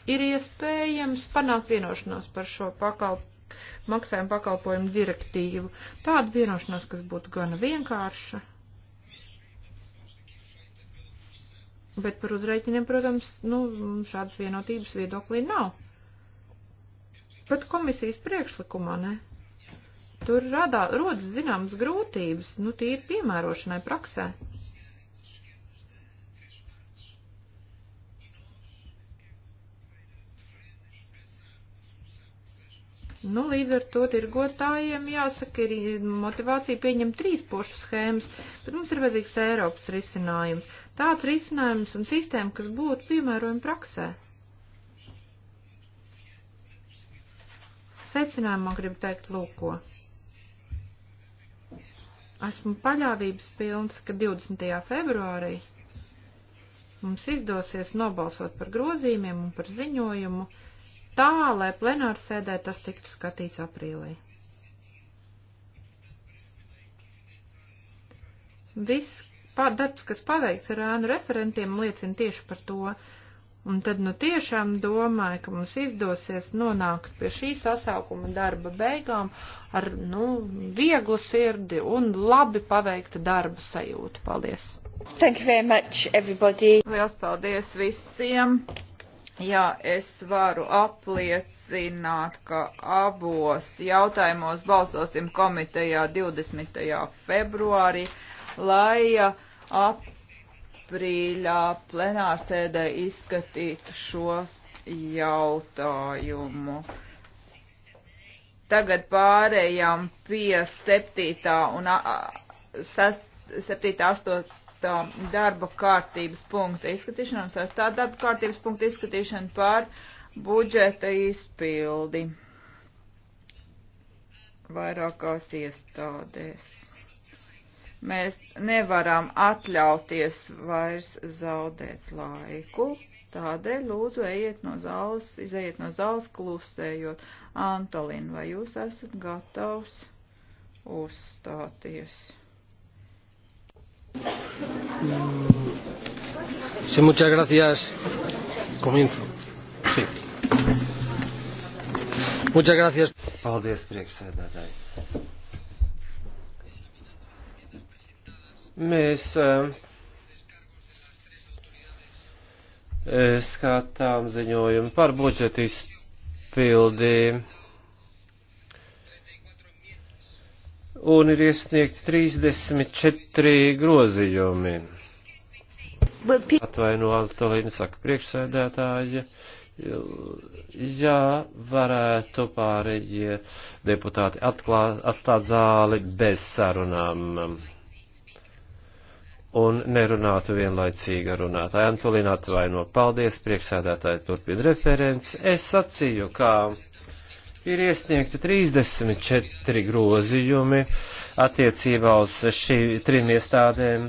ir iespējams panākt vienošanos par šo pakalpojumu maksājuma pakalpojumu direktīvu. Tāda vienošanās, kas būtu gana vienkārša. Bet par uzreikiniem, protams, nu, šādas vienotības viedoklī nav. Pat komisijas priekšlikumā, ne? Tur radā, rodas zināmas grūtības, nu, tīri piemērošanai praksē. Nu, līdz ar to tirgotājiem jāsaka, ir motivācija pieņemt trīs pošu schēmas, bet mums ir vajadzīgs Eiropas risinājums. Tāds risinājums un sistēma, kas būtu piemērojama praksē. Secinājumā gribu teikt lūko. Esmu paļāvības pilns, ka 20. februārī mums izdosies nobalsot par grozījumiem un par ziņojumu, tā, lai plenārsēdē tas tiktu skatīts aprīlī. Viss darbs, kas paveikts ar ēnu referentiem, liecina tieši par to. Un tad nu tiešām domāju, ka mums izdosies nonākt pie šī sasaukuma darba beigām ar, nu, vieglu sirdi un labi paveikta darba sajūtu. Paldies! Thank you very much, everybody! Liels paldies visiem! Jā, es varu apliecināt, ka abos jautājumos balsosim komitejā 20. februārī, lai aprīļā plenārsēdē izskatītu šo jautājumu. Tagad pārējām pie 7. un 6. 7. 8 sastā um, darba kārtības punkta izskatīšana un sastā darba kārtības punkta izskatīšana pār budžeta izpildi vairākās iestādēs. Mēs nevaram atļauties vairs zaudēt laiku, tādēļ lūdzu ejiet no zāles, izejiet no zāles klusējot. Antolin, vai jūs esat gatavs uzstāties? Mm. Sí, muchas gracias. Comienzo. Sí. Muchas gracias. Paldies, priekšsēdētāji. Mēs uh, skatām ziņojumu par budžeta izpildi un ir iesniegti 34 grozījumi. Atvaino Altolīna saka priekšsēdētāja. Jā, varētu pārējie deputāti atklāt, atstāt zāli bez sarunām un nerunātu vienlaicīgi ar runātāju. Antolīna atvaino. Paldies, priekšsēdētāji turpina referents. Es sacīju, kā. Ka ir iesniegti 34 grozījumi attiecībā uz šīm trim iestādēm.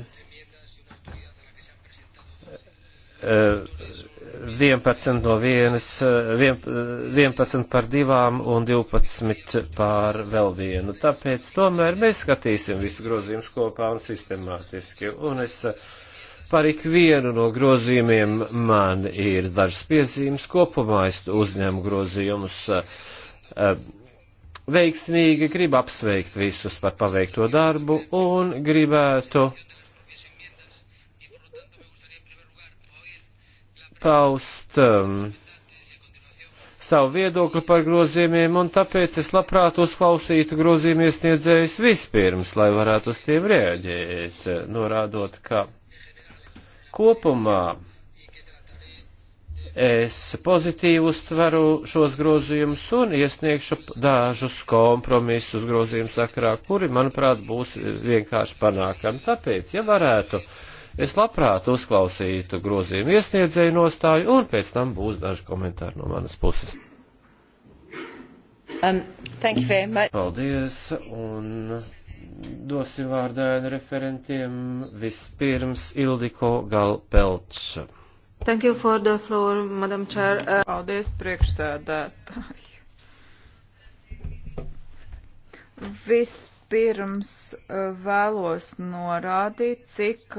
11 no vienas, 11 par divām un 12 pār vēl vienu. Tāpēc tomēr mēs skatīsim visu grozījumus kopā un sistemātiski. Un es par ikvienu no grozījumiem man ir dažas piezīmes. Kopumā es uzņemu grozījumus uh, Ehm, veiksmīgi, gribu apsveikt visus par paveikto darbu un gribētu paust um, savu viedokli par grozījumiem, un tāpēc es labprāt uzklausītu grozījumu iesniedzējus vispirms, lai varētu uz tiem rēģēt, norādot, ka kopumā Es pozitīvi uztveru šos grozījumus un iesniegšu dažus kompromisus grozījumu sakarā, kuri, manuprāt, būs vienkārši panākami. Tāpēc, ja varētu, es labprāt uzklausītu grozījumu iesniedzēju nostāju un pēc tam būs daži komentāri no manas puses. Um, Paldies un dosim vārdu referentiem vispirms Ildiko Galpelčs. Thank you for the floor, Madam Chair. Uh... Paldies, priekšsēdētāji. Vispirms uh, vēlos norādīt, cik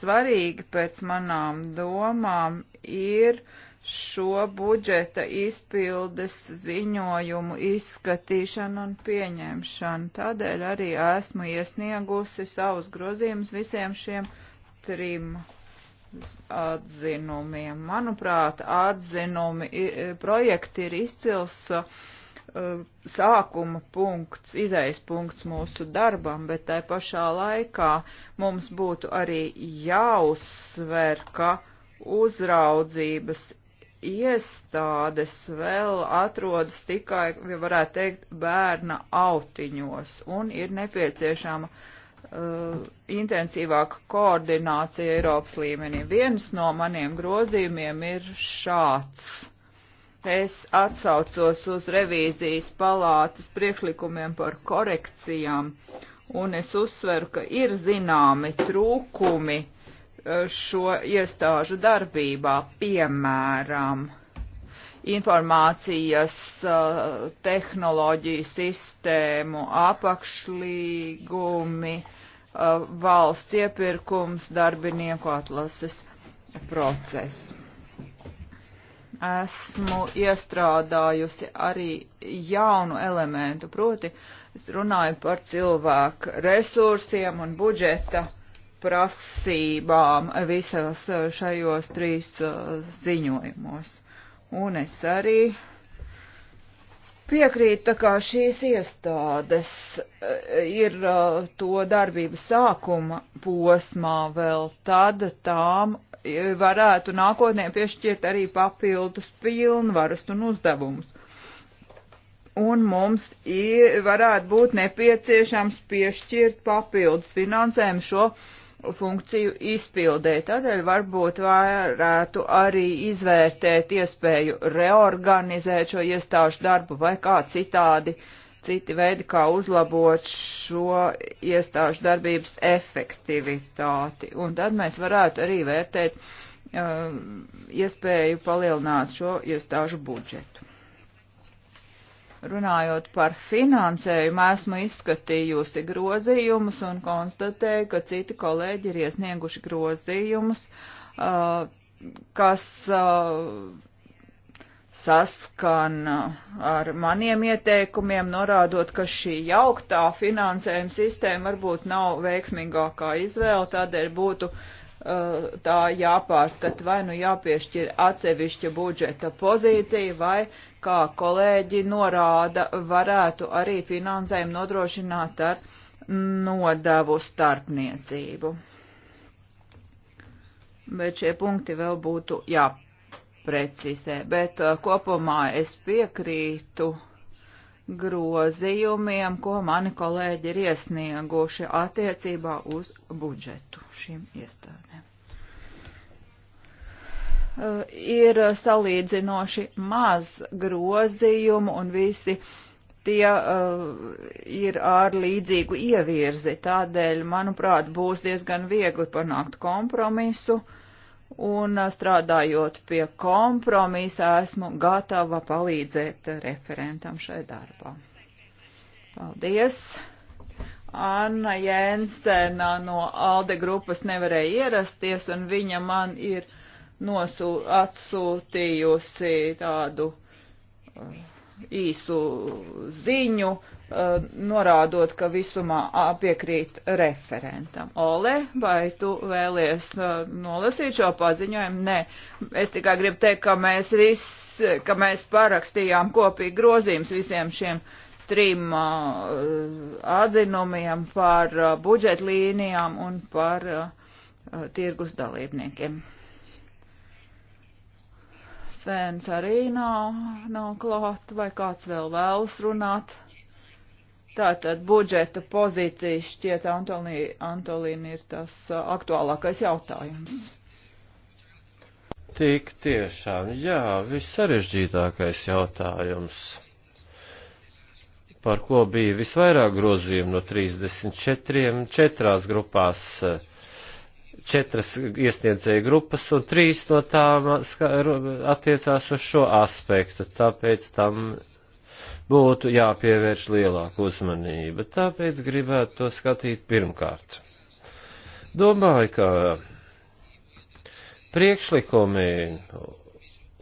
svarīgi pēc manām domām ir šo budžeta izpildes ziņojumu izskatīšanu un pieņemšanu. Tādēļ arī esmu iesniegusi savus grozījumus visiem šiem trim atzinumiem. Manuprāt, atzinumi, projekti ir izcils uh, sākuma punkts, izējas punkts mūsu darbam, bet tai pašā laikā mums būtu arī jāuzsver, ka uzraudzības iestādes vēl atrodas tikai, ja varētu teikt, bērna autiņos un ir nepieciešama uh, Uh, intensīvāka koordinācija Eiropas līmenī. Viens no maniem grozījumiem ir šāds. Es atsaucos uz revīzijas palātas priekšlikumiem par korekcijām, un es uzsveru, ka ir zināmi trūkumi uh, šo iestāžu darbībā, piemēram, uh, informācijas uh, tehnoloģiju sistēmu, apakšlīgumi, uh, valsts iepirkums, darbinieku atlases process. Esmu iestrādājusi arī jaunu elementu, proti es runāju par cilvēku resursiem un budžeta prasībām visos šajos trīs uh, ziņojumos un es arī piekrītu, kā šīs iestādes e, ir e, to darbības sākuma posmā vēl tad tām e, varētu nākotnē piešķirt arī papildus pilnvarus un uzdevumus. Un mums ir, varētu būt nepieciešams piešķirt papildus finansējumu šo uh, funkciju izpildē. Tādēļ varbūt varētu arī izvērtēt iespēju reorganizēt šo iestāžu darbu vai kā citādi, citi veidi, kā uzlabot šo iestāžu darbības efektivitāti. Un tad mēs varētu arī vērtēt um, iespēju palielināt šo iestāžu budžetu. Runājot par finansējumu, esmu izskatījusi grozījumus un konstatēju, ka citi kolēģi ir iesnieguši grozījumus, kas saskan ar maniem ieteikumiem, norādot, ka šī jauktā finansējuma sistēma varbūt nav veiksmīgākā izvēle, tādēļ būtu tā jāpārskata vai nu jāpiešķir atsevišķa budžeta pozīcija vai kā kolēģi norāda, varētu arī finansējumu nodrošināt ar nodevu starpniecību. Bet šie punkti vēl būtu jāprecizē. Bet uh, kopumā es piekrītu grozījumiem, ko mani kolēģi ir iesnieguši attiecībā uz budžetu šīm iestādēm. Eh, ir salīdzinoši maz grozījumu un visi tie uh, ir ar līdzīgu ievirzi. Tādēļ, manuprāt, būs diezgan viegli panākt kompromisu. Un eh, strādājot pie kompromisa, esmu gatava palīdzēt referentam šai darbā. Paldies! Anna Jensena no Alde grupas nevarēja ierasties, un viņa man ir nosū, atsūtījusi tādu uh, īsu ziņu, uh, norādot, ka visumā piekrīt referentam. Ole, vai tu vēlies uh, nolasīt šo paziņojumu? Nē, es tikai gribu teikt, ka mēs, vis, ka mēs parakstījām kopīgi grozījums visiem šiem trim uh, atzinumiem par uh, budžetlīnijām un par uh, tirgus dalībniekiem. Svens arī nav, nav klāt, vai kāds vēl vēlas runāt. Tātad budžeta pozīcijas šķiet Antolī, Antolīna ir tas uh, aktuālākais jautājums. Tik tiešām, jā, vissarežģītākais jautājums, par ko bija visvairāk grozījumu no 34, četrās grupās. Uh, četras iesniedzēja grupas, un trīs no tām attiecās uz šo aspektu, tāpēc tam būtu jāpievērš lielāka uzmanība. Tāpēc gribētu to skatīt pirmkārt. Domāju, ka priekšlikumi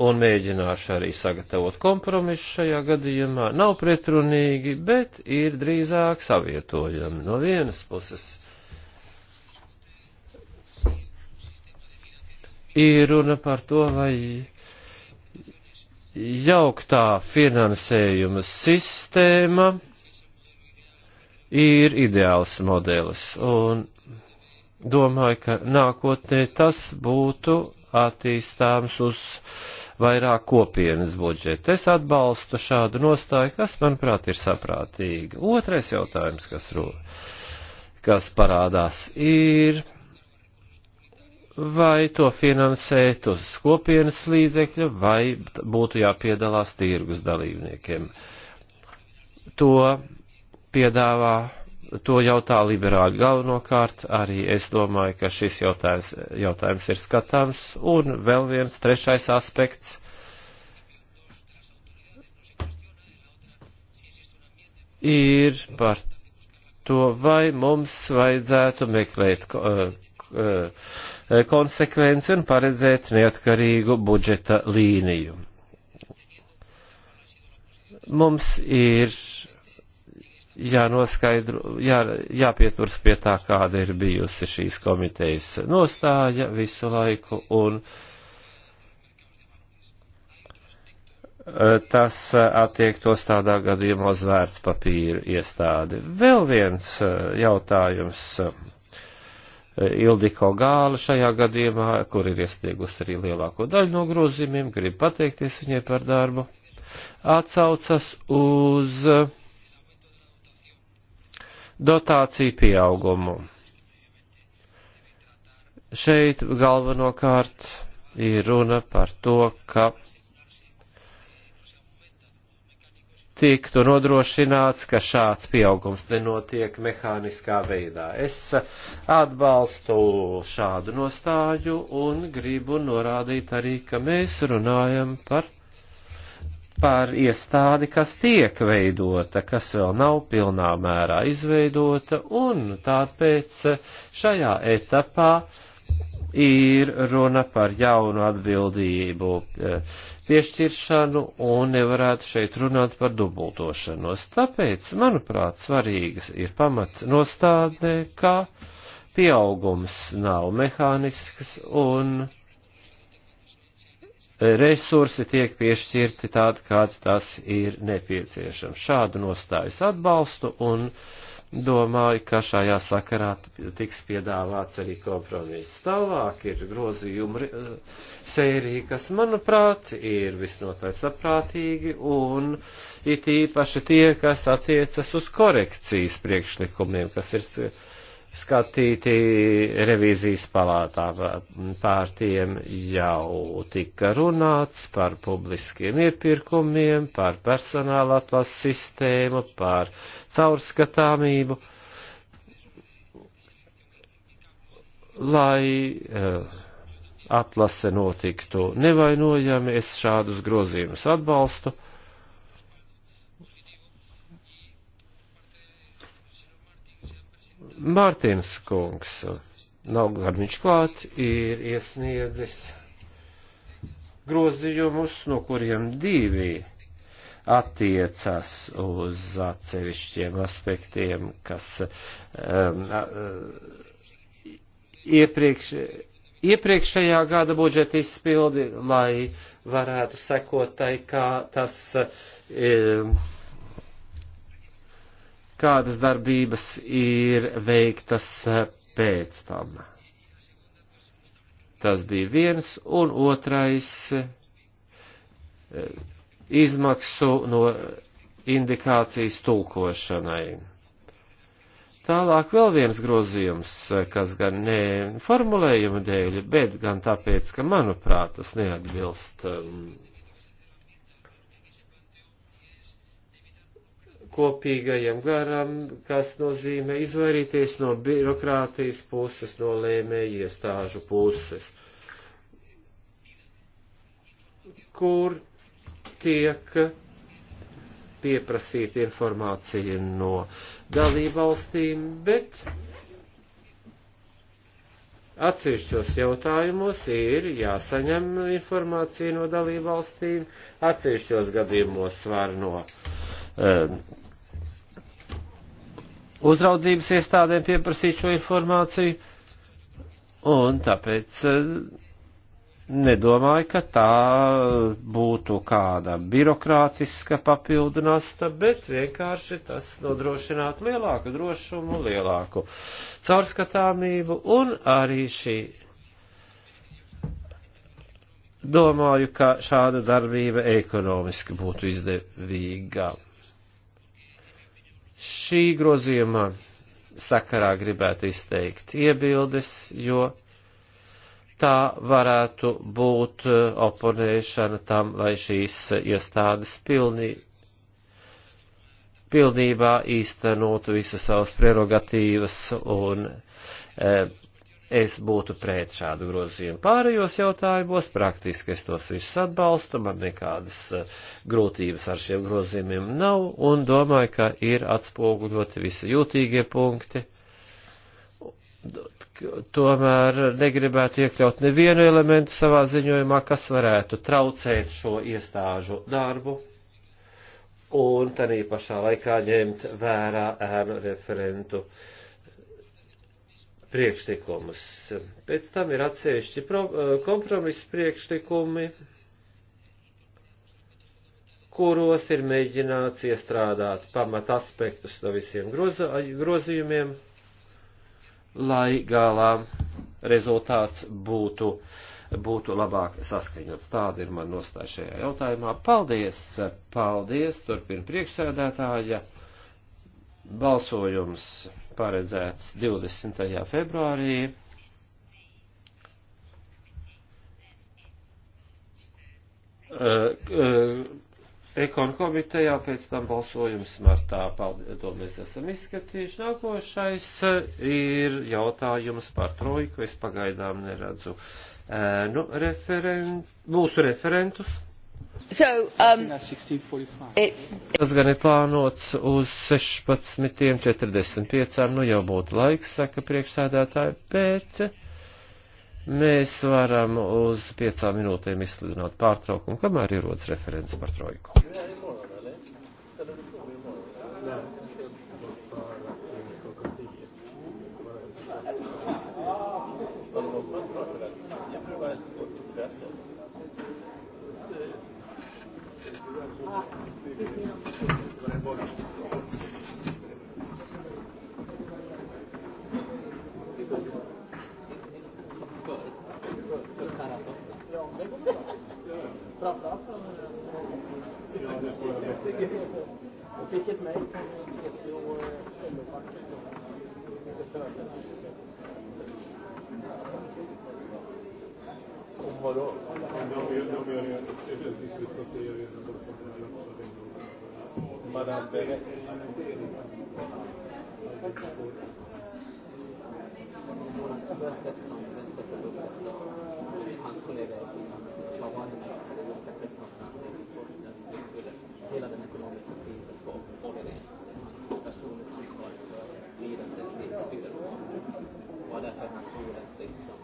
un mēģināšu arī sagatavot kompromisu šajā gadījumā nav pretrunīgi, bet ir drīzāk savietojami no vienas puses ir runa par to, lai jauktā finansējuma sistēma ir ideāls modelis, un domāju, ka nākotnē tas būtu attīstāms uz vairāk kopienas budžeta. Es atbalstu šādu nostāju, kas, manuprāt, ir saprātīga. Otrais jautājums, kas, ro, kas parādās, ir vai to finansēt uz kopienas līdzekļa, vai būtu jāpiedalās tirgus dalībniekiem. To piedāvā, to jautā liberāļi galvenokārt, arī es domāju, ka šis jautājums, jautājums ir skatāms, un vēl viens trešais aspekts. Ir par to, vai mums vajadzētu meklēt uh, Eh, konsekvenci un paredzēt neatkarīgu budžeta līniju. Mums ir jānoskaidro, jā, jāpieturs pie tā, kāda ir bijusi šīs komitejas nostāja visu laiku, un eh, tas eh, attiektos tādā gadījumā uz vērtspapīru iestādi. Vēl viens jautājums Ildiko Gāla šajā gadījumā, kur ir iesniegusi arī lielāko daļu no grozījumiem, grib pateikties viņai par darbu, atsaucas uz dotāciju pieaugumu. Šeit galvenokārt ir runa par to, ka tiktu nodrošināts, ka šāds pieaugums nenotiek mehāniskā veidā. Es atbalstu šādu nostāju un gribu norādīt arī, ka mēs runājam par, par iestādi, kas tiek veidota, kas vēl nav pilnā mērā izveidota, un tāpēc šajā etapā ir runa par jaunu atbildību eh, piešķiršanu un nevarētu šeit runāt par dubultošanos. Tāpēc, manuprāt, svarīgas ir pamats nostādnē, ka pieaugums nav mehānisks un resursi tiek piešķirti tādi, kāds tas ir nepieciešams. Šādu nostājus atbalstu un uh, domāju, ka šajā sakarā tiks piedāvāts arī kompromiss. Tālāk ir grozījuma eh, sērija, kas, manuprāt, ir visnotaļ saprātīgi, un it īpaši tie, kas attiecas uz korekcijas priekšlikumiem, kas ir skatīti revīzijas palātā pār tiem jau tika runāts par publiskiem iepirkumiem, par personāla atlases sistēmu, par caurskatāmību, lai eh, atlase notiktu nevainojami, es šādus grozījumus atbalstu Mārtiņš Kungs, nav gan viņš klāt, ir iesniedzis grozījumus, no kuriem divi attiecas uz atsevišķiem aspektiem, kas um, uh, iepriekš, iepriekšējā gada budžeta izpildi, lai varētu sekot tai, kā tas um, kādas darbības ir veiktas eh, pēc tam. Tas bija viens, un otrais eh, izmaksu no indikācijas tulkošanai. Tālāk vēl viens grozījums, eh, kas gan ne formulējuma dēļ, bet gan tāpēc, ka, manuprāt, tas neatbilst um, kopīgajam garam, kas nozīmē izvairīties no birokrātijas puses, no lēmēju iestāžu puses, kur tiek pieprasīta informācija no dalībvalstīm, bet Atsevišķos jautājumos ir jāsaņem informācija no dalībvalstīm, atsevišķos gadījumos var no um, uzraudzības iestādēm pieprasīt šo informāciju, un tāpēc eh, nedomāju, ka tā būtu kāda birokrātiska papildu nasta, bet vienkārši tas nodrošinātu lielāku drošumu, lielāku caurskatāmību un arī šī. Domāju, ka šāda darbība ekonomiski būtu izdevīgāka Šī grozījuma sakarā gribētu izteikt iebildes, jo tā varētu būt eh, oponēšana tam, lai šīs iestādes pilnī, pilnībā īstenotu visas savas prerogatīvas un e, es būtu pret šādu grozījumu. Pārējos jautājumos praktiski es tos visus atbalstu, man nekādas eh, grūtības ar šiem grozījumiem nav un domāju, ka ir atspoguļoti visi jūtīgie punkti. Tomēr negribētu iekļaut nevienu elementu savā ziņojumā, kas varētu traucēt šo iestāžu darbu un arī pašā laikā ņemt vērā ēnu referentu uh, priekšlikumus. Pēc tam ir atsevišķi eh, kompromisu priekšlikumi, kuros ir mēģināts iestrādāt pamat aspektus no visiem groza, grozījumiem, lai galā rezultāts būtu, būtu labāk saskaņots. Tāda ir man nostāja šajā jautājumā. Paldies, paldies, turpina priekšsēdētāja balsojums paredzēts 20. februārī. Eh, eh, Ekonu komitejā pēc tam balsojums martā. Paldies, to mēs esam izskatījuši. Nākošais eh, ir jautājums par trojku. Es pagaidām neredzu nu, referen mūsu referentus. So, um, Tas gan ir plānots uz 16.45, nu jau būtu laiks, saka priekšsēdētāji, bet mēs varam uz 5 minūtēm izsludināt pārtraukumu, kamēr ierodas referents par trojku. Praat af. Dan vind je het mee. Het is heel onbepakt. Het is wel Omvaló. Madame Pérez. Köszönöm framförallt är viktigt att utveckla hela den ekonomiska krisen på Ågrens personligt ansvar för lidandet i Sydafrika. Och därför han tror att liksom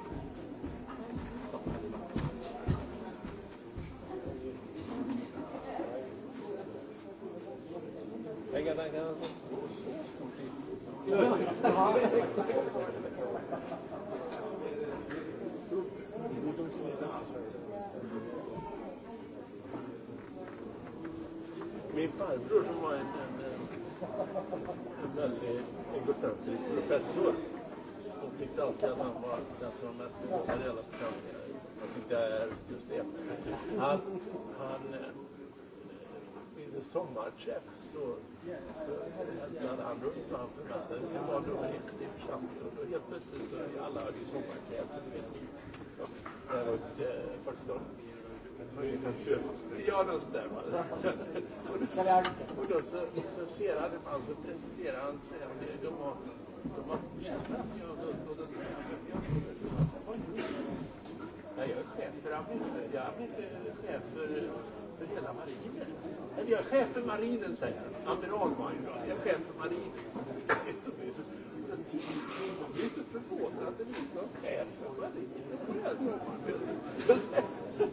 Pengarna kan ha så stort Ja, exakt. Min farbror som var en, en, en väldigt egocentrisk professor som tyckte alltid att han var den som var mest begåvad i alla församlingar. Jag tyckte är just det. Han, han vid eh, sommarträff så, så hälsade han runt och han förväntade sig vara nummer ett i församlingen. Och då helt plötsligt så alla hade ju sommarkläder, så det vet ni. Det var 40-talet. Ja, det stämmer. Och då så, så ser han det man så presenterar han sig. De har, de har känt sig av och då säger han, vad gör Nej, jag är chef för armén. Jag är chef för, för hela marinen. Eller jag är chef för marinen, säger han. Amiral var han ju då. Jag är chef för marinen. Det är inte förvånande att det finns någon själ för varje alltså.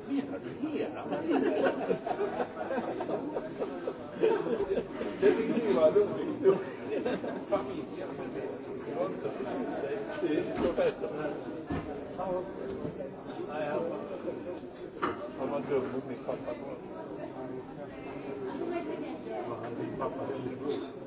Menar du hela människan? Det tyckte vi var en rolig historia. Familjen. Det var inte så förtjust i professorn här. Nej, han var, han var dum mot min pappa. Min pappa är lillebror.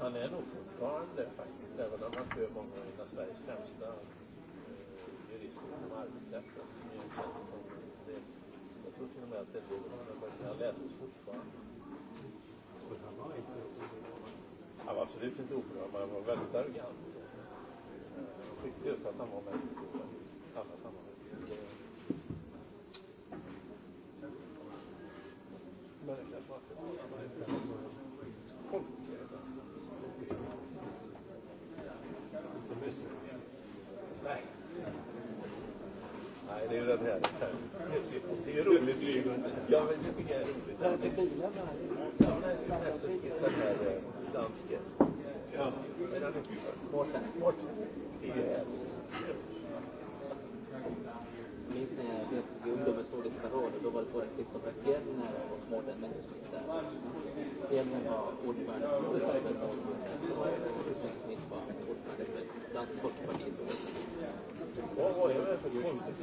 Han är nog fortfarande faktiskt, även om han kör många innan Sveriges Jag läser fortfarande. Han var absolut inte oberörd, men han var väldigt arrogant. Jag eh, tyckte just att han var mänskligt oberörd i alla sammanhang. Men det kanske man ska hålla mig för. Folkledare. Inte missnöjd. Nej. Nej, det är ju den här är roligt livet. Ja, men jag tycker det är roligt. Där är bilar där. Den här dansken. Ja. Men han är borta. Borta. Det är minns när jag vet, vi ungdomar stod i Sparod och då var det både Kristoffer Fjellner och Mårten Messerschmidt där. Fjellner var ordförande för Kristoffer och Messerschmidt var ordförande för Dansk Folkepartis Vad var det för konstigt?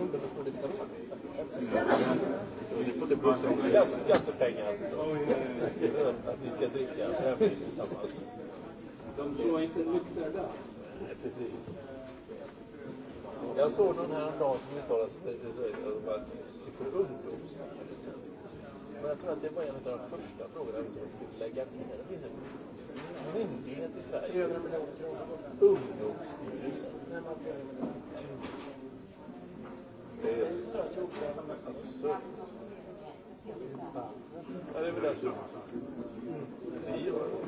Ungdomar stod i Sparod. Så ni får inte blåsa om Skattepengar. Att ni ska dricka brännvin tillsammans. De tror inte nykter där. Nej, precis. Jag såg någon häromdagen som uttalade sig om att det är för ungdomsstyrelsen. Men jag tror att det var en av de första frågorna vi skulle lägga ner. Det finns en myndighet i Sverige. Över en miljon kronor. Ungdomsstyrelsen. Det är absurt. Ja, det är väl absurt. Vi gör det. Mm.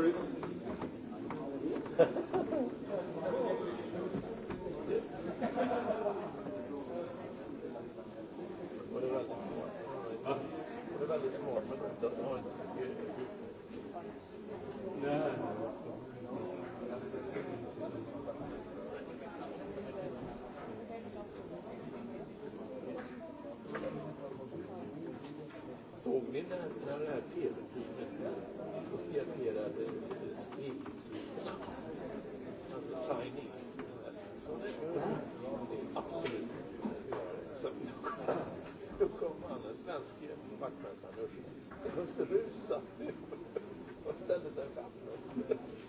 sorry. Backpress, I know she does. There is something. What's that as a backpress?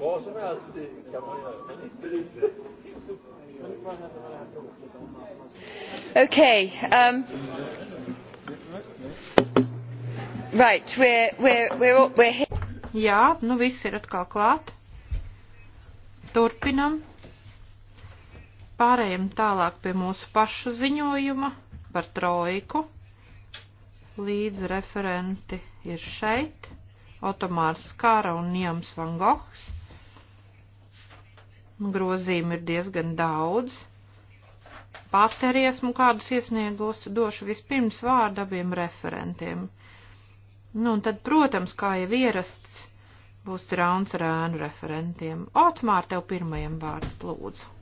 Vad som helst kan man göra, men inte riktigt. Okay. Um, right, we're, we're, we're, we're here. Jā, nu viss ir atkal klāt. Turpinam. Pārējiem tālāk pie mūsu pašu ziņojuma par trojku. Līdz referenti ir šeit. Otomārs Skara un Jams Van Goghs. Grozījumi ir diezgan daudz. Pati arī esmu kādus iesniegus, došu vispirms vārdu abiem referentiem. Nu, un tad, protams, kā jau ierasts, būs rauns ar ēnu referentiem. Otmār, tev pirmajam vārds lūdzu.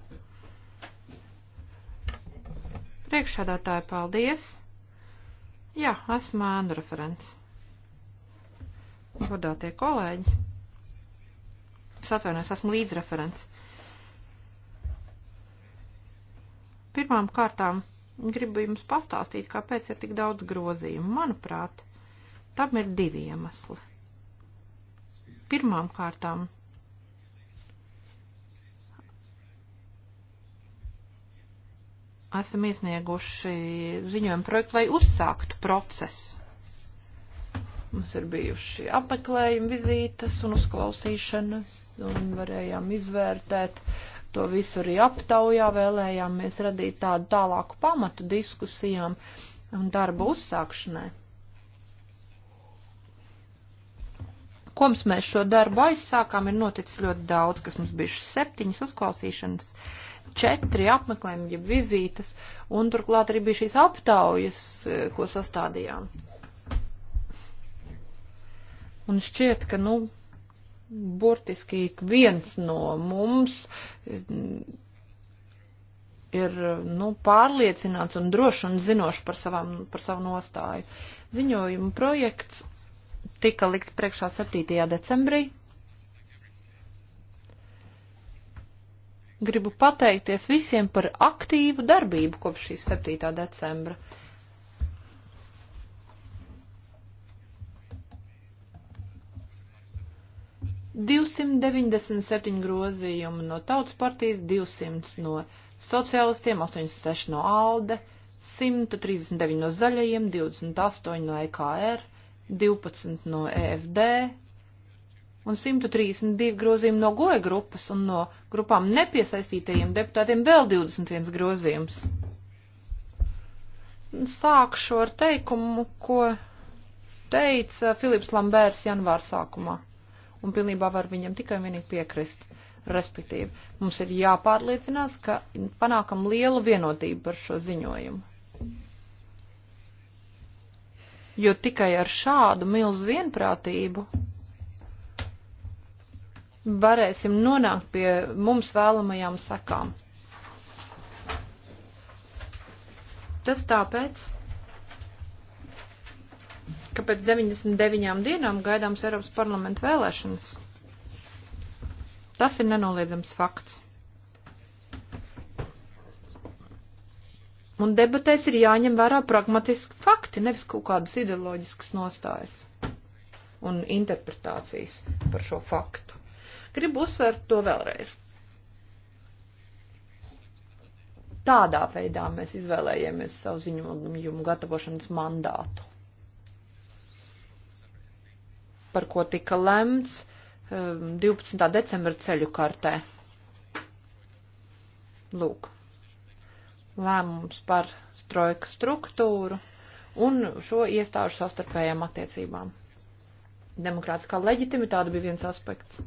Priekšādātāji, paldies! Jā, esmu ēnu referents. Godātie kolēģi. Es atvainojos, esmu līdzreferents. Pirmām kārtām gribu jums pastāstīt, kāpēc ir tik daudz grozījumu. Manuprāt, tam ir divi iemesli. Pirmām kārtām esam iesnieguši ziņojumu projektu, lai uzsāktu procesu. Mums ir bijuši apmeklējumi, vizītes un uzklausīšanas, un varējām izvērtēt to visu arī aptaujā, vēlējāmies radīt tādu tālāku pamatu diskusijām un darba uzsākšanai. Koms mēs šo darbu aizsākām, ir noticis ļoti daudz, kas mums bijuši septiņas uzklausīšanas. Uh, četri apmeklējumi, jeb vizītes, un turklāt arī bija šīs aptaujas, e, ko sastādījām. Un šķiet, ka, nu, burtiski ik viens no mums e, ir nu, pārliecināts un droši un zinoši par, savām, par savu nostāju. Ziņojuma projekts tika likt priekšā 7. decembrī. Gribu pateikties visiem par aktīvu darbību kopš šīs 7. decembra. Divsimt deviņdesmit septiņi grozījumi no tautas partijas, divsimts no sociālistiem, 86 no ALDE, 139 no zaļajiem, 28 no EKR, 12 no EFD, un 132 grozījumi no goja grupas un no grupām nepiesaistītajiem deputātiem vēl 21 grozījums. Sākšu ar teikumu, ko teica Filips Lambērs janvāra sākumā, un pilnībā var viņam tikai vienīgi piekrist. Respektīvi, mums ir jāpārliecinās, ka panākam lielu vienotību par šo ziņojumu. Jo tikai ar šādu milzu vienprātību varēsim nonākt pie mums vēlamajām sekām. Tas tāpēc, ka pēc 99 dienām gaidāms Eiropas parlamenta vēlēšanas. Tas ir nenoliedzams fakts. Un debatēs ir jāņem vērā pragmatiski fakti, nevis kaut kādas ideoloģiskas nostājas un interpretācijas par šo faktu. Gribu uzsvērt to vēlreiz. Tādā veidā mēs izvēlējāmies savu ziņojumu gatavošanas mandātu, par ko tika lemts 12. Um, decembra ceļu kartē. Lūk, lēmums par trojka struktūru un šo iestāžu savstarpējām attiecībām. Demokrātiskā leģitimitāte bija viens aspekts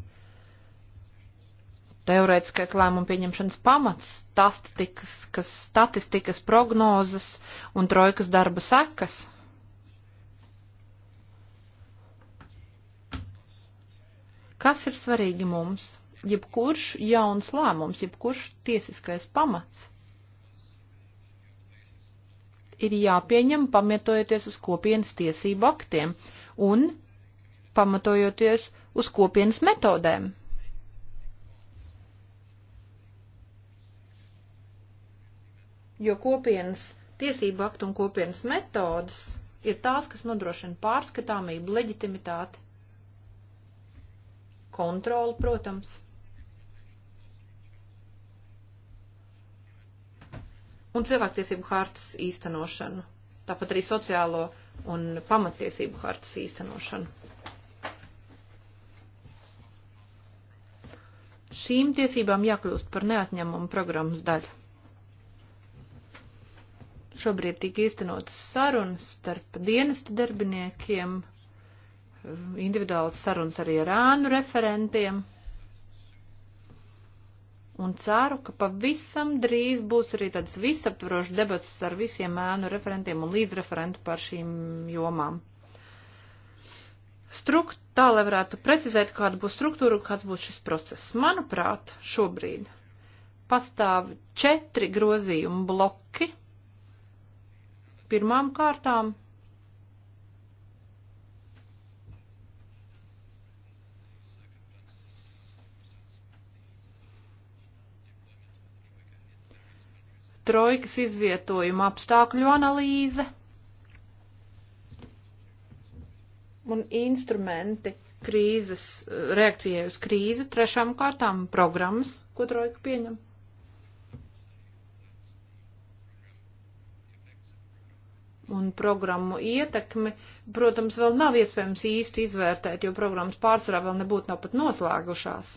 teorētiskais lēmumu pieņemšanas pamats, statistikas, kas, statistikas prognozes un trojkas darba sekas. Kas ir svarīgi mums? Jebkurš jauns lēmums, jebkurš tiesiskais pamats ir jāpieņem pamatojoties uz kopienas tiesību aktiem un pamatojoties uz kopienas metodēm. jo kopienas tiesību aktu un kopienas metodas ir tās, kas nodrošina pārskatāmību, leģitimitāti, kontroli, protams. Un cilvēktiesību hartas īstenošanu, tāpat arī sociālo un pamatiesību hartas īstenošanu. Šīm tiesībām jākļūst par neatņemumu programmas daļu. Šobrīd tika īstenotas sarunas starp dienesta darbiniekiem, um, individuāls sarunas arī ar ānu referentiem. Un ceru, ka pavisam drīz būs arī tāds visaptvarošs debats ar visiem ēnu referentiem un līdzreferentu par šīm jomām. Strukt, tā, lai varētu precizēt, kāda būs struktūra un kāds būs šis process. Manuprāt, šobrīd pastāv četri grozījumu bloki Pirmām kārtām trojkas izvietojuma apstākļu analīze un instrumenti krīzes, reakcijai uz krīzi, trešām kārtām programmas, ko trojka pieņem. un programmu ietekmi, protams, vēl nav iespējams īsti izvērtēt, jo programmas pārsvarā vēl nebūtu nav pat noslēgušās.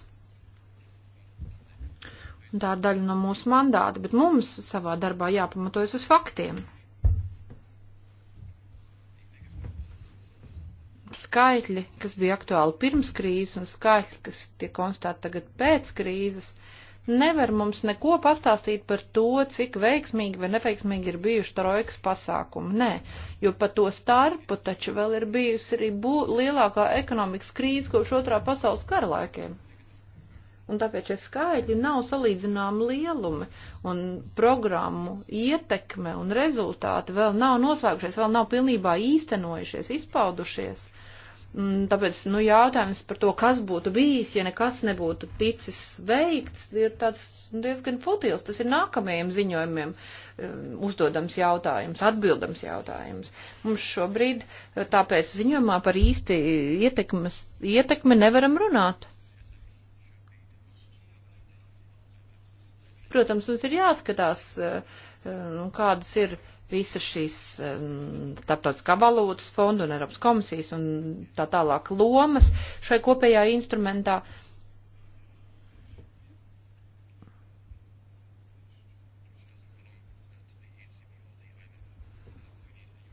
Un tā ir daļa no mūsu mandāta, bet mums savā darbā jāpamatojas uz faktiem. Skaitļi, kas bija aktuāli pirms krīzes, un skaitļi, kas tiek konstatēti tagad pēc krīzes, uh, nevar mums neko pastāstīt par to, cik veiksmīgi vai neveiksmīgi ir bijuši trojkas pasākumi. Nē, jo pa to starpu taču vēl ir bijusi arī bū, lielākā ekonomikas krīze kopš otrā pasaules kara laikiem. Un tāpēc šie skaitļi nav salīdzināmi lielumi, un programmu ietekme un rezultāti vēl nav noslēgušies, vēl nav pilnībā īstenojušies, izpaudušies. Uh, Mm, tāpēc, nu, jautājums par to, kas būtu bijis, ja nekas nebūtu ticis veikts, ir tāds diezgan futils. Tas ir nākamajiem ziņojumiem um, uzdodams jautājums, atbildams jautājums. Mums šobrīd uh, tāpēc ziņojumā par īsti ietekmes, ietekmi nevaram runāt. Protams, mums ir jāskatās, uh, uh, nu, kādas ir visas šīs um, starptautiskā valūtas fonda un Eiropas komisijas un tā tālāk lomas šai kopējā instrumentā.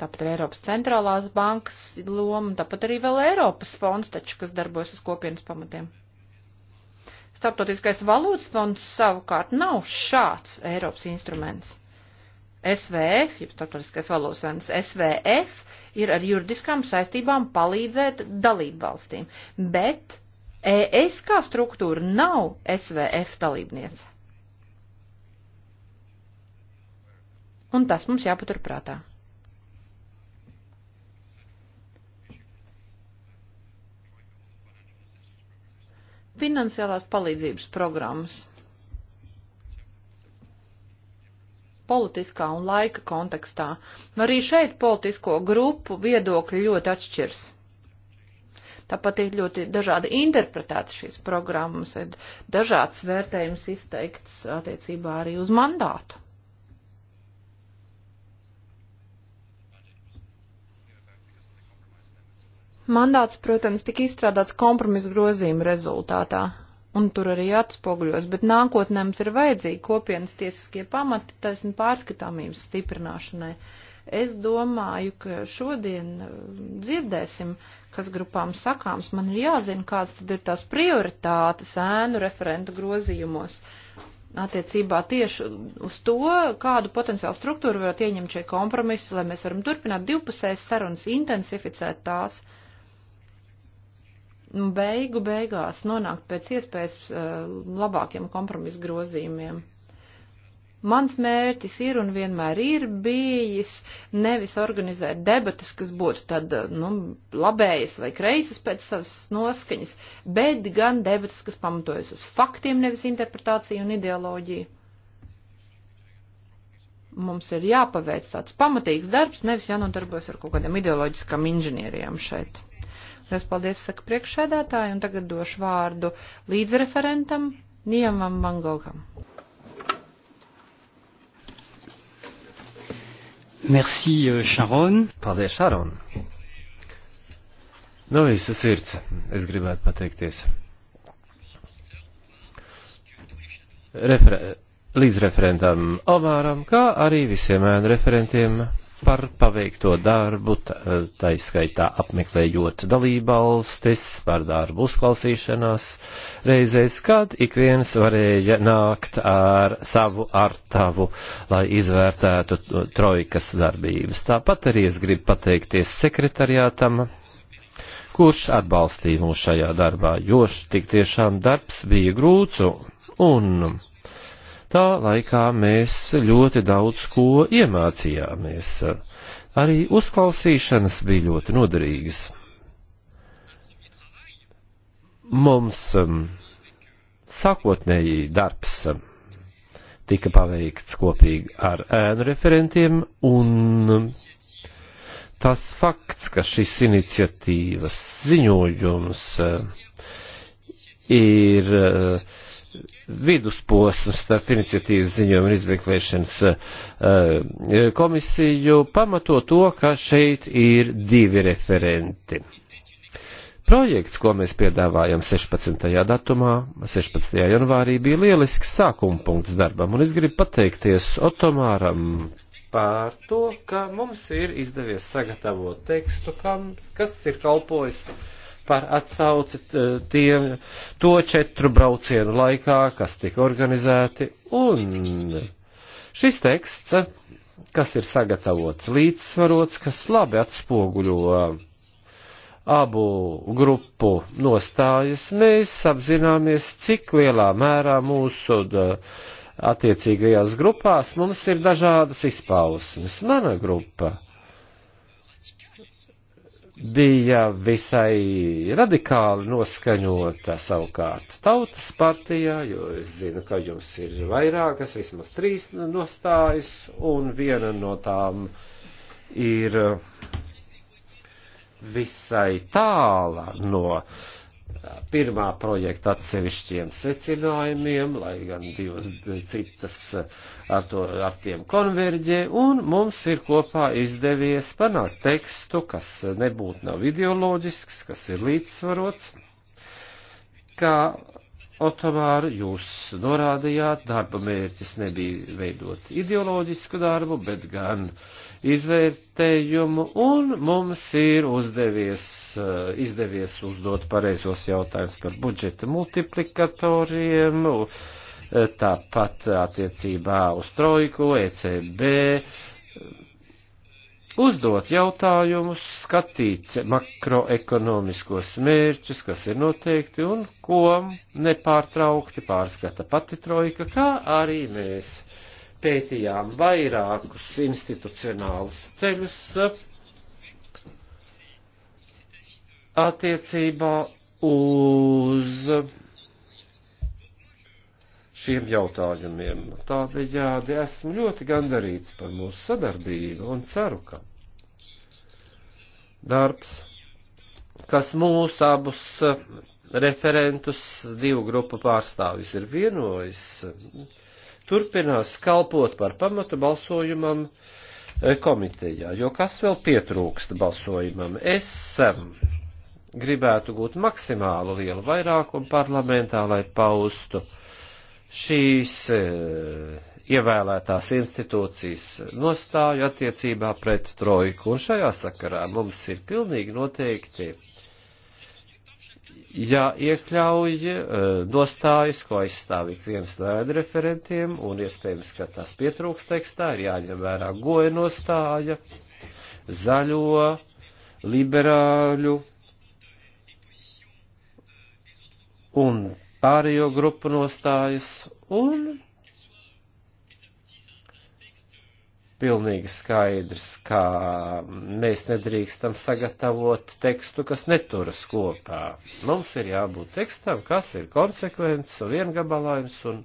tāpat arī Eiropas centrālās bankas loma, tāpat arī vēl Eiropas fonds, taču, kas darbojas uz kopienas pamatiem. Starptautiskais valūtas fonds savukārt nav šāds Eiropas instruments. SVF, jeb starptautiskais valodas vienas SVF, ir ar juridiskām saistībām palīdzēt dalību valstīm, bet ES kā struktūra nav SVF dalībniece. Un tas mums jāpaturprātā. Finansiālās palīdzības programmas politiskā un laika kontekstā. Arī šeit politisko grupu viedokļi ļoti atšķirs. Tāpat ir ļoti dažādi interpretēti šīs programmas, ir dažāds vērtējums izteikts attiecībā arī uz mandātu. Mandāts, protams, tika izstrādāts kompromisu grozījuma rezultātā, un tur arī atspoguļos, bet nākotnē mums ir vajadzīgi kopienas tiesiskie pamati taisn pārskatāmības stiprināšanai. Es domāju, ka šodien mm, dzirdēsim, kas grupām sakāms. Man ir jāzina, kādas tad ir tās prioritātes ēnu referentu grozījumos attiecībā tieši uz to, kādu potenciālu struktūru varat ieņemt šie kompromisi, lai mēs varam turpināt divpusējas sarunas, intensificēt tās. Uh, Nu, beigu beigās nonākt pēc iespējas eh, labākiem kompromisu grozījumiem. Mans mērķis ir un vienmēr ir bijis nevis organizēt debatas, kas būtu tad, eh, nu, labējas vai kreisas pēc savas noskaņas, bet gan debatas, kas pamatojas uz faktiem, nevis interpretāciju un ideoloģiju. Mums ir jāpaveic tāds pamatīgs darbs, nevis jānodarbojas ar kaut kādiem ideoloģiskām inženierijām šeit. Es paldies, saka priekšsēdētāji, un tagad došu vārdu līdzreferentam Niemam Mangogam. Merci, euh, Sharon. Paldies, Sharon. No visas sirds es gribētu pateikties. Refer līdz referentam Omāram, kā arī visiem ēnu referentiem par paveikto darbu, taiskaitā apmeklējot dalībvalstis, par darbu uzklausīšanās reizēs, kad ik viens varēja nākt ar savu artavu, lai izvērtētu trojkas darbības. Tāpat arī es gribu pateikties sekretariātam, kurš atbalstīja mūs šajā darbā, jo tik tiešām darbs bija grūts un Tā laikā mēs ļoti daudz ko iemācījāmies. Arī uzklausīšanas bija ļoti noderīgas. Mums um, sākotnēji darbs um, tika paveikts kopīgi ar ēnu referentiem, un um, tas fakts, ka šis iniciatīvas ziņojums uh, ir uh, vidusposms starp iniciatīvas ziņojumu un izmeklēšanas uh, komisiju pamato to, ka šeit ir divi referenti. Projekts, ko mēs piedāvājam 16. datumā, 16. janvārī, bija lielisks sākuma punkts darbam, un es gribu pateikties Otomāram par to, ka mums ir izdevies sagatavot tekstu, kam, kas ir kalpojis uh, par atsauci tiem to četru braucienu laikā, kas tika organizēti. Un šis teksts, kas ir sagatavots līdzsvarots, kas labi atspoguļo abu grupu nostājas, mēs apzināmies, cik lielā mērā mūsu attiecīgajās grupās mums ir dažādas izpausmes. Mana grupa bija visai radikāli noskaņota savukārt tautas partijā, jo es zinu, ka jums ir vairākas, vismaz trīs nostājas, un viena no tām ir visai tāla no uh, pirmā projekta atsevišķiem secinājumiem, lai gan divas citas ar, to, ar tiem konverģē, un mums ir kopā izdevies panākt tekstu, kas nebūtu nav ideoloģisks, kas ir līdzsvarots, kā Otomāra jūs norādījāt, darba mērķis nebija veidot ideoloģisku darbu, bet gan uh, izvērtējumu, un mums ir uzdevies, eh, izdevies uzdot pareizos jautājumus par budžeta multiplikatoriem, eh, tāpat attiecībā uz Trojku, ECB, uzdot jautājumus, skatīt makroekonomiskos mērķus, kas ir noteikti un ko nepārtraukti pārskata pati Trojka, kā arī mēs pētījām vairākus institucionālus ceļus attiecībā uz šiem jautājumiem. Tādējādi esmu ļoti gandarīts par mūsu sadarbību un ceru, ka darbs, kas mūs abus referentus divu grupu pārstāvis ir vienojis, turpinās kalpot par pamatu balsojumam eh, komitejā, jo kas vēl pietrūkst balsojumam? Es gribētu gūt maksimālu lielu vairākumu parlamentā, lai paustu šīs eh, ievēlētās institūcijas nostāju attiecībā pret trojku, un šajā sakarā mums ir pilnīgi noteikti uh, jāiekļauj eh, nostājas, ko aizstāv ik viens no ēdreferentiem, un iespējams, ka tas pietrūks tekstā, ir jāņem vērā goja nostāja, zaļo, liberāļu un pārējo grupu nostājas, un pilnīgi skaidrs, ka mēs nedrīkstam sagatavot tekstu, kas neturas kopā. Mums ir jābūt tekstam, kas ir konsekvents un viengabalains, un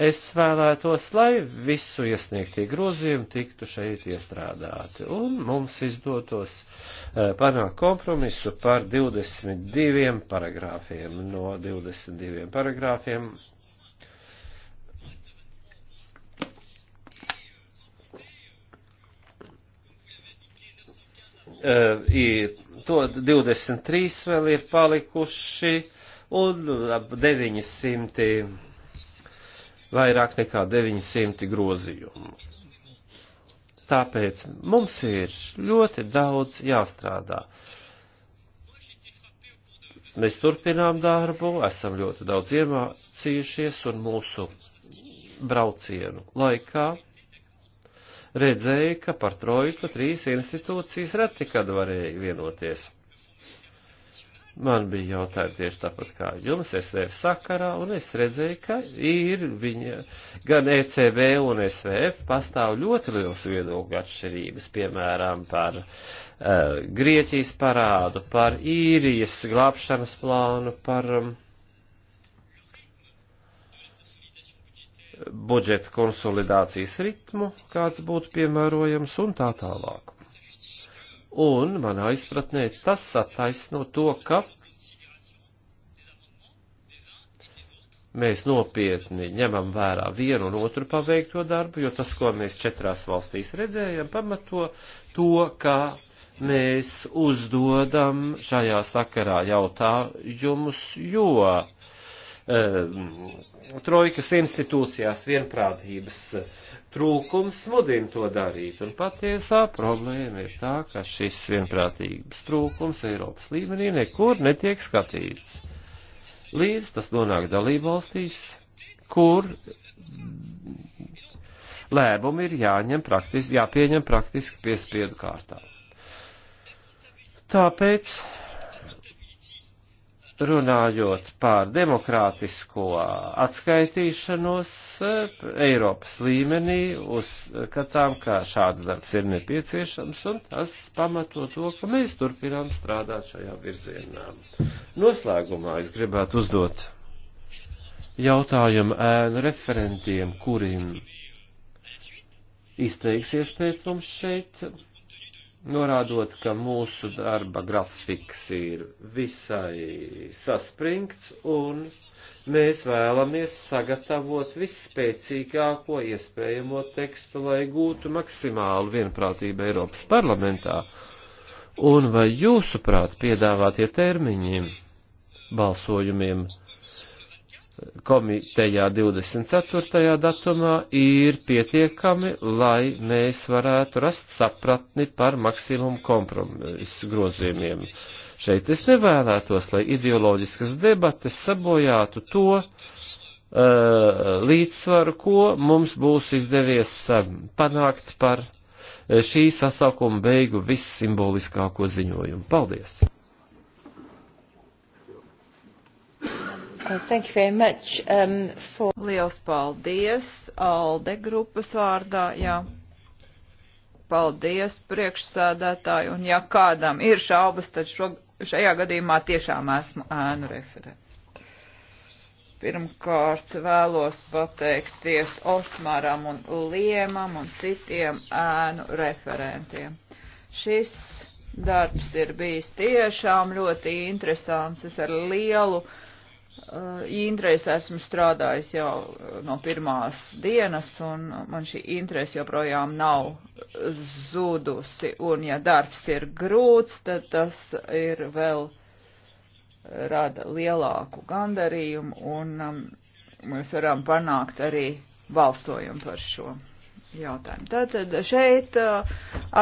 es vēlētos, lai visu iesniegtie grozījumi tiktu šeit iestrādāti, un mums izdotos eh, panākt kompromisu par 22 paragrāfiem no 22 paragrāfiem Eh, ir, to 23 vēl ir palikuši un ap 900, vairāk nekā 900 grozījumu. Tāpēc mums ir ļoti daudz jāstrādā. Mēs turpinām darbu, esam ļoti daudz iemācījušies un mūsu braucienu laikā redzēja, ka par trojku trīs institūcijas reti kad varēja vienoties. Man bija jautājumi tieši tāpat kā jums, SVF sakarā, un es redzēju, ka ir viņa, gan ECB un SVF pastāv ļoti liels viedokļu atšķirības, piemēram, par uh, Grieķijas parādu, par īrijas glābšanas plānu, par um, budžeta konsolidācijas ritmu, kāds būtu piemērojams un tā tālāk. Un manā izpratnē tas attaisno to, ka mēs nopietni ņemam vērā vienu un otru paveikto darbu, jo tas, ko mēs četrās valstīs redzējam, pamato to, ka mēs uzdodam šajā sakarā jautājumus, jo Eh, trojkas institūcijās vienprātības trūkums mudina to darīt. Un patiesā problēma ir tā, ka šis vienprātības trūkums Eiropas līmenī nekur netiek skatīts. Līdz tas nonāk dalībvalstīs, kur lēmumi ir jāņem praktiski, jāpieņem praktiski piespiedu kārtā. Tāpēc runājot par demokrātisko atskaitīšanos eh, Eiropas līmenī, uzskatām, ka šāds darbs ir nepieciešams, un tas pamato to, ka mēs turpinām strādāt šajā virzienā. Noslēgumā es gribētu uzdot jautājumu ēnu referentiem, kurim izteiksies pēc mums šeit norādot, ka mūsu darba grafiks ir visai saspringts un mēs vēlamies sagatavot visspēcīgāko iespējamo tekstu, lai gūtu maksimālu vienprātību Eiropas parlamentā. Un vai jūsuprāt piedāvātie termiņi balsojumiem komitejā 24. datumā ir pietiekami, lai mēs varētu rast sapratni par maksimumu kompromisu grozījumiem. Šeit es nevēlētos, lai ideoloģiskas debates sabojātu to uh, līdzsvaru, ko mums būs izdevies eh, panākt par eh, šī sasaukuma beigu vissimboliskāko ziņojumu. Paldies! Uh, thank you very much um, for. Liels paldies ALDE grupas vārdā, jā. Paldies priekšsādātāji, un ja kādam ir šaubas, tad šo, šajā gadījumā tiešām esmu ēnu referents. Pirmkārt vēlos pateikties Osmaram un Liemam un citiem ēnu referentiem. Šis darbs ir bijis tiešām ļoti interesants. Es ar lielu Interes esmu strādājis jau no pirmās dienas, un man šī interese joprojām nav zudusi. Un, ja darbs ir grūts, tad tas ir vēl rada lielāku gandarījumu, un um, mēs varam panākt arī balsojumu par šo jautājumu. Tātad šeit uh,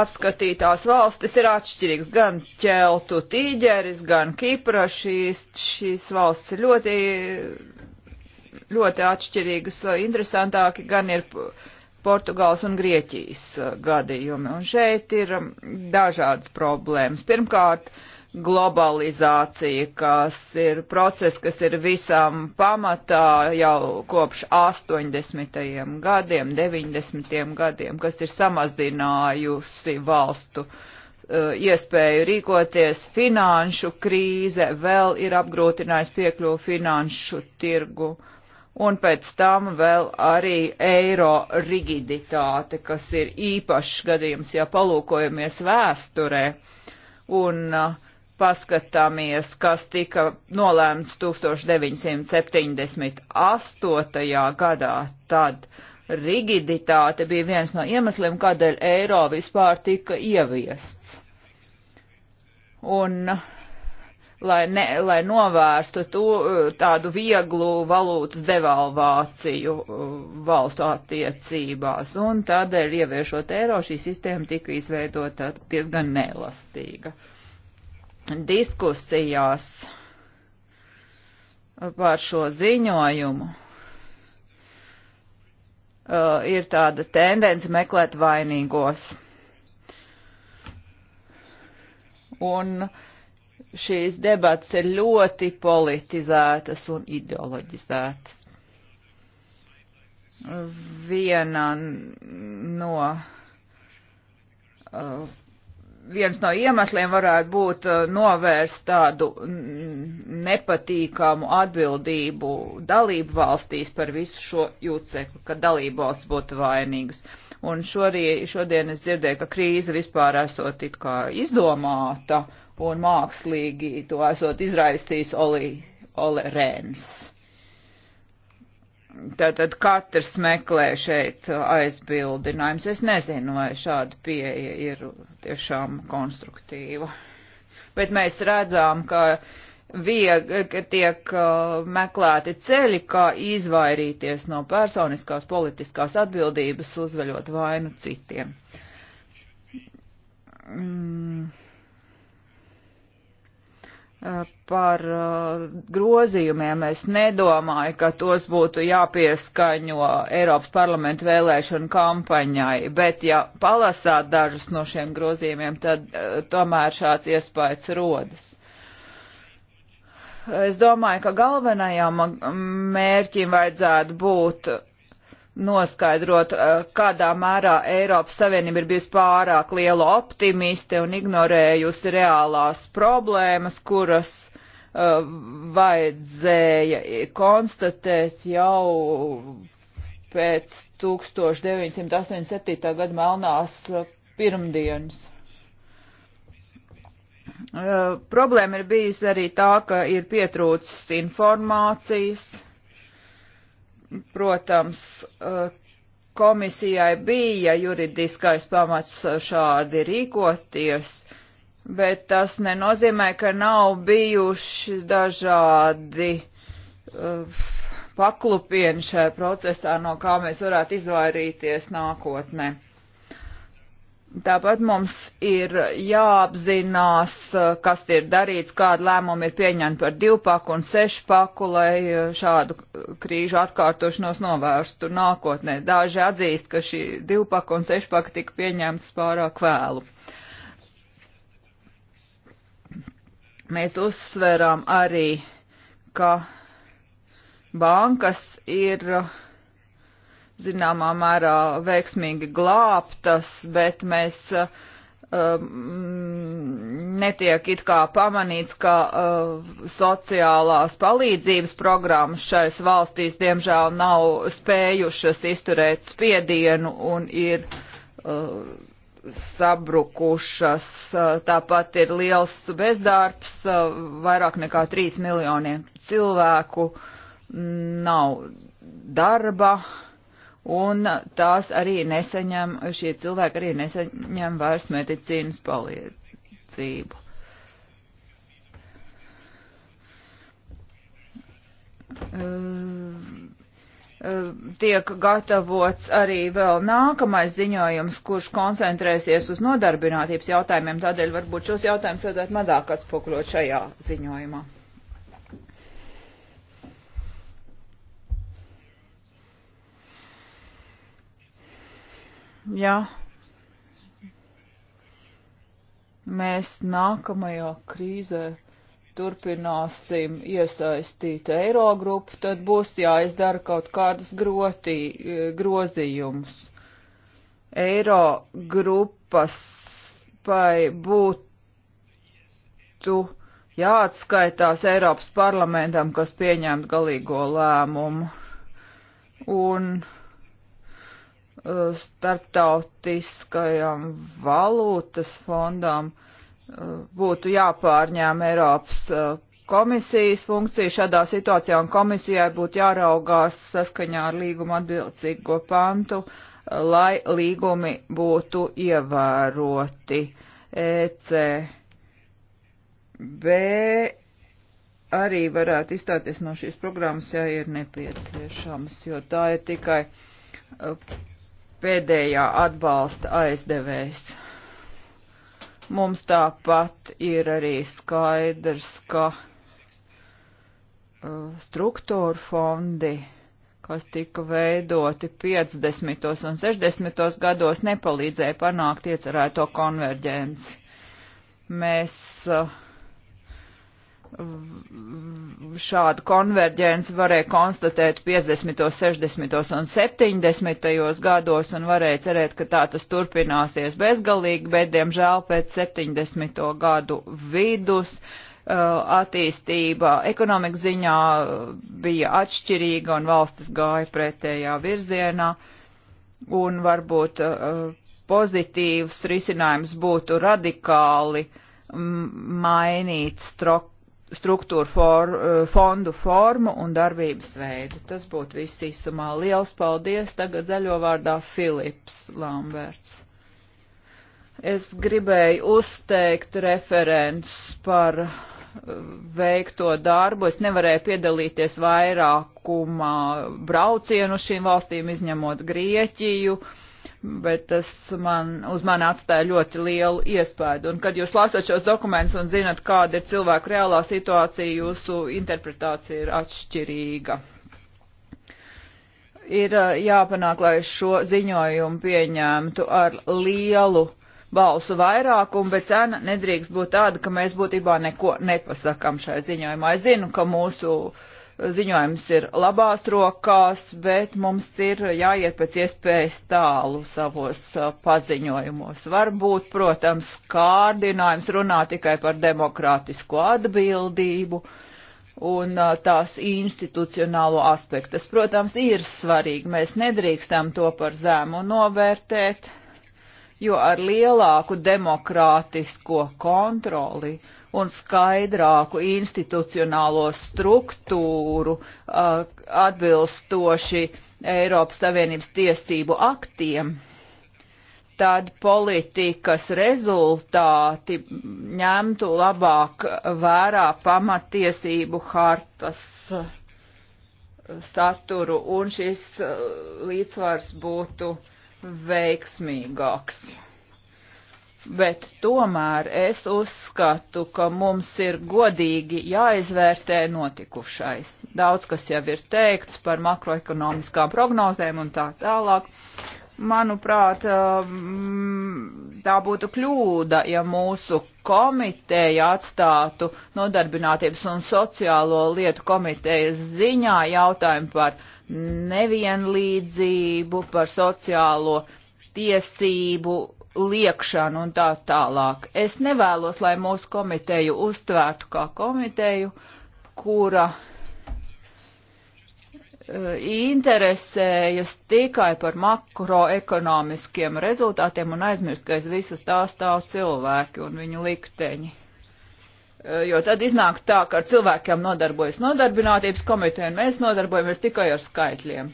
apskatītās valstis ir atšķirīgs gan ķeltu tīģeris, gan Kipra. Šīs, šīs valstis ir ļoti, ļoti atšķirīgas, uh, interesantāki gan ir Portugāls un Grieķijas uh, gadījumi. Un šeit ir um, dažādas problēmas. Pirmkārt, uh, globalizācija, kas ir process, kas ir visām pamatā jau kopš 80. gadiem, 90. gadiem, kas ir samazinājusi valstu uh, iespēju rīkoties. Finanšu krīze vēl ir apgrūtinājusi piekļuvu finanšu tirgu. Un pēc tam vēl arī eiro rigiditāte, kas ir īpašs gadījums, ja palūkojamies vēsturē. Un uh, paskatāmies, kas tika nolēmts 1978. gadā, tad rigiditāte bija viens no iemesliem, kādēļ eiro vispār tika ieviests. Un, lai, ne, lai novērstu to, tādu vieglu valūtas devalvāciju uh, valstu attiecībās, un tādēļ ieviešot eiro, šī sistēma tika izveidota diezgan nelastīga diskusijās par šo ziņojumu uh, ir tāda tendence meklēt vainīgos. Un šīs debats ir ļoti politizētas un ideoloģizētas. Viena no uh, viens no iemesliem varētu būt uh, novērst tādu nepatīkamu atbildību dalību valstīs par visu šo jūcekli, ka dalību valsts būtu vainīgas. Un šorī, šodien es dzirdēju, ka krīze vispār esot it kā izdomāta un mākslīgi to esot izraisījis Oli, Ole Rēns. Uh, Tātad katrs meklē šeit aizbildinājums. Es nezinu, vai šāda pieeja ir tiešām konstruktīva. Bet mēs redzām, ka, vieg, ka tiek uh, meklēti ceļi, kā izvairīties no personiskās politiskās atbildības, uzveļot vainu citiem. Mm par uh, grozījumiem. Es nedomāju, ka tos būtu jāpieskaņo Eiropas parlamentu vēlēšanu kampaņai, bet ja palasāt dažus no šiem grozījumiem, tad uh, tomēr šāds iespējas rodas. Es domāju, ka galvenajam mm, mērķim vajadzētu būt noskaidrot, eh, kādā mērā Eiropas Savienība ir bijusi pārāk liela optimiste un ignorējusi reālās problēmas, kuras uh, vajadzēja konstatēt jau pēc 1987. gada melnās eh, pirmdienas. Uh, problēma ir bijusi arī tā, ka ir pietrūcis informācijas, Protams, eh, komisijai bija juridiskais pamats šādi rīkoties, bet tas nenozīmē, ka nav bijuši dažādi eh, paklupieni šajā procesā, no kā mēs varētu izvairīties nākotnē. Tāpat mums ir jāapzinās, kas ir darīts, kāda lēmuma ir pieņemta par divpaku un sešpaku, lai e, šādu krīžu atkārtošanos novērstu nākotnē. Daži atzīst, ka šī divpaka un sešpaka tika pieņemtas pārāk vēlu. Mēs uzsverām arī, ka bankas ir uh, zināmā mērā veiksmīgi glābtas, bet mēs uh, um, netiek it kā pamanīts, ka uh, sociālās palīdzības programmas šais valstīs diemžēl nav spējušas izturēt spiedienu un ir uh, sabrukušas. Uh, tāpat ir liels bezdarbs, uh, vairāk nekā 3 miljoniem cilvēku mm, nav darba. Uh, un tās arī nesaņem, šie cilvēki arī nesaņem vairs medicīnas palīdzību. Uh, tiek gatavots arī vēl nākamais ziņojums, kurš koncentrēsies uz nodarbinātības jautājumiem, tādēļ varbūt šos jautājumus vajadzētu mazāk atspoguļot šajā ziņojumā. ja mēs nākamajā krīzē turpināsim iesaistīt Eirogrupu, tad būs jāizdara kaut kādas grotī, e, grozījums. Eirogrupas vai būtu jāatskaitās Eiropas parlamentam, kas pieņemt galīgo lēmumu. Un starptautiskajam valūtas fondam uh, būtu jāpārņēma Eiropas uh, komisijas funkcija šādā situācijā, un komisijai būtu jāraugās saskaņā ar līgumu atbilcīgo pantu, uh, lai līgumi būtu ievēroti. ECB arī varētu izstāties no šīs programmas, ja ir nepieciešams, jo tā ir tikai pēdējā atbalsta aizdevējs. Mums tāpat ir arī skaidrs, ka uh, struktūra fondi, kas tika veidoti 50. un 60. gados, nepalīdzēja panākt iecerēto konverģenci. Mēs uh, šādu konverģenci varēja konstatēt 50., 60. un 70. gados un varēja cerēt, ka tā tas turpināsies bezgalīgi, bet diemžēl pēc 70. gadu vidus uh, attīstība ekonomikas ziņā bija atšķirīga un valstis gāja pretējā virzienā un varbūt uh, pozitīvs risinājums būtu radikāli mainīt strok struktūru for, eh, fondu formu un darbības veidu. Tas būtu viss īsumā. Liels paldies tagad zaļo vārdā Filips Lamberts. Es gribēju uzteikt referents par eh, veikto darbu. Es nevarēju piedalīties vairākumā braucienu šīm valstīm, izņemot Grieķiju. Uh, bet tas man, uz mani atstāja ļoti lielu iespēju. Un kad jūs lasat šos dokumentus un zinat, kāda ir cilvēku reālā situācija, jūsu interpretācija ir atšķirīga ir jāpanāk, lai šo ziņojumu pieņemtu ar lielu balsu vairākumu, bet cena nedrīkst būt tāda, ka mēs būtībā neko nepasakām šai ziņojumā. Es zinu, ka mūsu uh, ziņojums ir labās rokās, bet mums ir jāiet pēc iespējas tālu savos uh, paziņojumos. Varbūt, protams, kārdinājums runā tikai par demokrātisko atbildību un uh, tās institucionālo aspektu. Tas, protams, ir svarīgi. Mēs nedrīkstam to par zēmu novērtēt jo ar lielāku demokrātisko kontroli un skaidrāku institucionālo struktūru uh, atbilstoši Eiropas Savienības tiesību aktiem, tad politikas rezultāti ņemtu labāk vērā pamatiesību hartas saturu un šis līdzsvars būtu uh, veiksmīgāks. Bet tomēr es uzskatu, ka mums ir godīgi jāizvērtē notikušais. Daudz kas jau ir teikts par makroekonomiskām prognozēm un tā tālāk. Manuprāt, um, tā būtu kļūda, ja mūsu komiteja atstātu nodarbinātības un sociālo lietu komitejas ziņā jautājumu par nevienlīdzību, par sociālo tiesību liekšanu un tā tālāk. Es nevēlos, lai mūsu komiteju uztvērtu kā komiteju, kura e, interesējas tikai par makroekonomiskiem rezultātiem un aizmirst, ka aiz visas tās stāv cilvēki un viņu likteņi. Eh, jo tad iznāk tā, ka ar cilvēkiem nodarbojas nodarbinātības komiteja, un mēs nodarbojamies tikai ar skaitļiem.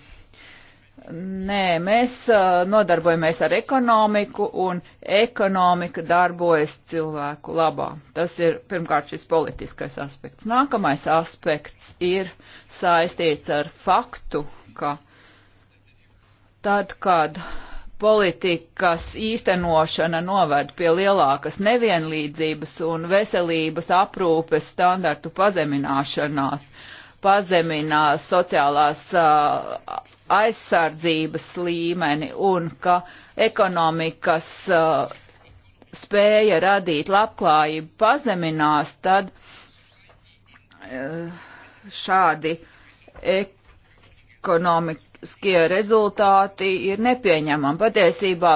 Nē, mēs eh, nodarbojamies ar ekonomiku, un ekonomika darbojas cilvēku labā. Tas ir pirmkārt šis politiskais aspekts. Nākamais aspekts ir saistīts ar faktu, ka tad, kad uh, politikas īstenošana noved pie lielākas nevienlīdzības un veselības aprūpes standartu pazemināšanās, pazeminās sociālās uh, aizsardzības līmeni un ka ekonomikas uh, spēja radīt labklājību pazeminās, tad uh, šādi ekonomika lieliskie rezultāti ir nepieņemami. Patiesībā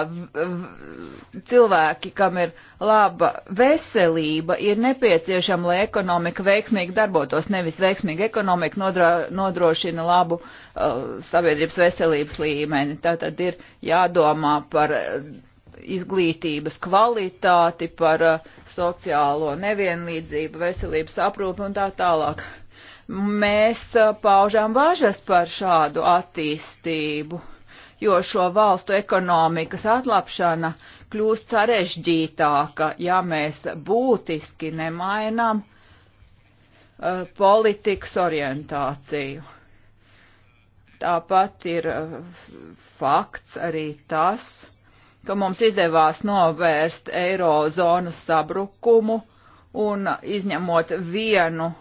cilvēki, kam ir laba veselība, ir nepieciešama, lai ekonomika veiksmīgi darbotos. Nevis veiksmīgi ekonomika nodro, nodrošina labu uh, sabiedrības veselības līmeni. Tā tad ir jādomā par uh, izglītības kvalitāti, par uh, sociālo nevienlīdzību, veselības aprūpu un tā tālāk. Uh, Mēs uh, paužām bažas par šādu attīstību, jo šo valstu ekonomikas atlapšana kļūst sarežģītāka, ja mēs būtiski nemainām uh, politikas orientāciju. Tāpat ir uh, fakts arī tas, ka mums izdevās novērst eirozonas sabrukumu un izņemot vienu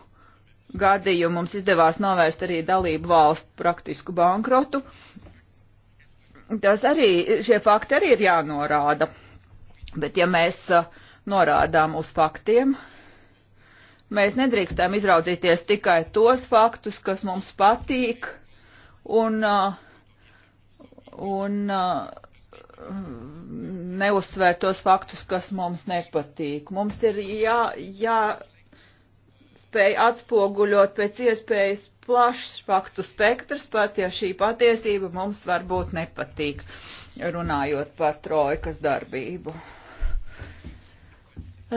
gadījumu mums izdevās novērst arī dalību valstu praktisku bankrotu. Tas arī, šie fakti arī ir jānorāda. Bet ja mēs uh, norādām uz faktiem, mēs nedrīkstam izraudzīties tikai tos faktus, kas mums patīk, un, uh, un uh, neuzsvērt tos faktus, kas mums nepatīk. Mums ir jā, jā jāspēj atspoguļot pēc iespējas plašs faktu spektrs, pat ja šī patiesība mums varbūt nepatīk, runājot par trojkas darbību.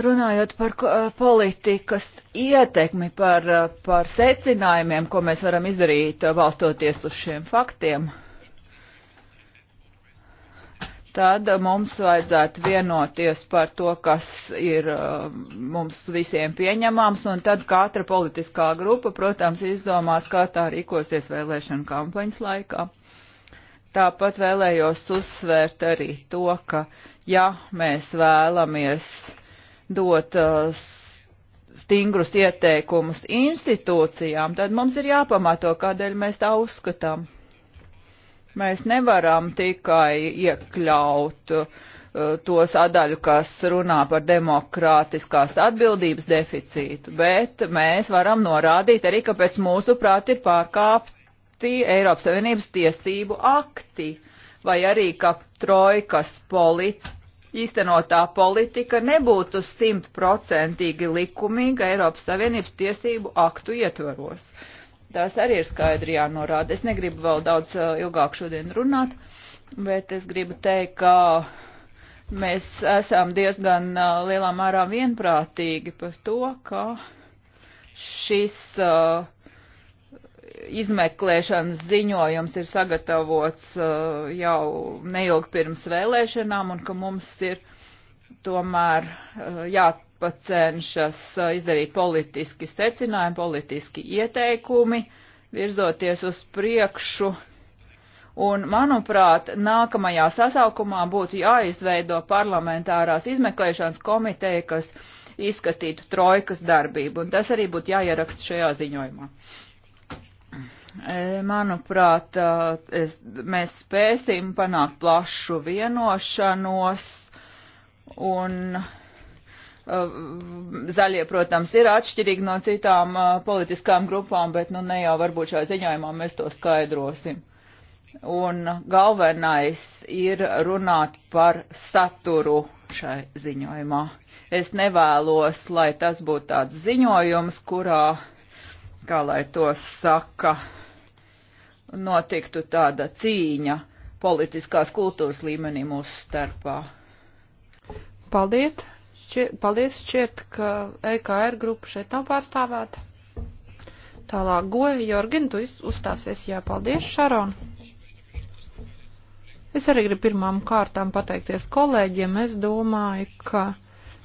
Runājot par eh, politikas ietekmi, par, eh, par secinājumiem, ko mēs varam izdarīt, valstoties eh, uz šiem faktiem, tad mums vajadzētu vienoties par to, kas ir uh, mums visiem pieņemams, un tad katra politiskā grupa, protams, izdomās, kā tā rīkosies vēlēšana kampaņas laikā. Tāpat vēlējos uzsvērt arī to, ka ja mēs vēlamies dot uh, stingrus ieteikumus institūcijām, tad mums ir jāpamato, kādēļ mēs tā uzskatām. Mēs nevaram tikai iekļaut uh, to sadaļu, kas runā par demokrātiskās atbildības deficītu, bet mēs varam norādīt arī, ka pēc mūsu prāt ir pārkāpti Eiropas Savienības tiesību akti, vai arī, ka trojkas politika īstenotā politika nebūtu simtprocentīgi likumīga Eiropas Savienības tiesību aktu ietvaros. Uh, tās arī ir skaidri jānorāda. Es negribu vēl daudz ilgāk šodien runāt, bet es gribu teikt, ka mēs esam diezgan lielā mērā vienprātīgi par to, ka šis uh, izmeklēšanas ziņojums ir sagatavots uh, jau neilgi pirms vēlēšanām un ka mums ir tomēr uh, jā grupa cenšas izdarīt politiski secinājumi, politiski ieteikumi, virzoties uz priekšu. Un, manuprāt, nākamajā sasaukumā būtu jāizveido parlamentārās izmeklēšanas komiteja, kas izskatītu trojkas darbību, un tas arī būtu jāieraksta šajā ziņojumā. E, manuprāt, es, mēs spēsim panākt plašu vienošanos, un uh, Eh, zaļie, protams, ir atšķirīgi no citām eh, politiskām grupām, bet nu ne jau varbūt šajā ziņojumā mēs to skaidrosim. Un galvenais ir runāt par saturu šai ziņojumā. Es nevēlos, lai tas būtu tāds ziņojums, kurā, kā lai to saka, notiktu tāda cīņa politiskās kultūras līmenī mūsu starpā. Paldies! Šķiet, paldies, šķiet, ka EKR grupa šeit nav pārstāvēta. Tālāk, goja, Jorgin, tu uzstāsies, jā, paldies, Šaron. Es arī gribu pirmām kārtām pateikties kolēģiem. Es domāju, ka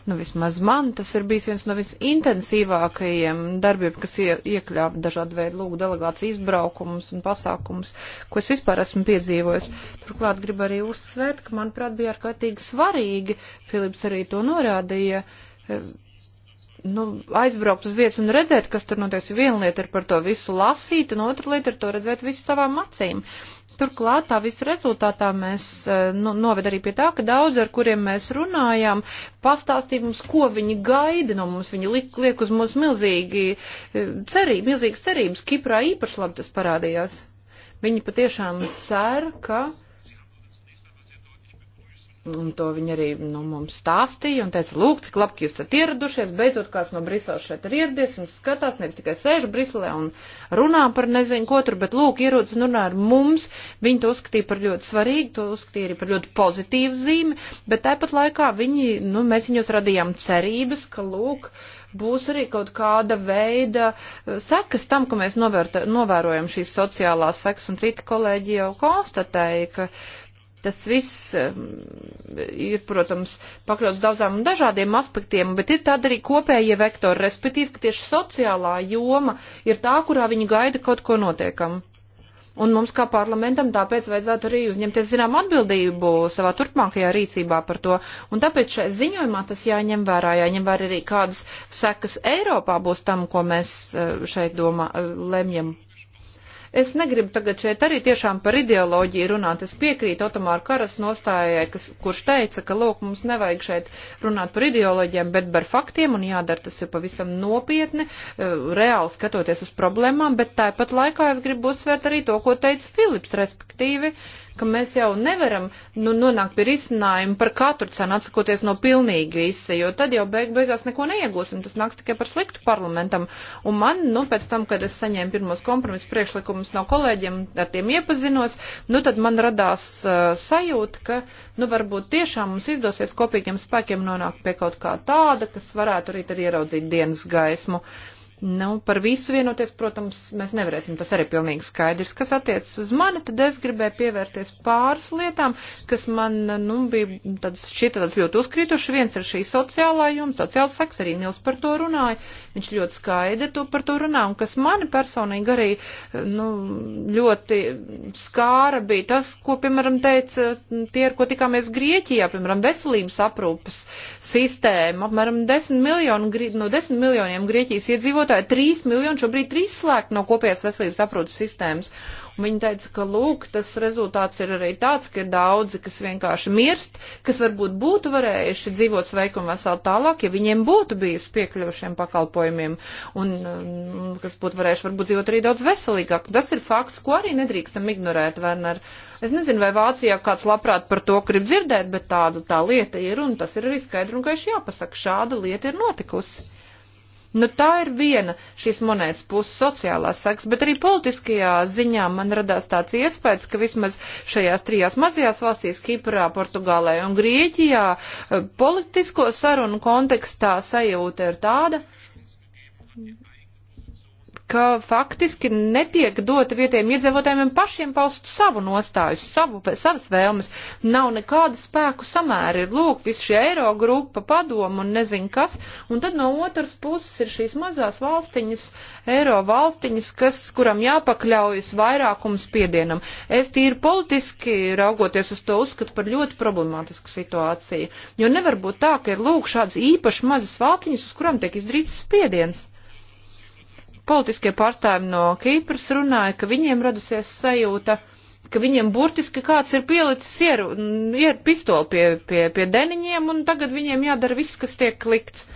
nu vismaz man tas ir bijis viens no visintensīvākajiem darbiem, kas ie, iekļāva dažādu veidu lūgu delegāciju izbraukumus un pasākumus, ko es vispār esmu piedzīvojis. Turklāt gribu arī uzsvērt, ka manuprāt bija ārkārtīgi svarīgi, Filips arī to norādīja, eh, nu, aizbraukt uz vietas un redzēt, kas tur notiek. Viena lieta ir par to visu lasīt, un otra lieta ir to redzēt visu savām acīm. Turklāt tā visa rezultātā mēs eh, nu, noved arī pie tā, ka daudzi, ar kuriem mēs runājām, pastāstīja mums, ko viņi gaida no mums. Viņi liek, liek uz mums milzīgi eh, cerību, milzīgas cerības. Kiprā īpaši labi tas parādījās. Viņi patiešām cer, ka Un to viņi arī nu, mums stāstīja un teica, lūk, cik labi, ka jūs esat ieradušies, beidzot kāds no Briseles šeit ir ieradies un skatās, nevis tikai sēž Briselē un runā par nezinu ko tur, bet lūk, ierodas un runā ar mums. Viņi to uzskatīja par ļoti svarīgu, to uzskatīja arī par ļoti pozitīvu zīmi, bet tāpat laikā viņi, nu, mēs viņos radījām cerības, ka lūk, būs arī kaut kāda veida uh, sekas tam, ka mēs novērta, novērojam šīs sociālās sekas, un citi kolēģi jau konstatēja, ka Tas viss um, ir, protams, pakļauts daudzām un dažādiem aspektiem, bet ir tāda arī kopējie vektori, respektīvi, ka tieši sociālā joma ir tā, kurā viņi gaida kaut ko notiekam. Un mums kā parlamentam tāpēc vajadzētu arī uzņemties zinām atbildību savā turpmākajā rīcībā par to. Un tāpēc šai ziņojumā tas jāņem vērā, jāņem vērā arī kādas sekas Eiropā būs tam, ko mēs eh, šeit domā, eh, lemjam. Es negribu tagad šeit arī tiešām par ideoloģiju runāt. Es piekrītu Otomāru Karas nostājai, kas, kurš teica, ka, lūk, mums nevajag šeit runāt par ideoloģiem, bet par faktiem, un jādara tas ir pavisam nopietni, eh, reāli skatoties uz problēmām, bet tāpat laikā es gribu uzsvērt arī to, ko teica Filips, respektīvi. Uh, ka mēs jau nevaram nu, nonākt pie risinājuma par katru cenu atsakoties no pilnīgi visa, jo tad jau beig beigās neko neiegūsim, tas nāks tikai par sliktu parlamentam. Un man, nu, pēc tam, kad es saņēmu pirmos kompromisu priekšlikumus no kolēģiem, ar tiem iepazinos, nu, tad man radās uh, sajūta, ka, nu, varbūt tiešām mums izdosies kopīgiem spēkiem nonākt pie kaut kā tāda, kas varētu arī tad ieraudzīt dienas gaismu. Uh, Nu, par visu vienoties, protams, mēs nevarēsim, tas arī pilnīgi skaidrs. Kas attiecas uz mani, tad es gribēju pievērties pāris lietām, kas man, nu, bija tāds, šita tāds ļoti uzkrituši. Viens ir šī sociālā jums, sociāls saks, arī Nils par to runāja. Viņš ļoti skaidri to par to runā, un kas mani personīgi arī, nu, ļoti skāra bija tas, ko, piemēram, teica tie, ar ko tikāmies Grieķijā, piemēram, veselības aprūpas sistēma, apmēram 10 miljonu, no 10 miljoniem Grieķijas iedzīvotāju iedzīvotāji, 3 miljoni šobrīd ir izslēgti no kopējās veselības aprūpas sistēmas. Un viņi teica, ka lūk, tas rezultāts ir arī tāds, ka ir daudzi, kas vienkārši mirst, kas varbūt būtu varējuši dzīvot sveiki un veseli tālāk, ja viņiem būtu bijusi piekļuva šiem pakalpojumiem un um, kas būtu varējuši varbūt dzīvot arī daudz veselīgāk. Tas ir fakts, ko arī nedrīkstam ignorēt, Werner. Es nezinu, vai Vācijā kāds labprāt par to grib dzirdēt, bet tāda tā lieta ir un tas ir arī skaidri un gaiši jāpasaka. Šāda lieta ir notikusi. Nu, tā ir viena šīs monētas puses sociālās saks, bet arī politiskajā ziņā man radās tāds iespējas, ka vismaz šajās trijās mazajās valstīs, Kiprā, Portugālē un Grieķijā, eh, politisko sarunu kontekstā sajūta ir tāda, ka faktiski netiek dota vietējiem iedzīvotājiem pašiem paust savu nostāju, savu, savas vēlmes. Nav nekāda spēku samēra. Ir lūk, viss šī eiro grupa, padomu un nezin kas. Un tad no otras puses ir šīs mazās valstiņas, eiro valstiņas, kas, kuram jāpakļaujas vairākumu spiedienam. Es tīri politiski raugoties uz to uzskatu par ļoti problemātisku situāciju. Jo nevar būt tā, ka ir lūk šāds īpaši mazas valstiņas, uz kurām tiek izdarīts spiediens politiskie pārstāvi no Kīpras runāja, ka viņiem radusies sajūta, ka viņiem burtiski kāds ir pielicis ieru, mm, ier pistoli pie, pie, pie deniņiem un tagad viņiem jādara viss, kas tiek likts.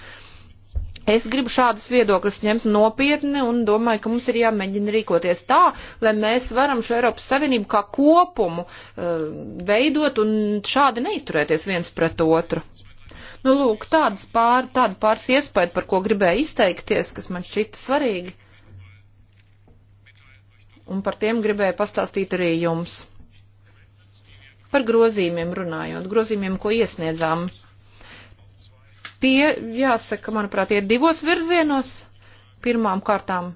Es gribu šādas viedokļas ņemt nopietni un domāju, ka mums ir jāmēģina rīkoties tā, lai mēs varam šo Eiropas Savienību kā kopumu uh, veidot un šādi neizturēties viens pret otru. Nu, lūk, tādas pār, tāda pāris iespēja, par ko gribēju izteikties, kas man šķita svarīgi. Un par tiem gribēju pastāstīt arī jums. Par grozījumiem runājot, grozījumiem, ko iesniedzām. Tie, jāsaka, manuprāt, ir divos virzienos. Pirmām kārtām,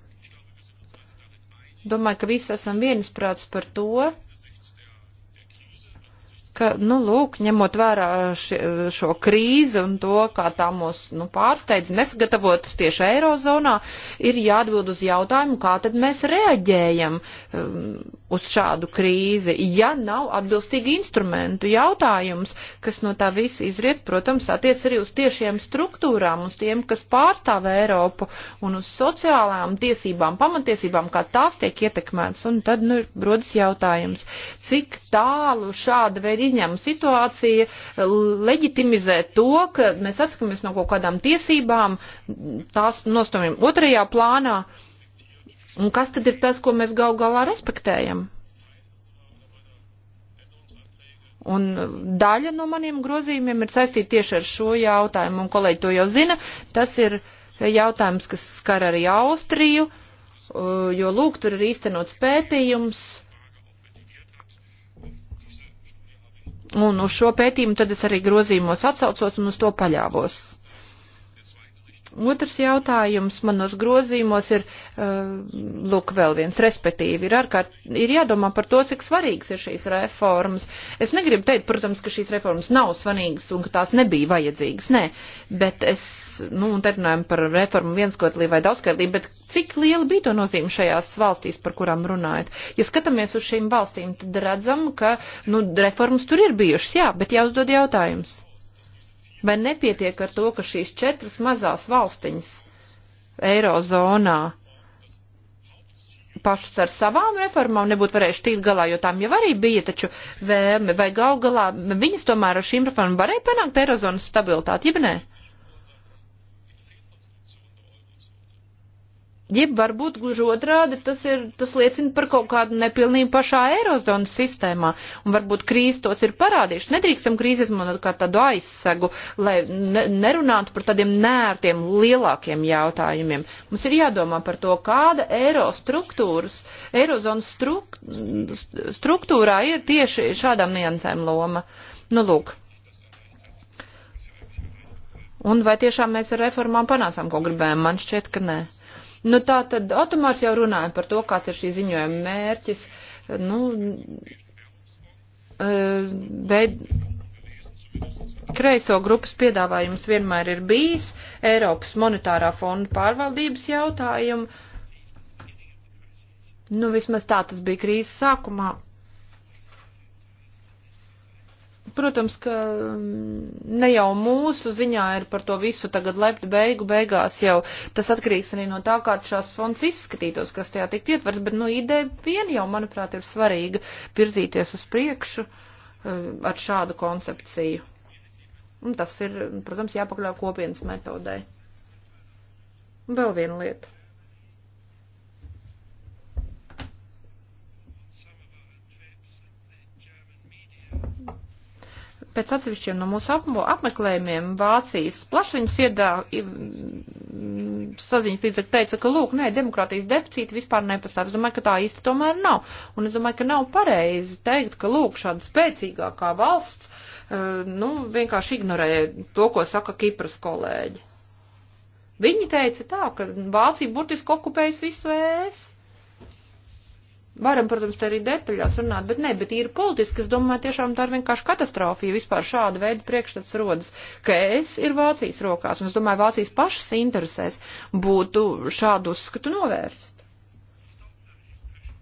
domāju, ka visi esam viensprāts par to, ka, nu, lūk, ņemot vērā uh, ši, uh, šo krīzi un to, kā tā mūs nu, pārsteidz, nesagatavotas tieši Eirozonā, ir jāatbild uz jautājumu, kā tad mēs reaģējam um, uz šādu krīzi, ja nav atbilstīgi instrumentu jautājums, kas no tā visa izriet, protams, attiec arī uz tiešiem struktūrām, uz tiem, kas pārstāv Eiropu un uz sociālām tiesībām, pamatiesībām, kā tās tiek ietekmētas. Un tad, nu, ir rodas jautājums, cik tālu šāda veida izņēmuma situācija leģitimizē to, ka mēs atskamies no kaut kādām tiesībām, tās nostumjam otrajā plānā. Un kas tad ir tas, ko mēs gal galā respektējam? Un daļa no maniem grozījumiem ir saistīta tieši ar šo jautājumu, un kolēģi to jau zina. Tas ir jautājums, kas skar arī Austriju, uh, jo lūk, tur ir īstenots pētījums Un uz šo pētījumu tad es arī grozījumos atsaucos un uz to paļāvos. Otrs jautājums manos grozījumos ir, eh, lūk, vēl viens, respektīvi, ir ārkārt, ir jādomā par to, cik svarīgs ir šīs reformas. Es negribu teikt, protams, ka šīs reformas nav svarīgas un ka tās nebija vajadzīgas, nē, bet es, nu, un te runājam par reformu vienskotlību vai daudzskaitlību, bet cik liela bija to nozīme šajās valstīs, par kurām runājat? Ja skatāmies uz šīm valstīm, tad redzam, ka, nu, reformas tur ir bijušas, jā, bet jāuzdod jautājums Vai nepietiek ar to, ka šīs četras mazās valstiņas Eirozonā pašas ar savām reformām nebūtu varējuši tikt galā, jo tām jau arī bija taču vēlme, vai gal galā viņas tomēr ar šīm reformām varēja panākt Eirozonas stabilitāti, jeb nē? Jeb varbūt gluži otrādi tas, ir, tas liecina par kaut kādu nepilnību pašā eirozonas sistēmā, un varbūt krīze tos ir parādījuši. Nedrīkstam krīzi izmantot kā tādu aizsegu, lai ne, nerunātu par tādiem nērtiem lielākiem jautājumiem. Mums ir jādomā par to, kāda eiro struktūras, eirozonas struk, struktūrā ir tieši šādām niansēm loma. Nu, lūk. Un vai tiešām mēs ar reformām panācām, ko gribējām? Man šķiet, ka nē. Nu tā tad automārs jau runāja par to, kāds ir šī ziņojuma mērķis. Nu, e, veid, kreiso grupas piedāvājums vienmēr ir bijis Eiropas monetārā fonda pārvaldības jautājumu. Nu, vismaz tā tas bija krīzes sākumā. Protams, ka mm, ne jau mūsu ziņā ir par to visu tagad lept beigu beigās, jau tas atkarīgs arī no tā, kā šās fonds izskatītos, kas tajā tikt ietverts, bet, nu, ideja vien jau, manuprāt, ir svarīga virzīties uz priekšu eh, ar šādu koncepciju. Un tas ir, protams, jāpakļauj kopienas metodai. Un vēl viena lieta. pēc atsevišķiem no mūsu apmeklējumiem Vācijas plašiņas iedā saziņas līdzekļi teica, ka lūk, nē, demokrātijas deficīti vispār nepastāv. Es domāju, ka tā īsti tomēr nav. Un es domāju, ka nav pareizi teikt, ka lūk, šāda spēcīgākā valsts, e, nu, vienkārši ignorē to, ko saka Kipras kolēģi. Viņi teica tā, ka Vācija burtiski okupējas visu ēst e Varam, protams, te arī detaļās runāt, bet nē, bet ir politiski, es domāju, tiešām tā ir vienkārši katastrofa, ja vispār šāda veida priekšstats rodas, ka es ir Vācijas rokās, un es domāju, Vācijas pašas interesēs būtu šādu uzskatu novērst.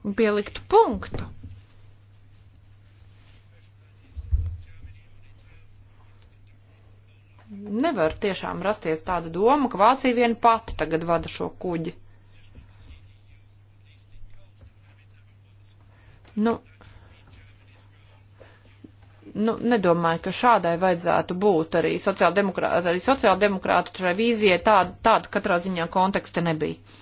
Un pielikt punktu. Nevar tiešām rasties tāda doma, ka Vācija vien pati tagad vada šo kuģi. Nu, nu, nedomāju, ka šādai vajadzētu būt arī sociāldemokrātu, arī sociāldemokrātu šai vīzijai tāda, tāda katrā ziņā konteksta nebija.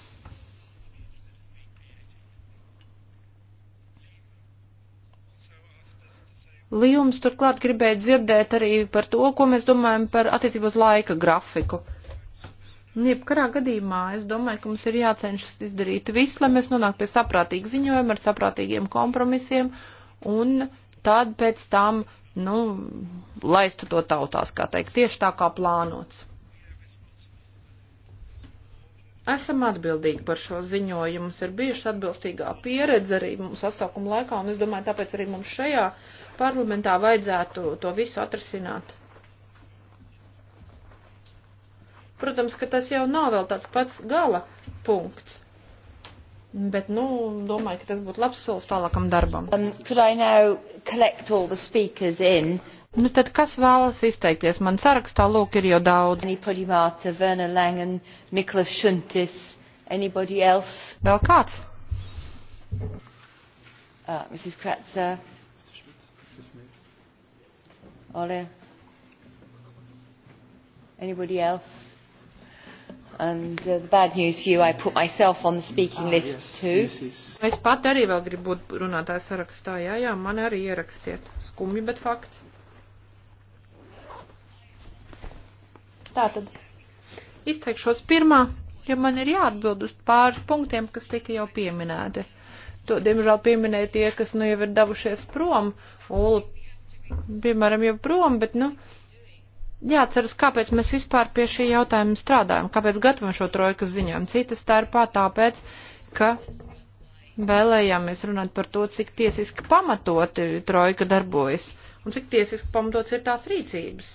Līums turklāt gribēja dzirdēt arī par to, ko mēs domājam par attiecībos laika grafiku. Uh, Un nu, jebkurā gadījumā es domāju, ka mums ir jācenšas izdarīt visu, lai mēs nonāktu pie saprātīga ziņojuma ar saprātīgiem kompromisiem un tad pēc tam, nu, laistu to tautās, kā teikt, tieši tā kā plānots. Esam atbildīgi par šo ziņojumu, mums ir bijuši atbilstīgā pieredze arī mums sasaukuma laikā, un es domāju, tāpēc arī mums šajā parlamentā vajadzētu to visu atrisināt Protams, ka tas jau nav vēl tāds pats gala punkts. Bet, nu, domāju, ka tas būtu labs solis tālākam darbam. Um, nu, tad kas vēlas izteikties? Man sarakstā lūk ir jau daudz. Podimāta, Werner Langen, Niklas Šuntis, anybody else? Vēl kāds? Uh, Mrs. Kratzer. Mr. Schmidt. Mr. Schmidt. Ole. Anybody else? And uh, the bad news you, I put myself on the speaking ah, list yes, too. Yes, yes. Es pat arī vēl gribu būt runātājs sarakstā. Jā, jā, man arī ierakstiet. Skumji, bet fakts. Tātad. Izteikšos pirmā, ja man ir jāatbild uz pāris punktiem, kas tika jau pieminēti. To, diemžēl, pieminēja tie, kas nu jau ir devušies prom. Ulu, piemēram, jau prom, bet, nu, uh, jāatceras, kāpēc mēs vispār pie šī jautājuma strādājam, kāpēc gatavam šo trojkas ziņojumu. Cita starpā tāpēc, ka vēlējāmies runāt par to, cik tiesiski pamatoti trojka darbojas un cik tiesiski pamatots ir tās rīcības.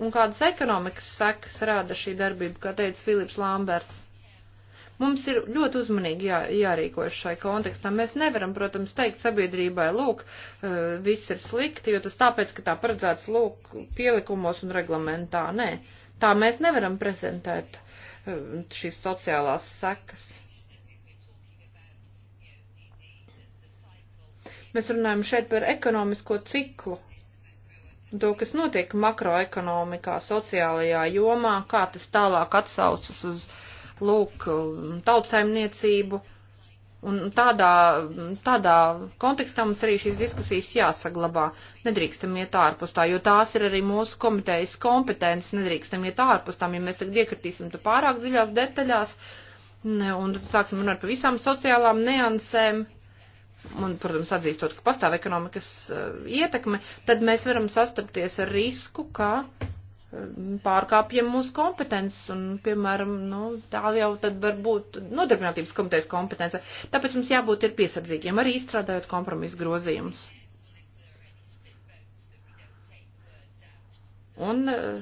Un kādas ekonomikas sekas rāda šī darbība, kā teica Filips Lamberts. Mums ir ļoti uzmanīgi jā, jārīkojas šai kontekstā. Mēs nevaram, protams, teikt sabiedrībai, lūk, eh, viss ir slikti, jo tas tāpēc, ka tā paredzēts, lūk, pielikumos un reglamentā. Nē, tā mēs nevaram prezentēt eh, šīs sociālās sekas. Mēs runājam šeit par ekonomisko ciklu, to, kas notiek makroekonomikā, sociālajā jomā, kā tas tālāk atsaucas uz lūk, tautsaimniecību. Un tādā, tādā kontekstā mums arī šīs diskusijas jāsaglabā. Nedrīkstam iet ārpus tā, jo tās ir arī mūsu komitejas kompetences. Nedrīkstam iet ārpus tām, ja mēs tagad iekritīsim tu pārāk dziļās detaļās ne, un sāksim runāt par visām sociālām neansēm. Un, protams, atzīstot, ka pastāv ekonomikas uh, ietekme, tad mēs varam sastapties ar risku, ka uh, pārkāpjam mūsu kompetences un, piemēram, nu, tā jau tad var būt nodarbinātības komitejas kompetence. Tāpēc mums jābūt ir piesardzīgiem, arī izstrādājot kompromisu grozījumus. Un eh,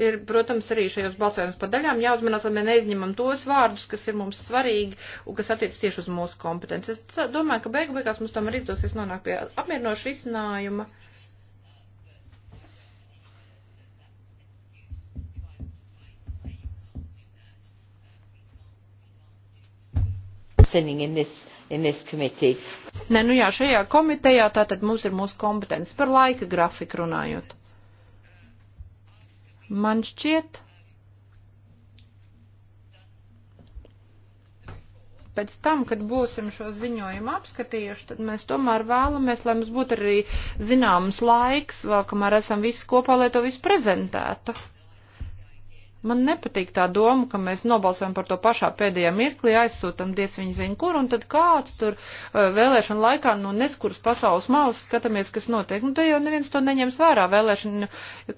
ir, protams, arī šajos balsojumus pa daļām jāuzmanās, lai mēs neizņemam tos vārdus, kas ir mums svarīgi un kas attiec tieši uz mūsu kompetences. Es domāju, ka beigu beigās mums tomēr izdosies nonākt pie apmierinoša izcinājuma. Uh, happening in this in this committee. Ne, nu jā, šajā komitejā tātad mums ir mūsu kompetence par laika grafiku runājot. Man šķiet, pēc tam, kad būsim šo ziņojumu apskatījuši, tad mēs tomēr vēlamies, lai mums būtu arī zināms laiks, vēl kamēr esam visi kopā, lai to visu prezentētu. Man nepatīk tā doma, ka mēs nobalsojam par to pašā pēdējā mirklī, aizsūtam diez viņi zina kur, un tad kāds tur uh, vēlēšana laikā, nu, neskuras pasaules malas, skatāmies, kas notiek. Nu, te jau neviens to neņems vērā. Vēlēšana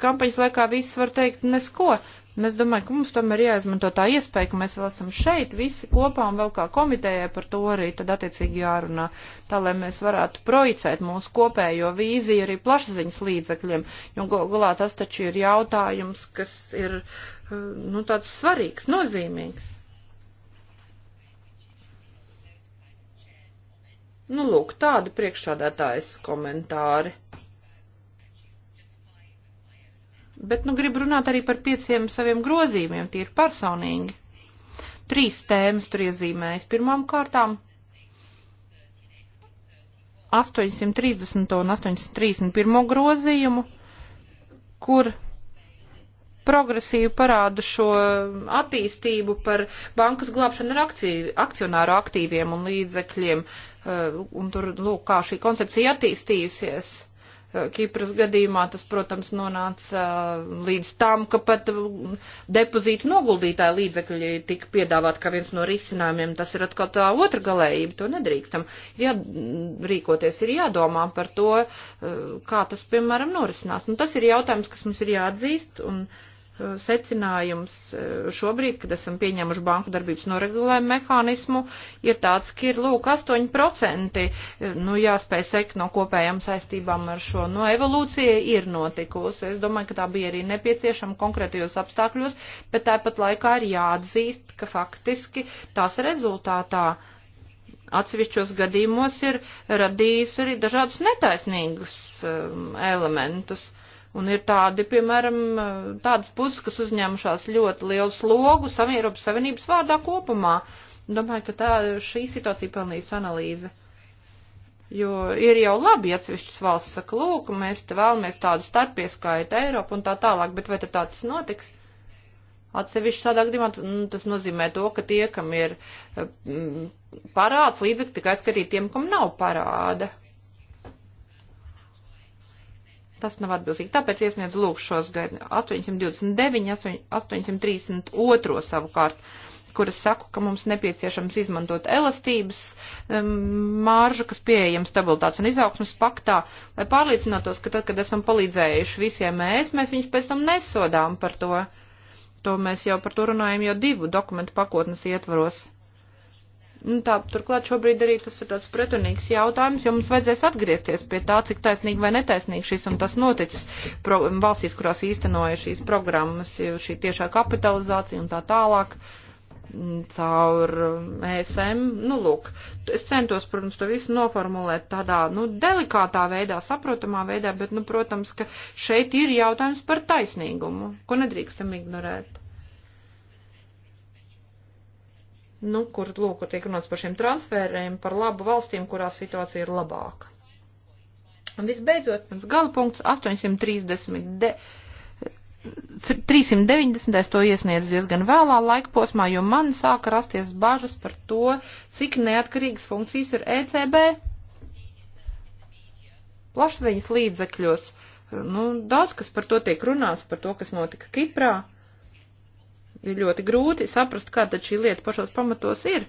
kampaņas laikā viss var teikt nesko. Mēs domājam, ka mums tomēr jāizmanto tā iespēja, ka mēs vēl esam šeit visi kopā un vēl kā komitējai par to arī tad attiecīgi jārunā, tā lai mēs varētu projicēt mūsu kopējo vīziju arī plašsaziņas līdzekļiem, jo galā tas taču ir jautājums, kas ir. Uh, nu, tāds svarīgs, nozīmīgs. Nu, lūk, tādi priekšādātājs komentāri. Bet, nu, gribu runāt arī par pieciem saviem grozījumiem, tie ir personīgi. Trīs tēmas tur iezīmējas. Pirmām kārtām 830 un 831 grozījumu, kur progresīvu parādu šo attīstību par bankas glābšanu ar akciju, akcionāru aktīviem un līdzekļiem, eh, un tur, lūk, kā šī koncepcija attīstījusies. Eh, Kipras gadījumā tas, protams, nonāca eh, līdz tam, ka pat depozītu noguldītāja līdzekļi tika piedāvāt kā viens no risinājumiem. Tas ir atkal tā otra galējība, to nedrīkstam. Ja rīkoties ir jādomā par to, kā tas, piemēram, norisinās. Nu, tas ir jautājums, kas mums ir jāatzīst, un uh, secinājums eh, šobrīd, kad esam pieņēmuši banku darbības noregulējumu mehānismu, ir tāds, ka ir, lūk, 8% eh, nu, jāspēj sekt no kopējām saistībām ar šo. No evolūcija ir notikusi. Es domāju, ka tā bija arī nepieciešama konkrētajos apstākļos, bet tāpat laikā ir jāatzīst, ka faktiski tās rezultātā atsevišķos gadījumos ir radījusi arī dažādus netaisnīgus um, elementus Un ir tādi, piemēram, tādas puses, kas uzņēmušās ļoti lielu slogu Eiropas Savienības vārdā kopumā. Domāju, ka tā, šī situācija pelnīs analīzi. Jo ir jau labi atsevišķas valsts saka, lūk, mēs te vēlamies tādu starpieskaitu Eiropu un tā tālāk, bet vai tad tā tas notiks? Atsevišķi tādā gadījumā nu, tas nozīmē to, ka tie, kam ir parāds, līdzekļi tikai skatīt tiem, kam nav parāda. Tas nav atbilstīgi. Tāpēc iesniedz lūk šos 829, 832 savukārt, kuras saku, ka mums nepieciešams izmantot elastības um, māržu, kas pieejama stabilitātes un izaugsmas paktā, lai pārliecinātos, ka tad, kad esam palīdzējuši visiem mēs, mēs viņus pēc tam nesodām par to. To mēs jau par to runājam jau divu dokumentu pakotnes ietvaros. Nu, tā, turklāt šobrīd arī tas ir tāds pretrunīgs jautājums, jo mums vajadzēs atgriezties pie tā, cik taisnīgi vai netaisnīgi šis un tas noticis pro, valstīs, kurās īstenoja šīs programmas, šī tiešā kapitalizācija un tā tālāk mm, caur ESM. Mm, e nu, lūk, es centos, protams, to visu noformulēt tādā, nu, delikātā veidā, saprotamā veidā, bet, nu, protams, ka šeit ir jautājums par taisnīgumu, ko nedrīkstam ignorēt. nu, kur, lūk, kur tiek runāts par šiem transfēriem, par labu valstīm, kurās situācija ir labāka. Un visbeidzot, mans galapunkts 830. De, 390. to iesniedz diezgan vēlā laika posmā, jo man sāka rasties bažas par to, cik neatkarīgas funkcijas ir ECB plašsaziņas līdzekļos. Nu, daudz kas par to tiek runāts, par to, kas notika Kiprā. Uh, ir ļoti grūti saprast, kā tad šī lieta pašos pamatos ir.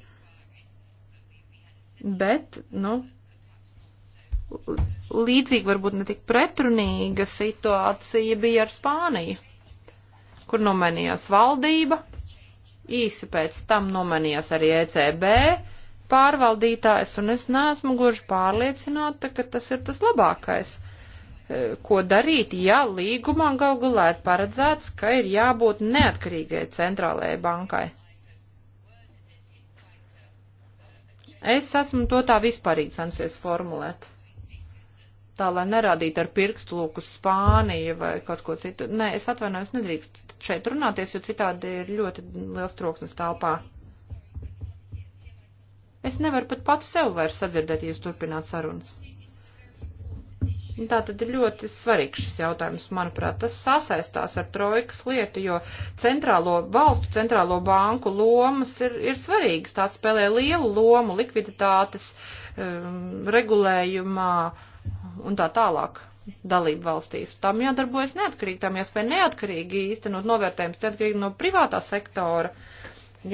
Bet, nu, līdzīga, varbūt ne tik pretrunīga situācija bija ar Spāniju, kur nomainījās valdība, īsi pēc tam nomainījās arī ECB pārvaldītājs, un es neesmu gluži pārliecināta, ka tas ir tas labākais E, ko darīt, ja līgumā gal galā ir paredzēts, ka ir jābūt neatkarīgai centrālajai bankai. Es esmu to tā vispārīgi censies formulēt. Tā, lai nerādītu ar pirkstu lūku Spāniju vai kaut ko citu. Nē, es atvainojos, nedrīkst šeit runāties, jo citādi ir ļoti liels troksnis telpā. Es nevaru pat pats sev vairs sadzirdēt, ja jūs turpināt sarunas. Nu, tā tad ir ļoti svarīgs šis jautājums, manuprāt. Tas sasaistās ar trojkas lietu, jo centrālo valstu, centrālo banku lomas ir, ir svarīgas. Tās spēlē lielu lomu likviditātes um, regulējumā un tā tālāk dalību valstīs. Tam jādarbojas neatkarīgi, tam jāspēj neatkarīgi īstenot novērtējums, neatkarīgi no privātā sektora.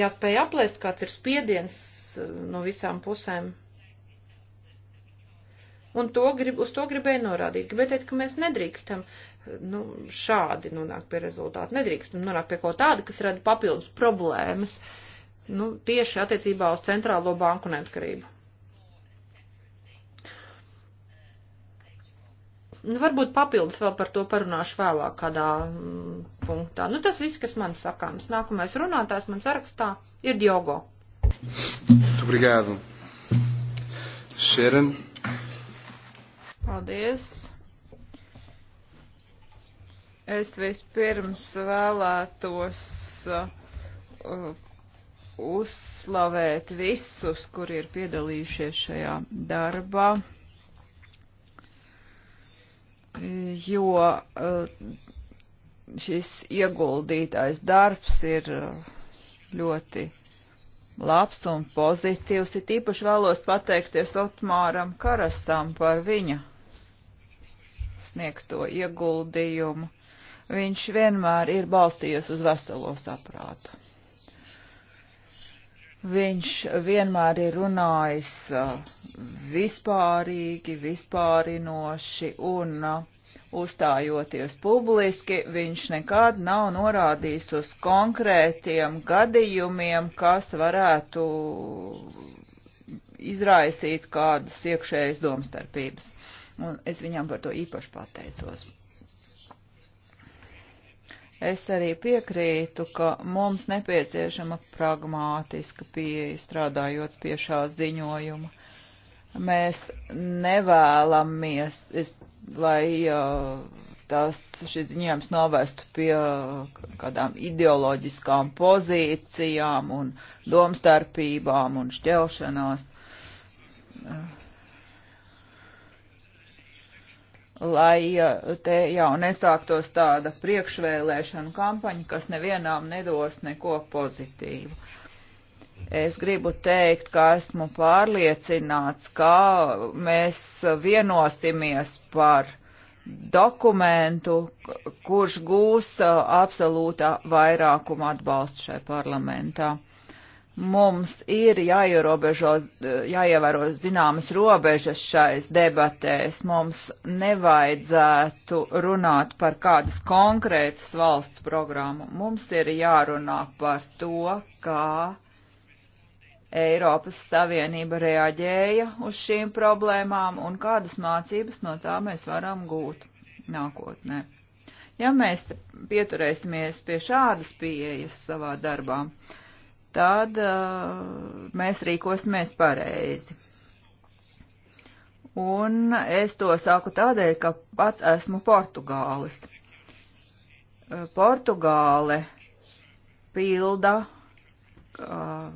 Jāspēj aplēst, kāds ir spiediens uh, no visām pusēm un to grib, uz to gribēju norādīt. Gribēju teikt, ka mēs nedrīkstam nu, šādi nonākt pie rezultātu, nedrīkstam nonākt pie kaut tāda, kas rada papildus problēmas nu, tieši attiecībā uz centrālo banku neatkarību. Nu, varbūt papildus vēl par to parunāšu vēlāk kādā mm, punktā. Nu, tas viss, kas man sakāms. Nākamais runātājs man sarakstā ir Diogo. Obrigado. Sharon. Paldies! Es vispirms vēlētos uh, uzslavēt visus, kuri ir piedalījušies šajā darbā, jo uh, šis ieguldītais darbs ir uh, ļoti labs un pozitīvs. Ir tīpaši vēlos pateikties Otmāram Karasam par viņa sniegto ieguldījumu. Viņš vienmēr ir balstījies uz veselo saprātu. Viņš vienmēr ir runājis uh, vispārīgi, vispārinoši un uh, uzstājoties publiski, viņš nekad nav norādījis uz konkrētiem gadījumiem, kas varētu izraisīt kādas iekšējas domstarpības un es viņam par to īpaši pateicos. Es arī piekrītu, ka mums nepieciešama pragmātiska pieeja strādājot pie šā ziņojuma. Mēs nevēlamies, es, lai uh, tas šis ziņojums novestu pie uh, kādām ideoloģiskām pozīcijām un domstarpībām un šķelšanās. Uh, lai te jau nesāktos tāda priekšvēlēšana kampaņa, kas nevienām nedos neko pozitīvu. Es gribu teikt, ka esmu pārliecināts, ka mēs vienosimies par dokumentu, kurš gūs absolūtā vairākuma atbalstu šai parlamentā mums ir jāierobežo, jāievēro zināmas robežas šais debatēs. Mums nevajadzētu runāt par kādas konkrētas valsts programmu. Mums ir jārunā par to, kā Eiropas Savienība reaģēja uz šīm problēmām un kādas mācības no tā mēs varam gūt nākotnē. Ja mēs pieturēsimies pie šādas pieejas savā darbā, uh, tad uh, mēs rīkosimies pareizi. Un es to saku tādēļ, ka pats esmu Portugālis. Portugāle pilda uh,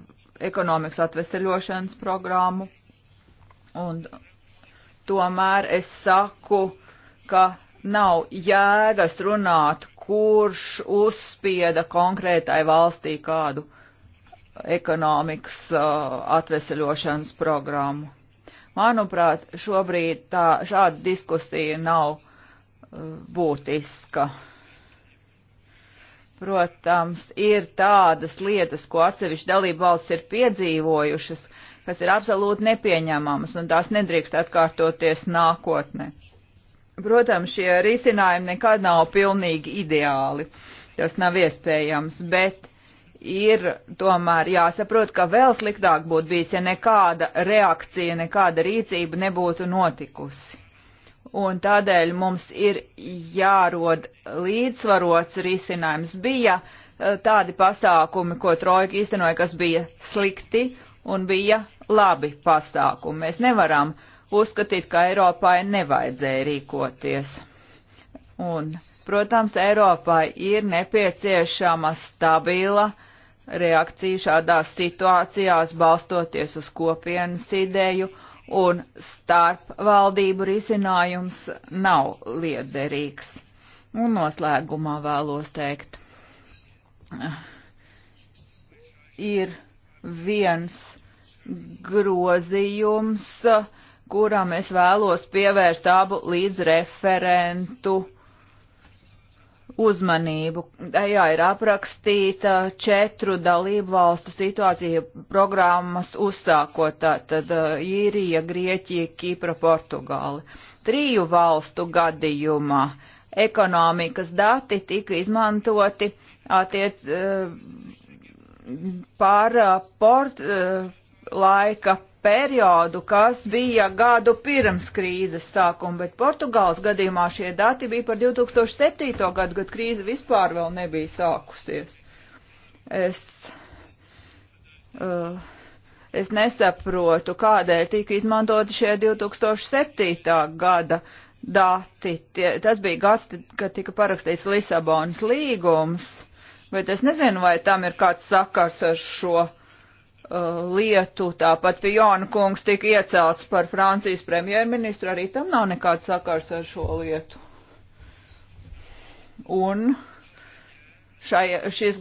ekonomikas atveseļošanas programmu, un tomēr es saku, ka nav jēgas runāt, kurš uzspieda konkrētai valstī kādu uh, ekonomikas uh, atveseļošanas programmu. Manuprāt, šobrīd tā, šāda diskusija nav uh, būtiska. Protams, ir tādas lietas, ko atsevišķi dalību valsts ir piedzīvojušas, kas ir absolūti nepieņemamas, un tās nedrīkst atkārtoties nākotnē. Protams, šie risinājumi nekad nav pilnīgi ideāli, tas nav iespējams, bet ir tomēr jāsaprot, ka vēl sliktāk būtu bijis, ja nekāda reakcija, nekāda rīcība nebūtu notikusi. Un tādēļ mums ir jārod līdzsvarots risinājums. Bija e, tādi pasākumi, ko Trojka īstenoja, kas bija slikti un bija labi pasākumi. Mēs nevaram uzskatīt, ka Eiropai nevajadzēja rīkoties. Un, protams, Eiropai ir nepieciešama stabila uh, reakciju šādās situācijās balstoties uz kopienas ideju un starp valdību risinājums nav liederīgs. Un noslēgumā vēlos teikt, ir viens grozījums, kuram es vēlos pievērst abu līdz referentu uh, uzmanību. Tajā ir aprakstīta četru dalību valstu situācija programmas uzsākot, tātad Īrija, Grieķija, Kipra, Portugāli. Triju valstu gadījumā ekonomikas dati tika izmantoti attiec pār port laika periodu, kas bija gadu pirms krīzes sākuma, bet Portugāles gadījumā šie dati bija par 2007. gadu, kad krīze vispār vēl nebija sākusies. Es, uh, es nesaprotu, kādēļ tika izmantoti šie 2007. gada dati. Tie, tas bija gads, kad tika parakstīts Lisabonas līgums, bet es nezinu, vai tam ir kāds sakars ar šo Uh, lietu, tāpat Fiona kungs tika iecelts par Francijas premjerministru, arī tam nav nekāds sakars ar šo lietu. Un šai, šis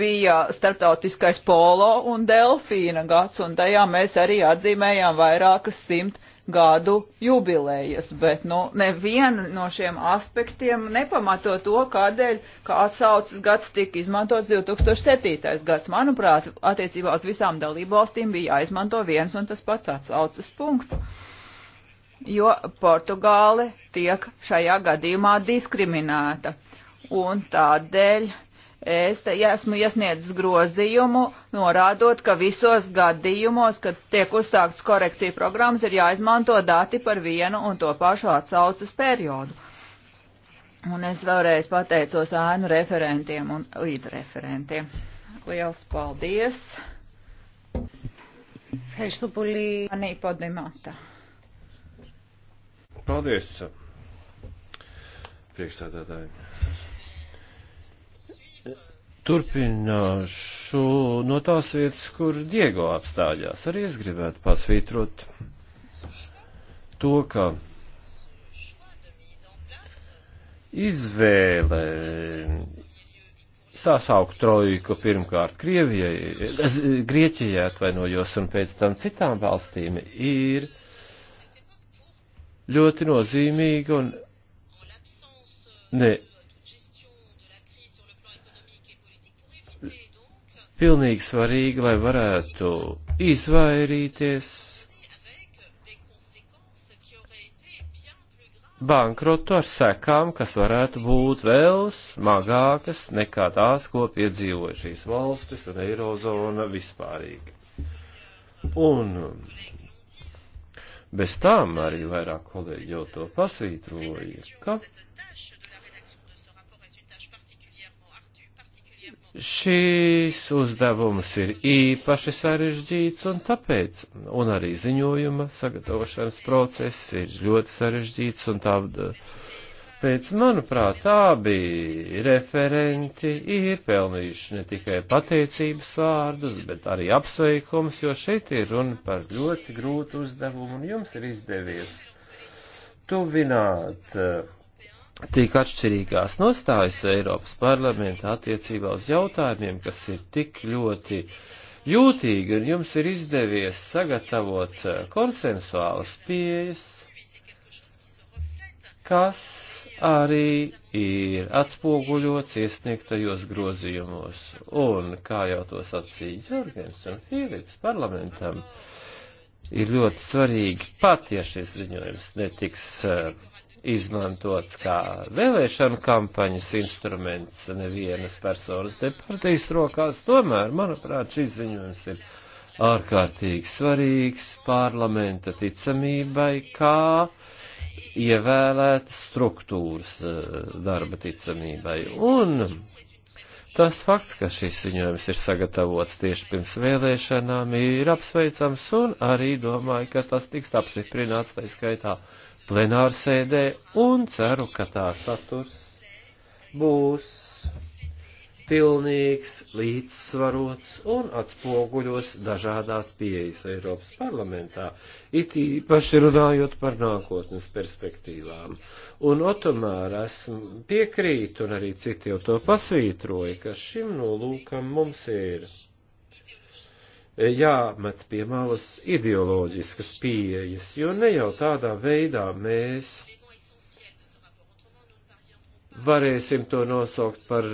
bija starptautiskais polo un delfīna gads, un tajā mēs arī atzīmējām vairākas simt gadu jubilējas, bet nu, neviena no šiem aspektiem nepamato to, kādēļ kā saucas gads tika izmantots 2007. gads. Manuprāt, attiecībā uz visām dalībvalstīm bija jāizmanto viens un tas pats atsaucas punkts, jo Portugāle tiek šajā gadījumā diskriminēta. Un tādēļ Es esmu iesniedzis grozījumu, norādot, ka visos gadījumos, kad tiek uzsākts korekcija programmas, ir jāizmanto dati par vienu un to pašu atsaucas periodu. Un es vēlreiz pateicos ēnu referentiem un līdzreferentiem. Liels paldies! Ευχαριστώ πολύ. Ανή Ποντεμάτα. Paldies. Priekšsēdētāji. Turpināšu no tās vietas, kur Diego apstājās. Arī es gribētu pasvītrot to, ka izvēle sasaukt trojku pirmkārt Krievijai, Grieķijai atvainojos un pēc tam citām valstīm ir ļoti nozīmīga un ne pilnīgi svarīgi, lai varētu izvairīties bankrotu ar sekām, kas varētu būt vēl smagākas nekā tās, ko piedzīvo šīs valstis un eirozona vispārīgi. Un bez tām arī vairāk kolēģi jau to pasvītroja, ka Šīs uzdevums ir īpaši sarežģīts un tāpēc, un arī ziņojuma sagatavošanas process ir ļoti sarežģīts un tāpēc, manuprāt, abi referenti ir pelnījuši ne tikai pateicības vārdus, bet arī apsveikums, jo šeit ir runa par ļoti grūtu uzdevumu un jums ir izdevies tuvināt uh, tik atšķirīgās nostājas Eiropas parlamentā attiecībā uz jautājumiem, kas ir tik ļoti jūtīgi, un jums ir izdevies sagatavot eh, konsensuālas pieejas, kas arī ir atspoguļots iesniegtajos grozījumos. Un, kā jau to sacīja Jorgens un Filips parlamentam, ir ļoti svarīgi, pat ja šis ziņojums netiks uh, izmantots kā vēlēšana kampaņas instruments nevienas personas te partijas rokās. Tomēr, manuprāt, šis ziņojums ir ārkārtīgi svarīgs parlamenta ticamībai, kā ievēlētas struktūras eh, darba ticamībai. Un tas fakts, ka šis ziņojums ir sagatavots tieši pirms vēlēšanām, ir apsveicams un arī domāju, ka tas tiks apstiprināts, tā skaitā plenārsēdē un ceru, ka tā saturs būs pilnīgs, līdzsvarots un atspoguļos dažādās pieejas Eiropas parlamentā, it īpaši runājot par nākotnes perspektīvām. Un otomēr esmu piekrīt, un arī citi jau to pasvītroja, ka šim nolūkam mums ir jāmet pie malas ideoloģiskas pieejas, jo ne jau tādā veidā mēs varēsim to nosaukt par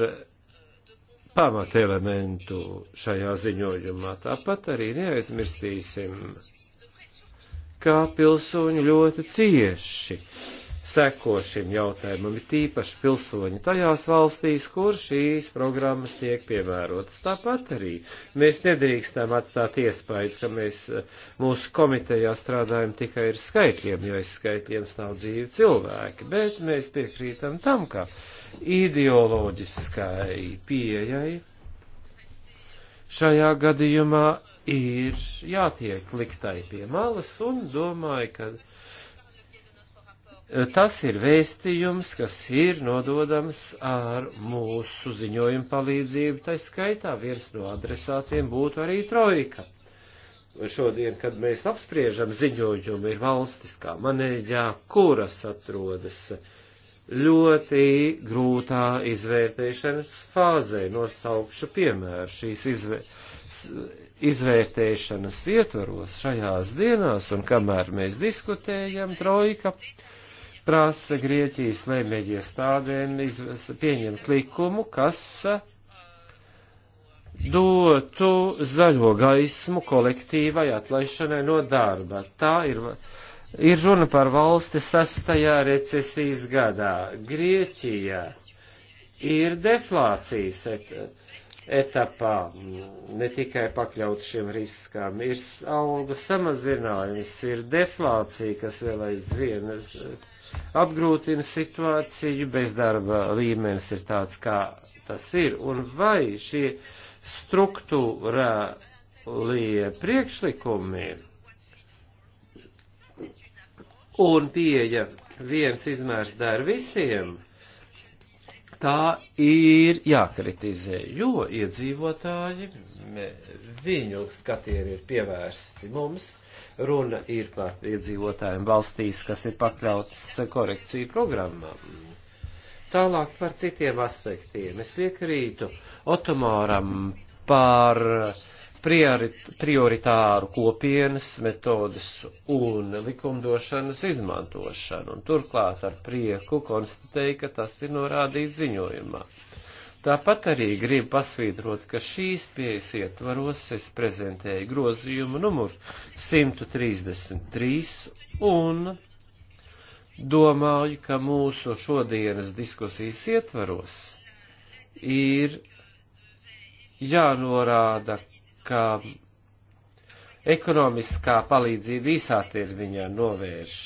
pamatelementu šajā ziņojumā. Tāpat arī neaizmirstīsim, kā pilsoņi ļoti cieši seko šim jautājumam, ir tīpaši pilsoņi tajās valstīs, kur šīs programmas tiek piemērotas. Tāpat arī mēs nedrīkstam atstāt iespēju, ka mēs mūsu komitejā strādājam tikai ar skaitļiem, jo aiz skaitļiem stāv dzīvi cilvēki, bet mēs piekrītam tam, ka ideoloģiskai pieejai šajā gadījumā ir jātiek liktai pie malas un domāju, ka Tas ir vēstījums, kas ir nododams ar mūsu ziņojumu palīdzību. Tā skaitā viens no adresātiem būtu arī Trojka. Šodien, kad mēs apspriežam ziņojumu, ir valstis kā manēģā, kuras atrodas ļoti grūtā izvērtēšanas fāzē. Nosaukšu piemēru šīs izvērtēšanas izvērtēšanas ietvaros šajās dienās, un kamēr mēs diskutējam, trojka prasa Grieķijas lēmējiestādēm pieņemt likumu, kas dotu zaļo gaismu kolektīvai atlaišanai no darba. Tā ir, ir runa par valsti sastajā recesijas gadā. Grieķijā ir deflācijas et, etapā, ne tikai pakļaut šiem riskām, ir algu samazinājums, ir deflācija, kas vēl aizvien apgrūtina situāciju, bezdarba līmenis ir tāds, kā tas ir, un vai šie struktūrālie priekšlikumi un pieeja viens izmērs dar visiem, tā ir jākritizē, jo iedzīvotāji, viņu skatieni ir pievērsti mums, runa ir par iedzīvotājiem valstīs, kas ir pakļautas korekciju programmām. Tālāk par citiem aspektiem. Es piekrītu Otomāram par uh, prioritāru kopienas metodas un likumdošanas izmantošanu, un turklāt ar prieku konstatēja, ka tas ir norādīts ziņojumā. Tāpat arī gribu pasvītrot, ka šīs pieejas ietvaros es prezentēju grozījumu numurs 133 un domāju, ka mūsu šodienas diskusijas ietvaros ir jānorāda, ka ekonomiskā palīdzība īsā termiņā novērš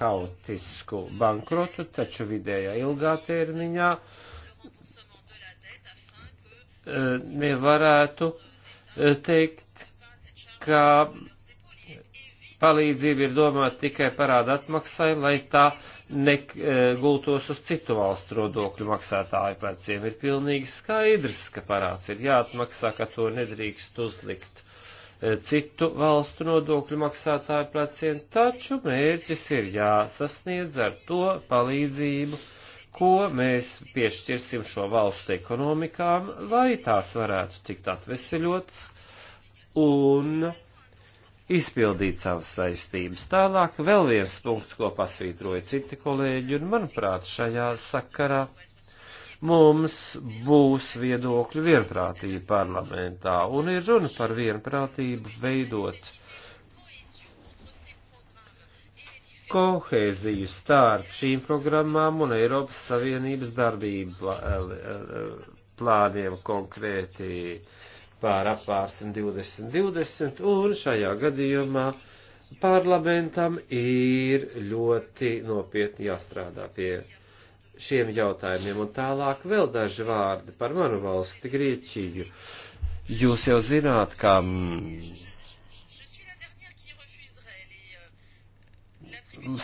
haotisku bankrotu, taču vidējā ilgā termiņā e, nevarētu e, teikt, ka palīdzība ir domāta tikai parāda atmaksai, lai tā uh, negultos uz citu valstu nodokļu maksātāju pleciem. Ir pilnīgi skaidrs, ka parāds ir jāatmaksā, ka to nedrīkst uzlikt e, citu valstu nodokļu maksātāju pleciem, taču mērķis ir jāsasniedz ar to palīdzību, ko mēs piešķirsim šo valstu ekonomikām, lai tās varētu tikt atveseļotas un izpildīt savas saistības. Tālāk vēl viens punkts, ko pasvītroja citi kolēģi, un manuprāt, šajā sakarā mums būs viedokļu vienprātība parlamentā, un ir runa par vienprātību veidot kohēziju starp šīm programmām un Eiropas Savienības darbību eh, eh, eh, plāniem konkrēti. Uh, pār apvārsim 2020, un šajā gadījumā parlamentam ir ļoti nopietni jāstrādā pie šiem jautājumiem. Un tālāk vēl daži vārdi par manu valsti, Grieķiju. Jūs jau zināt, ka. Mm,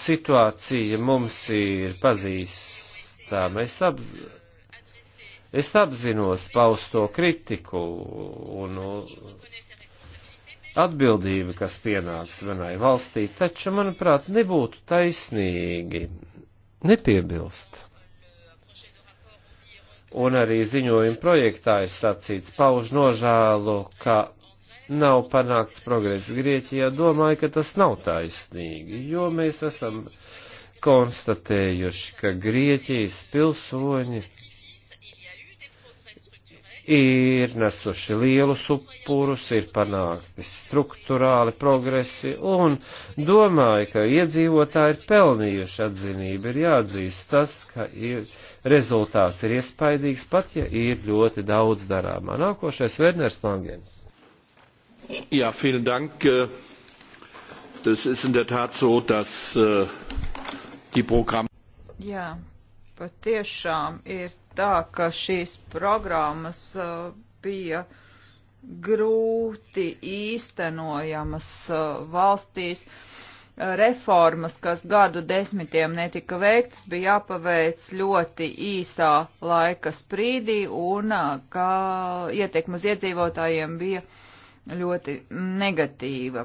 situācija mums ir pazīstama. Es apzināju Es apzinos pausto kritiku un atbildību, kas pienāks manai valstī, taču, manuprāt, nebūtu taisnīgi nepiebilst. Un arī ziņojuma projektā ir sacīts pauž nožēlu, ka nav panākts progress Grieķijā. Domāju, ka tas nav taisnīgi, jo mēs esam konstatējuši, ka Grieķijas pilsoņi ir nesuši lielus upurus, ir panākti struktūrāli progresi un domāju, ka iedzīvotāji ir pelnījuši atzinību, ir jāatzīst tas, ka ir, rezultāts ir iespaidīgs, pat ja ir ļoti daudz darāmā. Nākošais Werners Langens. Jā, vielen dank. Tas ir in der Tat so, dass äh, die Programme. Jā, Pat tiešām ir tā, ka šīs programmas uh, bija grūti īstenojamas uh, valstīs. Uh, reformas, kas gadu desmitiem netika veiktas, bija jāpaveic ļoti īsā laika sprīdī un kā ietekme uz iedzīvotājiem bija ļoti negatīva.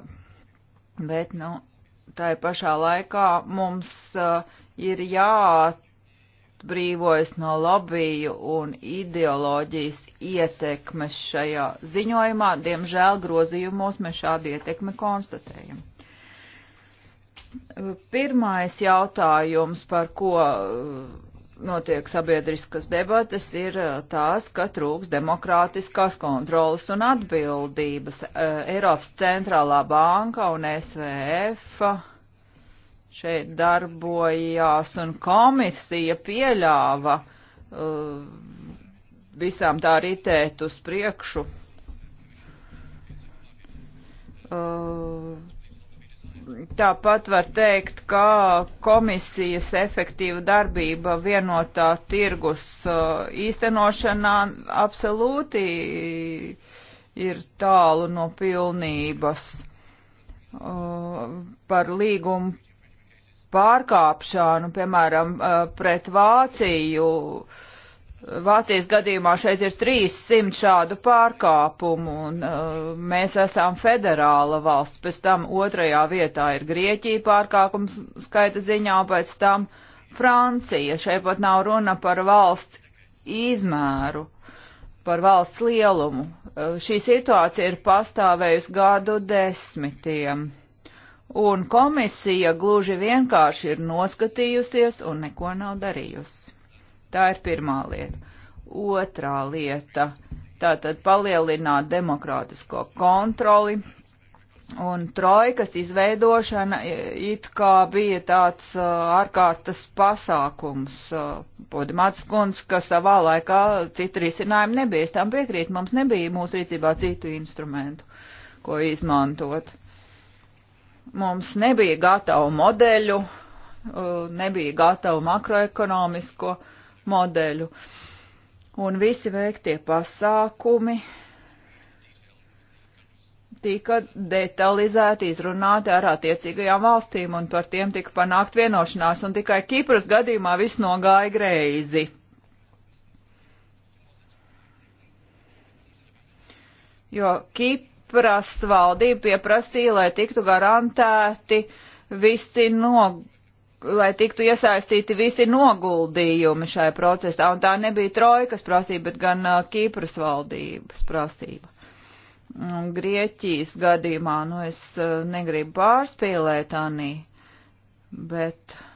Bet, nu, tā pašā laikā mums uh, ir jāat atbrīvojas no lobiju un ideoloģijas ietekmes šajā ziņojumā. Diemžēl grozījumos mēs šādu ietekmi konstatējam. Pirmais jautājums, par ko uh, notiek sabiedriskas debates, ir uh, tās, ka trūks demokrātiskās kontrolas un atbildības. Uh, Eiropas centrālā banka un SVF šeit darbojās, un komisija pieļāva uh, visām tā ritēt uz priekšu. Uh, Tāpat var teikt, ka komisijas efektīva darbība vienotā tirgus uh, īstenošanā absolūti ir tālu no pilnības. Uh, par līgumu pārkāpšanu, piemēram, pret Vāciju. Vācijas gadījumā šeit ir 300 šādu pārkāpumu, un uh, mēs esam federāla valsts. Pēc tam otrajā vietā ir Grieķija pārkāpums skaita ziņā, pēc tam Francija. Šeit pat nav runa par valsts izmēru, par valsts lielumu. Uh, šī situācija ir pastāvējusi gadu desmitiem un komisija gluži vienkārši ir noskatījusies un neko nav darījusi. Tā ir pirmā lieta. Otrā lieta - tātad palielināt demokrātisko kontroli. Un trojkas izveidošana e, it kā bija tāds uh, ārkārtas pasākums. Uh, e, Podimāts kundz, ka savā laikā citu risinājumu nebija, es tam piekrītu, mums nebija mūsu rīcībā citu instrumentu, ko izmantot. Uh, Mums nebija gatavu modeļu, uh, nebija gatavu makroekonomisko modeļu. Un visi veiktie pasākumi tika detalizēti izrunāti ar attiecīgajām valstīm, un par tiem tika panākt vienošanās, un tikai Kipras gadījumā viss nogāja greizi. Jo Kip pieprasa, valdība pieprasīja, lai tiktu garantēti visi no, lai tiktu iesaistīti visi noguldījumi šai procesā, un tā nebija trojkas prasība, bet gan uh, Kīpras valdības prasība. Un Grieķijas gadījumā, nu es uh, negribu pārspīlēt, Anī, bet. Uh,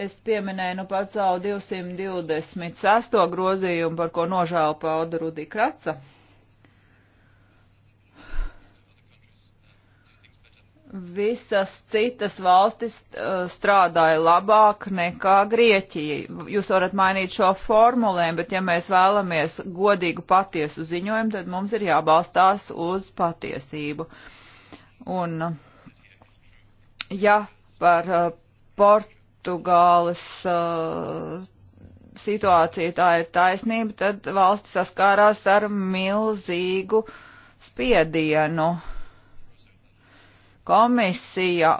Es pieminēju nu pats savu 226. grozījumu, par ko nožēlu pauda Rudī Kraca. Visas citas valstis uh, strādāja labāk nekā Grieķija. Jūs varat mainīt šo formulēm, bet ja mēs vēlamies godīgu patiesu ziņojumu, tad mums ir jābalstās uz patiesību. Un, ja par uh, port Portugāles uh, situācija tā ir taisnība, tad valsts saskārās ar milzīgu spiedienu. Komisija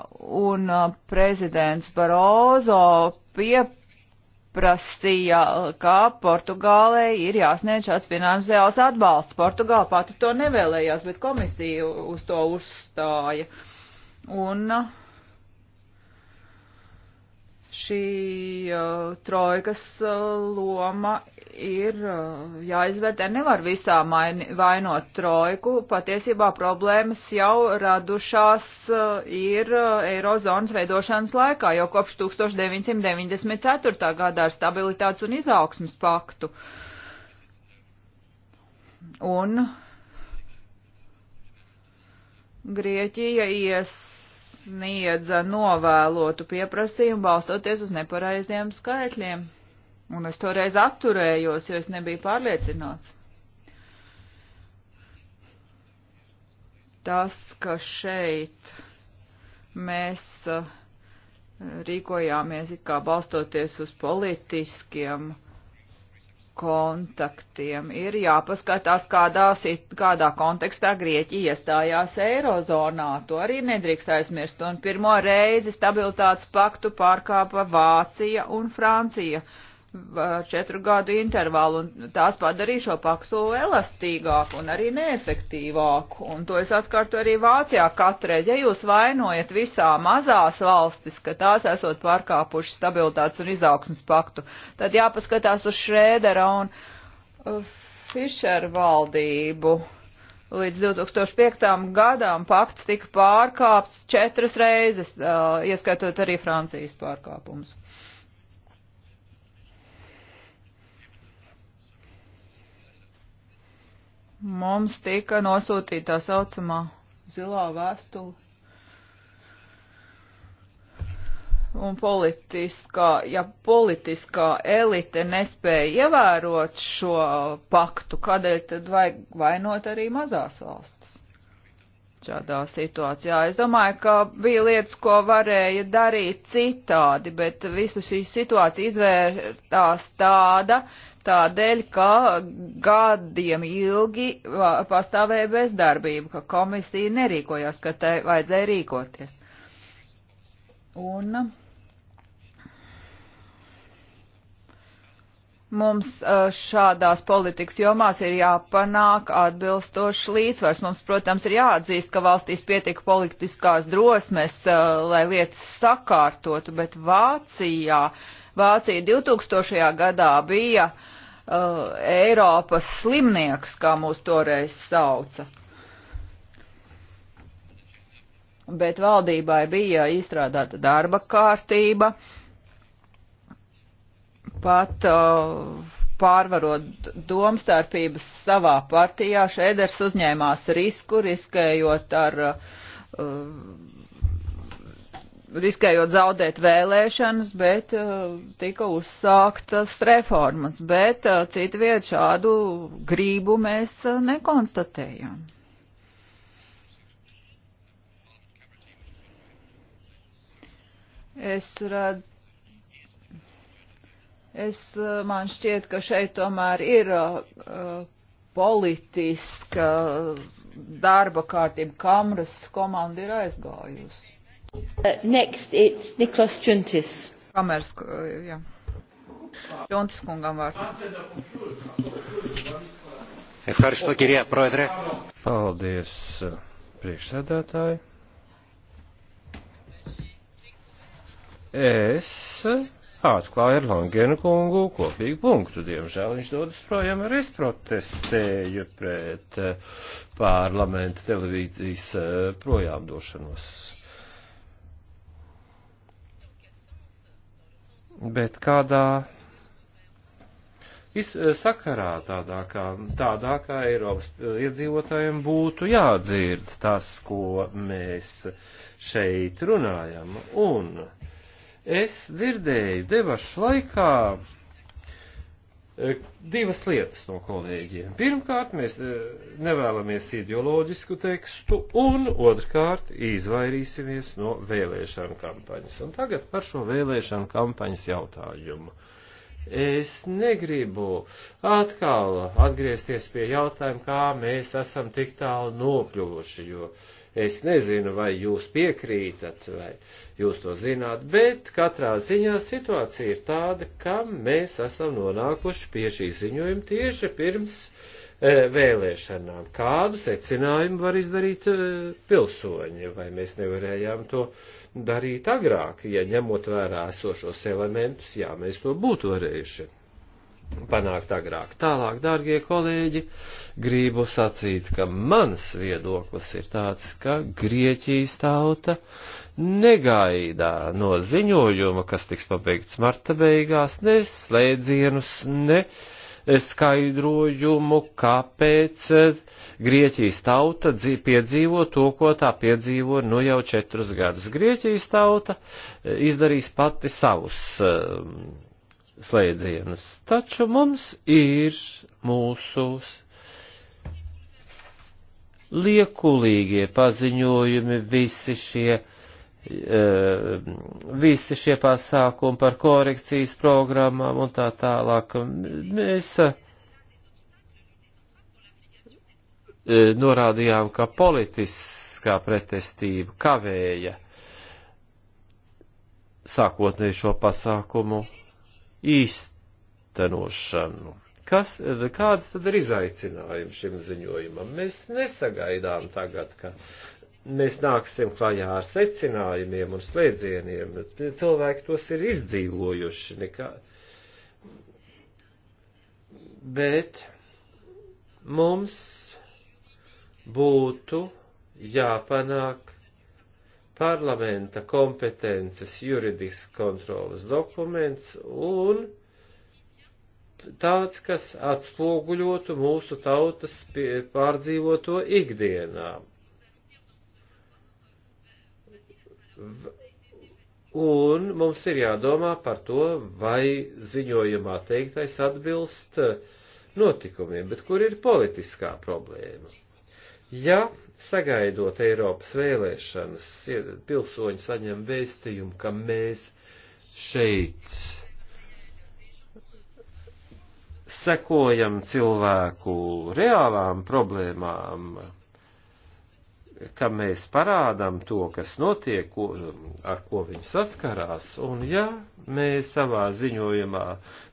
un uh, prezidents Barozo pieprasīja, ka Portugālei ir jāsniedz šāds finansiāls atbalsts. Portugāla pati to nevēlējās, bet komisija uz to uzstāja. Un uh, šī uh, trojkas uh, loma ir uh, jāizvērtē. Nevar visā maini, vainot trojku. Patiesībā problēmas jau radušās uh, ir uh, eirozonas veidošanas laikā, jau kopš 1994. gadā ar stabilitātes un izaugsmas paktu. Un Grieķija ies sniedza novēlotu pieprasījumu balstoties uz nepareiziem skaitļiem. Un es toreiz atturējos, jo es nebiju pārliecināts. Tas, ka šeit mēs uh, rīkojāmies it kā balstoties uz politiskiem uh, kontaktiem. Ir jāpaskatās, kādā, kādā kontekstā Grieķija iestājās Eirozonā. To arī nedrīkst aizmirst. Un pirmo reizi stabilitātes paktu pārkāpa Vācija un Francija. Uh, četru gadu intervālu, un tās padarīja šo paktu elastīgāku un arī neefektīvāku. Un to es atkārtu arī Vācijā katreiz. Ja jūs vainojat visā mazās valstis, ka tās esot pārkāpuši stabilitātes un izaugsmas paktu, tad jāpaskatās uz Šrēdera un uh, Fišera valdību. Līdz 2005. gadam pakts tika pārkāpts četras reizes, uh, ieskaitot arī Francijas pārkāpumus. mums tika nosūtīta tā saucamā zilā vēstule. Un politiskā, ja politiskā elite nespēja ievērot šo paktu, kādēļ tad vajag vainot arī mazās valstis? šādā situācijā. Es domāju, ka bija lietas, ko varēja darīt citādi, bet visa šī situācija izvērtās tāda, tādēļ, ka gadiem ilgi pastāvēja bezdarbība, ka komisija nerīkojās, ka tai vajadzēja rīkoties. Un mums šādās politikas jomās ir jāpanāk atbilstošs līdzsvars. Mums, protams, ir jāatzīst, ka valstīs pietika politiskās drosmes, lai lietas sakārtotu, bet Vācijā uh, Vācija 2000. gadā bija uh, Eiropas slimnieks, kā mūs toreiz sauca. Bet valdībai bija izstrādāta darba kārtība, pat uh, pārvarot domstarpības savā partijā, Šēders uzņēmās risku, riskējot ar uh, riskējot zaudēt vēlēšanas, bet uh, tika uzsāktas reformas, bet uh, citu vietu šādu grību mēs uh, nekonstatējam. Es redzu, es, man šķiet, ka šeit tomēr ir uh, politiska darba kārtība, kamras komanda ir aizgājusi. Uh, next, it's Niklas Čuntis. Kamers, uh, jā. Čuntis kungam vārds. Paldies, uh, priekšsēdētāji. Es atklāju ar Langēnu kungu kopīgu punktu. Diemžēl viņš dodas projām, arī es protestēju pret parlamenta televīzijas projām došanos. bet kādā iz, sakarā, tādā kā, tādā kā Eiropas iedzīvotājiem būtu jādzird tas, ko mēs šeit runājam. Un es dzirdēju debašu laikā, Eh, divas lietas no kolēģiem. Pirmkārt, mēs eh, nevēlamies ideoloģisku tekstu, un otrkārt, izvairīsimies no vēlēšanu kampaņas. Un tagad par šo vēlēšanu kampaņas jautājumu. Es negribu atkal atgriezties pie jautājuma, kā mēs esam tik tālu nokļuvuši, jo uh, Es nezinu, vai jūs piekrītat, vai jūs to zināt, bet katrā ziņā situācija ir tāda, ka mēs esam nonākuši pie šī ziņojuma tieši pirms e, vēlēšanām. Kādu secinājumu var izdarīt e, pilsoņi, vai mēs nevarējām to darīt agrāk, ja ņemot vērā esošos elementus, jā, mēs to būtu varējuši panākt agrāk. Tālāk, dārgie kolēģi, gribu sacīt, ka mans viedoklis ir tāds, ka Grieķijas tauta negaidā no ziņojuma, kas tiks pabeigts marta beigās, ne slēdzienus, ne skaidrojumu, kāpēc Grieķijas tauta piedzīvo to, ko tā piedzīvo nu jau četrus gadus. Grieķijas tauta eh, izdarīs pati savus uh, slēdzienus. Taču mums ir mūsu liekulīgie paziņojumi, visi šie, eh, visi šie pasākumi par korekcijas programmām un tā tālāk. Mēs eh, norādījām, ka politiskā pretestība kavēja sākotnēji šo pasākumu īstenošanu. Kas, kāds tad ir izaicinājums šim ziņojumam? Mēs nesagaidām tagad, ka mēs nāksim klajā ar secinājumiem un slēdzieniem. Cilvēki tos ir izdzīvojuši. Nekā... Bet mums būtu jāpanāk parlamenta kompetences juridisks kontrolas dokuments un tāds, kas atspoguļotu mūsu tautas pārdzīvoto ikdienā. Un mums ir jādomā par to, vai ziņojumā teiktais atbilst notikumiem, bet kur ir politiskā problēma. Ja sagaidot Eiropas vēlēšanas, pilsoņi saņem vēstījumu, ka mēs šeit sekojam cilvēku reālām problēmām, ka mēs parādām to, kas notiek, ko, ar ko viņi saskarās, un ja mēs savā ziņojumā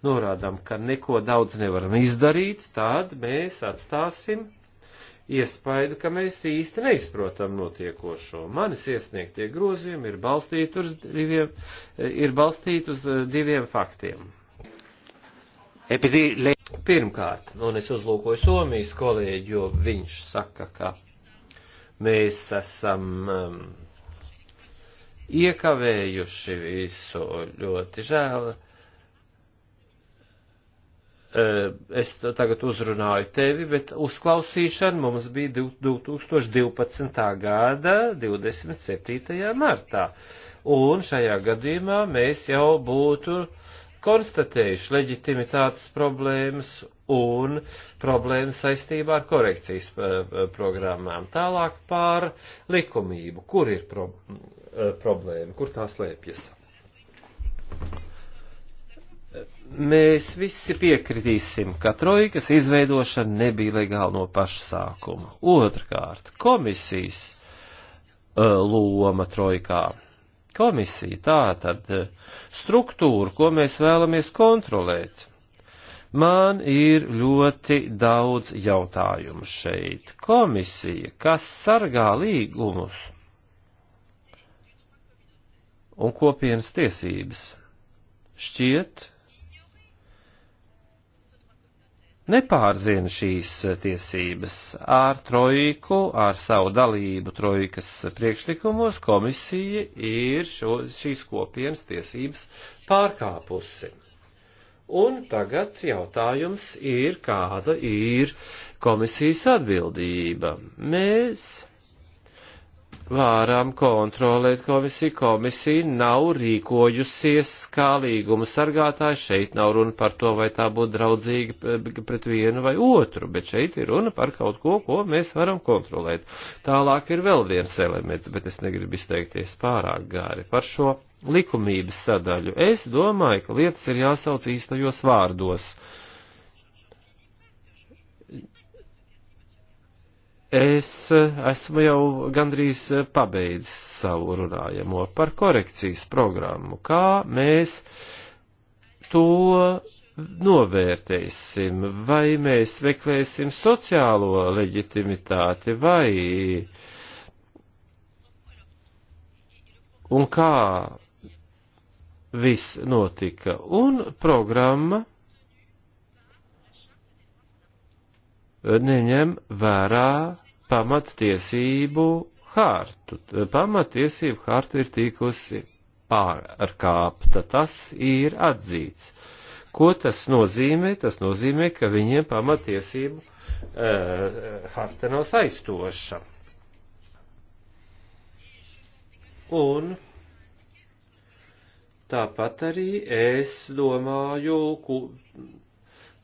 norādām, ka neko daudz nevaram izdarīt, tad mēs atstāsim iespaidu, ka mēs īsti neizprotam notiekošo. Manis iesniegtie grozījumi ir balstīti uz diviem, ir balstīti uz eh, diviem faktiem. Pirmkārt, un es uzlūkoju Somijas kolēģi, jo viņš saka, ka mēs esam um, iekavējuši visu ļoti žēlu es tagad uzrunāju tevi, bet uzklausīšana mums bija 2012. gada 27. martā. Un šajā gadījumā mēs jau būtu konstatējuši leģitimitātes problēmas un problēmas saistībā ar korekcijas programmām. Tālāk par likumību. Kur ir pro problēma? Kur tā slēpjas? mēs visi piekritīsim, ka trojkas izveidošana nebija legāla no paša sākuma. Otrkārt, komisijas e, loma trojkā. Komisija tā tad e, struktūra, ko mēs vēlamies kontrolēt. Man ir ļoti daudz jautājumu šeit. Komisija, kas sargā līgumus un kopienas tiesības, šķiet, nepārzina šīs eh, tiesības. Ar trojku, ar savu dalību trojkas priekšlikumos komisija ir šo, šīs kopienas tiesības pārkāpusi. Un tagad jautājums ir, kāda ir komisijas atbildība. Mēs varam kontrolēt komisiju. Komisija nav rīkojusies kā līguma sargātāja. Šeit nav runa par to, vai tā būtu draudzīga pret vienu vai otru, bet šeit ir runa par kaut ko, ko mēs varam kontrolēt. Tālāk ir vēl viens elements, bet es negribu izteikties pārāk gāri par šo likumības sadaļu. Es domāju, ka lietas ir jāsauc īstajos vārdos. Uh, Es eh, esmu jau gandrīz eh, pabeidzis savu runājamo par korekcijas programmu, kā mēs to novērtēsim, vai mēs meklēsim sociālo leģitimitāti, vai un kā viss notika. Un programma neņem vērā pamattiesību hārtu. Pamattiesību hārta ir tikusi pārkāpta, tas ir atzīts. Ko tas nozīmē? Tas nozīmē, ka viņiem pamatiesību uh, e, harta nav saistoša. Un tāpat arī es domāju, ku,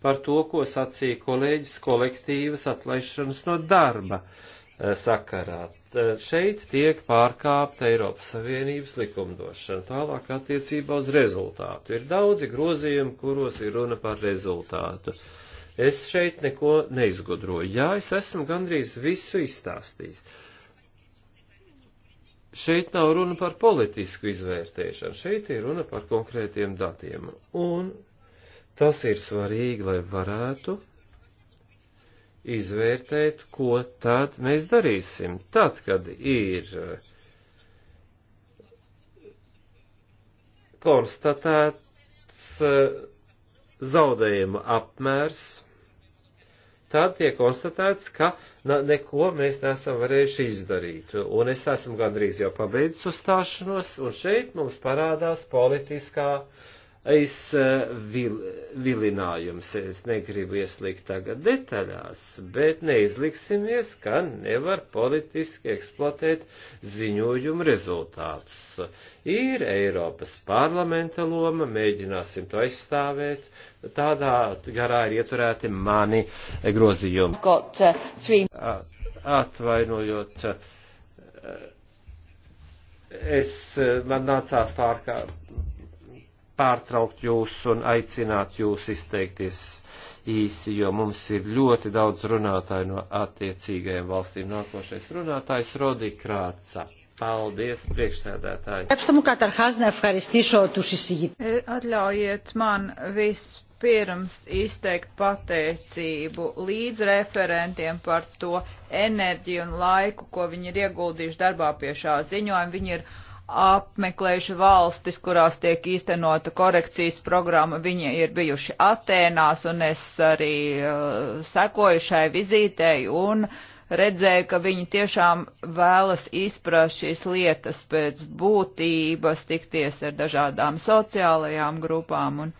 par to, ko sacīja kolēģis kolektīvas atlaišanas no darba eh, sakarā. Eh, šeit tiek pārkāpta Eiropas Savienības likumdošana. Tālāk attiecībā uz rezultātu. Ir daudzi grozījumi, kuros ir runa par rezultātu. Es šeit neko neizgudroju. Jā, es esmu gandrīz visu izstāstījis. Šeit nav runa par politisku izvērtēšanu, šeit ir runa par konkrētiem datiem. Un Tas ir svarīgi, lai varētu izvērtēt, ko tad mēs darīsim. Tad, kad ir eh, konstatēts eh, zaudējuma apmērs, tad tiek konstatēts, ka neko mēs nesam varējuši izdarīt. Un es esmu gandrīz jau pabeidzis uzstāšanos, un šeit mums parādās politiskā uh, es eh, vil, vilinājums, es negribu ieslīgt tagad detaļās, bet neizliksimies, ka nevar politiski eksploatēt ziņojumu rezultātus. Ir Eiropas parlamenta loma, mēģināsim to aizstāvēt, tādā garā ir ieturēti mani grozījumi. Got, uh, three... Atvainojot. Uh, es, man nācās pārkāpt pārtraukt jūs un aicināt jūs izteikties īsi, jo mums ir ļoti daudz runātāju no attiecīgajiem valstīm. Nākošais runātājs Rodi Krāca. Paldies, priekšsēdētāji. Atļaujiet man vispirms izteikt pateicību līdz referentiem par to enerģiju un laiku, ko viņi ir ieguldījuši darbā pie šā ziņojuma. Viņi ir uh, apmeklējuši valstis, kurās tiek īstenota korekcijas programma. Viņi ir bijuši Atēnās, un es arī uh, sekoju šai vizītei un redzēju, ka viņi tiešām vēlas izprast šīs lietas pēc būtības, tikties ar dažādām sociālajām grupām un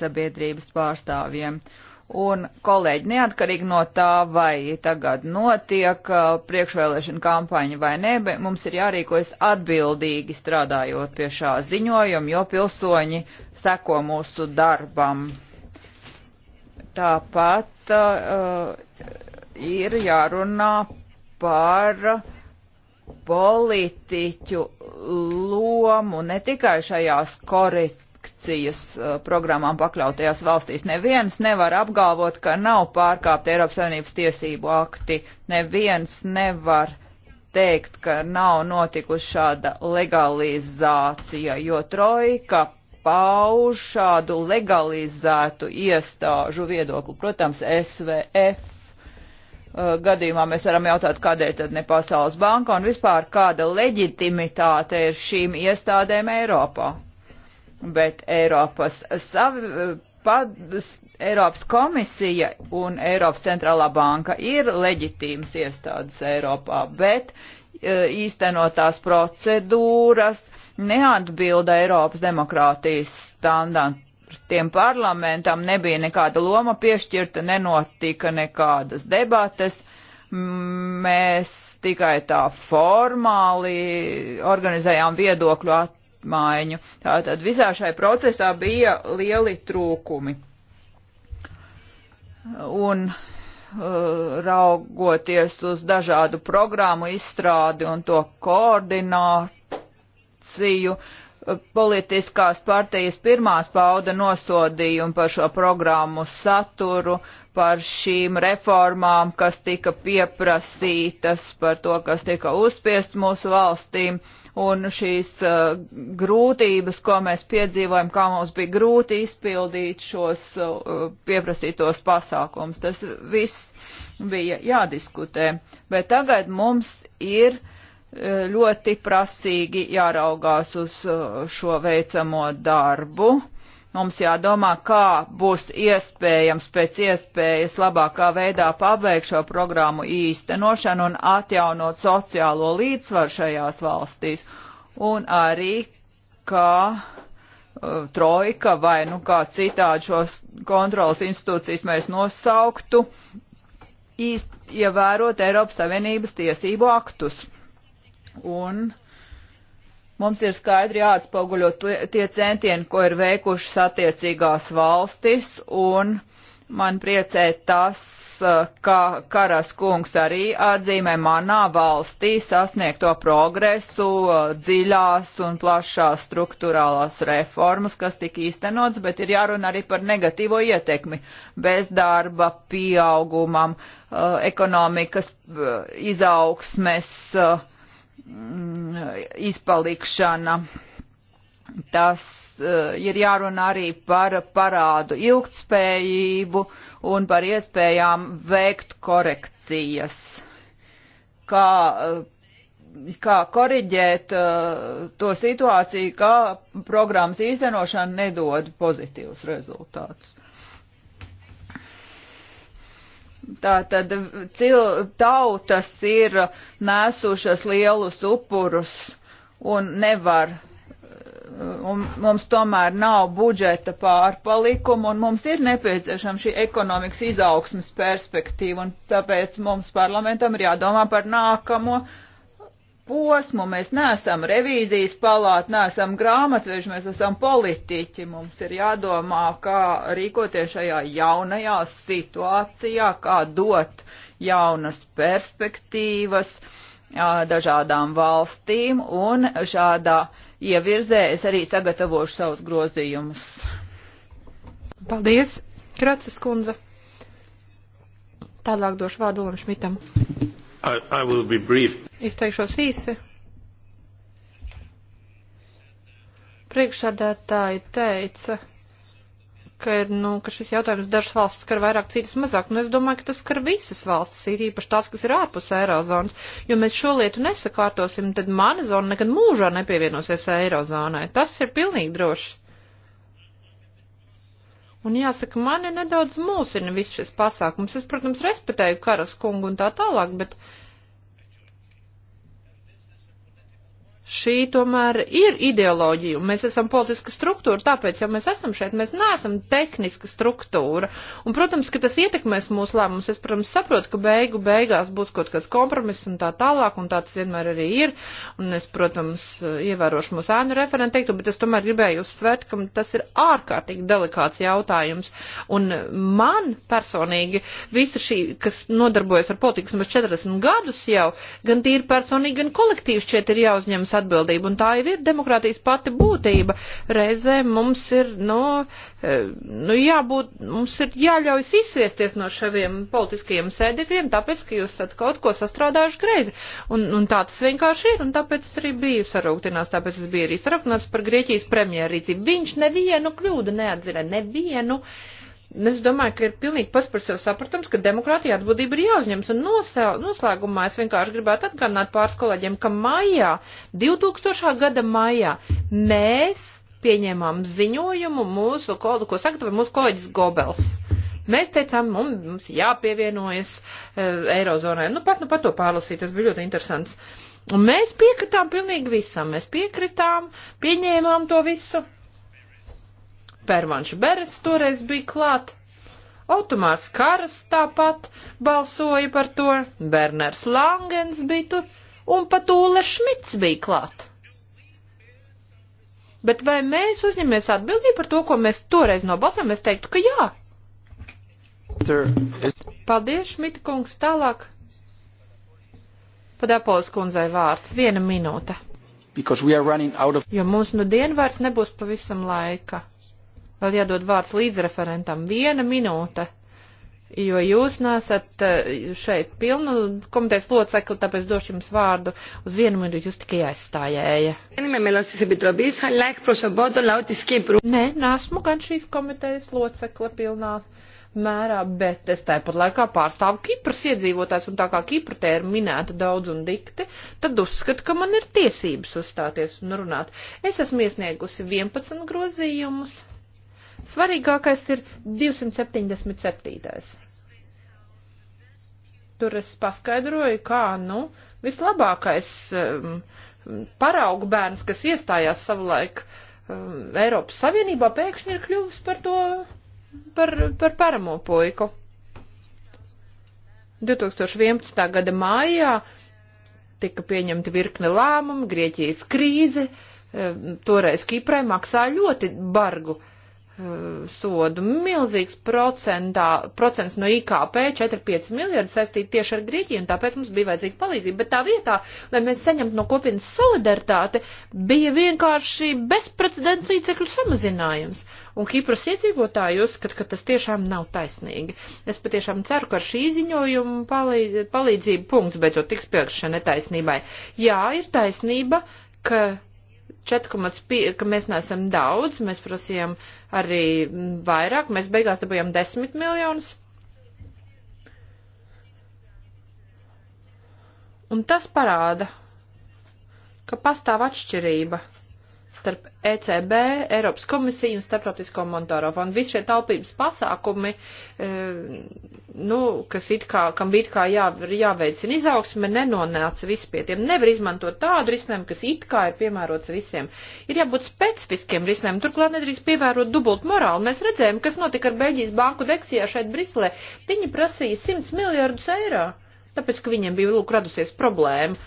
sabiedrības pārstāvjiem. Uh, Un, kolēģi, neatkarīgi no tā, vai tagad notiek uh, priekšvēlēšana kampaņa vai nē, bet mums ir jārīkojas atbildīgi strādājot pie šā ziņojuma, jo pilsoņi seko mūsu darbam. Tāpat uh, ir jārunā par politiķu lomu ne tikai šajās korit transakcijas uh, programmām pakļautajās valstīs. Neviens nevar apgalvot, ka nav pārkāpta Eiropas Savienības tiesību akti. Neviens nevar teikt, ka nav notikusi šāda legalizācija, jo trojka pauž šādu legalizētu iestāžu viedokli. Protams, SVF uh, gadījumā mēs varam jautāt, kādēļ tad ne Pasaules banka un vispār kāda leģitimitāte ir šīm iestādēm Eiropā bet Eiropas, savi, pad, Eiropas komisija un Eiropas centrālā banka ir leģitīmas iestādes Eiropā, bet e, īstenotās procedūras neatbilda Eiropas demokrātijas standartiem parlamentam, nebija nekāda loma piešķirta, nenotika nekādas debates mēs tikai tā formāli organizējām viedokļu at, apmaiņu. Tātad visā šai procesā bija lieli trūkumi. Un uh, raugoties uz dažādu programmu izstrādi un to koordināciju, uh, politiskās partijas pirmās pauda nosodījumu par šo programmu saturu, par šīm reformām, kas tika pieprasītas, par to, kas tika uzspiests mūsu valstīm. Uh, un šīs uh, grūtības, ko mēs piedzīvojam, kā mums bija grūti izpildīt šos uh, pieprasītos pasākums. Tas viss bija jādiskutē, bet tagad mums ir uh, ļoti prasīgi jāraugās uz uh, šo veicamo darbu Mums jādomā, kā būs iespējams pēc iespējas labākā veidā pabeigt šo programmu īstenošanu un atjaunot sociālo līdzsvaru šajās valstīs. Un arī, kā uh, trojka vai nu kā citādi šos kontrolas institūcijas mēs nosauktu, īst ievērot Eiropas Savienības tiesību aktus. Un Mums ir skaidri jāatspoguļo tie centieni, ko ir veikušas attiecīgās valstis, un man priecē tas, eh, ka Karas kungs arī atzīmē manā valstī sasniegto progresu eh, dziļās un plašās struktūrālās reformas, kas tika īstenots, bet ir jārunā arī par negatīvo ietekmi bezdarba pieaugumam, eh, ekonomikas izaugsmes, Mm, izpalikšana. Tas uh, ir jārunā arī par parādu ilgtspējību un par iespējām veikt korekcijas. Kā, eh, kā koriģēt uh, to situāciju, kā programmas īstenošana nedod pozitīvus rezultātus. Tātad cil, tautas ir nesušas lielus upurus un nevar, un mums tomēr nav budžeta pārpalikumu, un mums ir nepieciešama šī ekonomikas izaugsmas perspektīva, un tāpēc mums parlamentam ir jādomā par nākamo posmu. Mēs neesam revīzijas palāta, neesam grāmatveži, mēs esam politiķi. Mums ir jādomā, kā rīkoties šajā jaunajā situācijā, kā dot jaunas perspektīvas dažādām valstīm, un šādā ievirzē es arī sagatavošu savus grozījumus. Paldies, Kracis kundze. Tālāk došu vārdu Olam Šmitam. I, I will be brief. Izteikšos īsi. Priekšādātāji teica, ka, ir, nu, ka šis jautājums dažas valstis skar vairāk, citas mazāk. Nu, es domāju, ka tas skar visas valstis, ir īpaši tās, kas ir ārpus eirozonas. Jo mēs šo lietu nesakārtosim, tad mana zona nekad mūžā nepievienosies eirozonai. Tas ir pilnīgi droši. Un jāsaka, mani nedaudz mūsina viss šis pasākums. Es, protams, respektēju karas kungu un tā tālāk, bet uh, Šī tomēr ir ideoloģija, un mēs esam politiska struktūra, tāpēc jau mēs esam šeit, mēs neesam tehniska struktūra. Un, protams, ka tas ietekmēs mūsu lēmumus. Es, protams, saprotu, ka beigu beigās būs kaut kas kompromiss un tā tālāk, un tā tas vienmēr arī ir. Un es, protams, ievērošu mūsu ēnu referentu teiktu, bet es tomēr gribēju uzsvērt, ka tas ir ārkārtīgi delikāts jautājums. Un man personīgi visa šī, kas nodarbojas ar politikas, mēs 40 gadus jau, gan tīri personīgi, gan kolektīvi šķiet ir jāuzņemas atbildību. Un tā jau ir demokrātijas pati būtība. Reizē mums ir, nu, e, nu jābūt, mums ir jāļaujas izsviesties no šaviem politiskajiem sēdekļiem, tāpēc, ka jūs esat kaut ko sastrādājuši greizi. Un, un tā tas vienkārši ir, un tāpēc es arī biju sarūktināts, tāpēc es biju arī sarūktināts par Grieķijas premjerrīcību. Viņš nevienu kļūdu neatzina, nevienu. Uh, Nu, es domāju, ka ir pilnīgi pats par sevi saprotams, ka demokrātija atbildība ir jāuzņems. Un nosau, noslēgumā es vienkārši gribētu atgādināt pāris kolēģiem, ka maijā, 2000. gada maijā, mēs pieņēmām ziņojumu mūsu, kol, ko sagatavoja mūsu kolēģis Gobels. Mēs teicām, mums jāpievienojas e, Eirozonai. Nu, pat, nu, pat to pārlasīt, tas bija ļoti interesants. Un mēs piekritām pilnīgi visam. Mēs piekritām, pieņēmām to visu. Pērvanš Beres toreiz bija klāt. Automārs Karas tāpat balsoja par to, Berners Langens bija tur, un pat Ūle Šmits bija klāt. Bet vai mēs uzņemies atbildību par to, ko mēs toreiz nobalsojam? Es teiktu, ka jā. Paldies, Šmita kungs, tālāk. Padāpolis kundzei vārds, viena minūte. Of... Jo mums nu dien vairs nebūs pavisam laika. Vēl jādod vārds līdzreferentam. Viena minūte. Jo jūs nesat eh, šeit pilnu komitejas locekli, tāpēc došu jums vārdu uz vienu minūti, jūs tikai aizstājēja. Nē, nesmu gan šīs komitejas locekle pilnā mērā, bet es tāpat laikā pārstāvu Kipras iedzīvotājs, un tā kā Kipra te ir minēta daudz un dikti, tad uzskatu, ka man ir tiesības uzstāties un runāt. Es esmu iesniegusi 11 grozījumus Svarīgākais ir 277. Tur es paskaidroju, kā, nu, vislabākais um, paraugu bērns, kas iestājās savulaik um, Eiropas Savienībā, pēkšņi ir kļuvis par to, par, par paramo puiku. 2011. gada mājā tika pieņemta virkne lēmumu, Grieķijas krīze, um, toreiz Kiprai maksāja ļoti bargu uh, Eh, sodu. Milzīgs procentā, procents no IKP, 4-5 miljardi saistīti tieši ar Grieķiju, un tāpēc mums bija vajadzīga palīdzība. Bet tā vietā, lai mēs saņemtu no kopienas solidaritāti, bija vienkārši bezprecedenta līdzekļu samazinājums. Un Kipras iedzīvotāji uzskata, ka tas tiešām nav taisnīgi. Es patiešām ceru, ka ar šī ziņojuma palīdzību punkts beidzot tiks piekšana netaisnībai. Jā, ir taisnība, ka 4,5, ka mēs neesam daudz, mēs prasījām arī vairāk, mēs beigās dabūjām 10 miljonus. Un tas parāda, ka pastāv atšķirība starp ECB, Eiropas komisiju un Starptautisko monetāro fondu. Visi šie taupības pasākumi, e, nu, kas it kā, kam bija kā jā, jāveicina izaugsme, nenonāca visi pie tiem. Nevar izmantot tādu risinājumu, kas it kā ir piemērots visiem. Ir jābūt specifiskiem risinājumiem. Turklāt nedrīkst pievērot dubult morāli. Mēs redzējām, kas notika ar Beļģijas banku deksijā šeit Briselē. Viņi prasīja 100 miljardus eiro, tāpēc, ka viņiem bija, lūk, radusies problēma.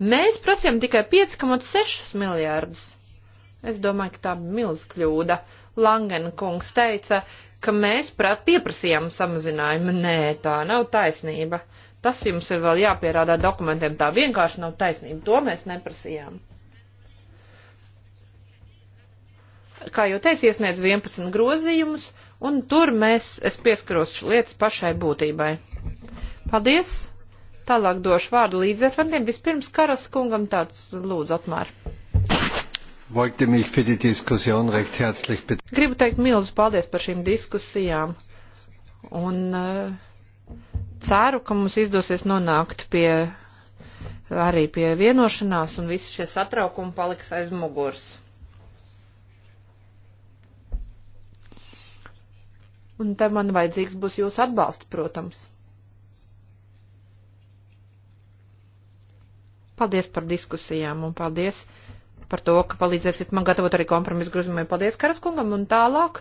Mēs prasījām tikai 5,6 miljārdus. Es domāju, ka tā bija milz kļūda. Langenkungs teica, ka mēs prāt pieprasījām samazinājumu. Nē, tā nav taisnība. Tas jums ir vēl jāpierādā dokumentiem. Tā vienkārši nav taisnība. To mēs neprasījām. Kā jau teicu, iesniedz 11 grozījumus, un tur mēs, es pieskaros lietas pašai būtībai. Paldies! Tālāk došu vārdu līdzekļiem. Vispirms Karas kungam tāds lūdzu atmēr. Gribu teikt milzu paldies par šīm diskusijām un eh, ceru, ka mums izdosies nonākt pie arī pie vienošanās un visi šie satraukumi paliks aiz muguras. Un te man vajadzīgs būs jūsu atbalsts, protams. Paldies par diskusijām un paldies par to, ka palīdzēsiet man gatavot arī kompromisu grozījumiem. Paldies Karaskungam un tālāk.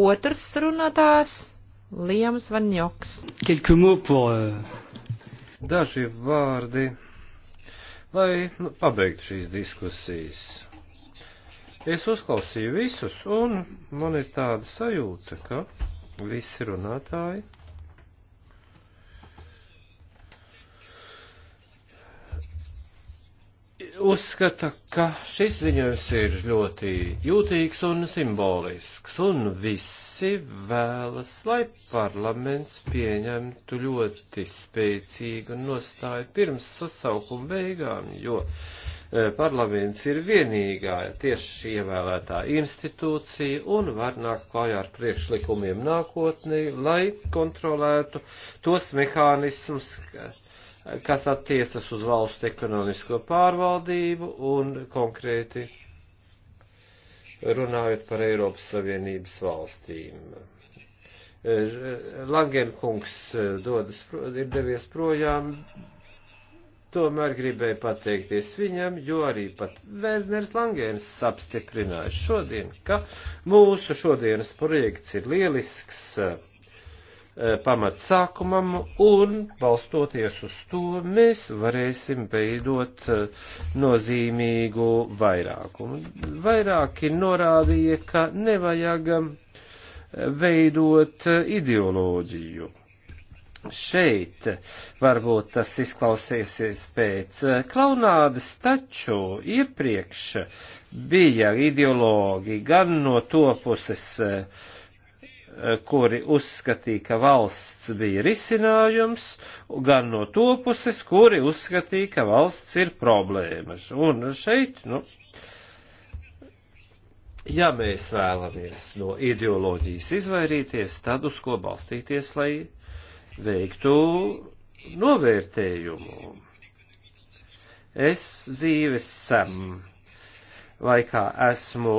Otrs runātājs - Liams Vanjoks. Euh, Daži vārdi, lai nu, pabeigtu šīs diskusijas. Es uzklausīju visus, un man ir tāda sajūta, ka visi runātāji uzskata, ka šis ziņojums ir ļoti jūtīgs un simbolisks, un visi vēlas, lai parlaments pieņemtu ļoti spēcīgu nostāju pirms sasaukuma beigām, jo e, parlaments ir vienīgā tieši ievēlētā institūcija un var nākt klājā ar priekšlikumiem nākotnē, lai kontrolētu tos mehānismus, kas attiecas uz valstu ekonomisko pārvaldību un konkrēti runājot par Eiropas Savienības valstīm. Langen kungs eh, dodas, ir devies projām, tomēr gribēju pateikties viņam, jo arī pat Vērners Langēns apstiprināja šodien, ka mūsu šodienas projekts ir lielisks eh, Eh, pamats sākumam un balstoties uz to mēs varēsim veidot eh, nozīmīgu vairākumu. Vairāki norādīja, ka nevajag eh, veidot ideoloģiju. Šeit varbūt tas izklausīsies pēc klaunādes, taču iepriekš bija ideologi gan no to puses, uh, kuri uzskatīja, ka valsts bija risinājums, gan no to puses, kuri uzskatīja, ka valsts ir problēmas. Un šeit, nu, ja mēs vēlamies no ideoloģijas izvairīties, tad uz ko balstīties, lai veiktu novērtējumu. Es dzīves sem laikā esmu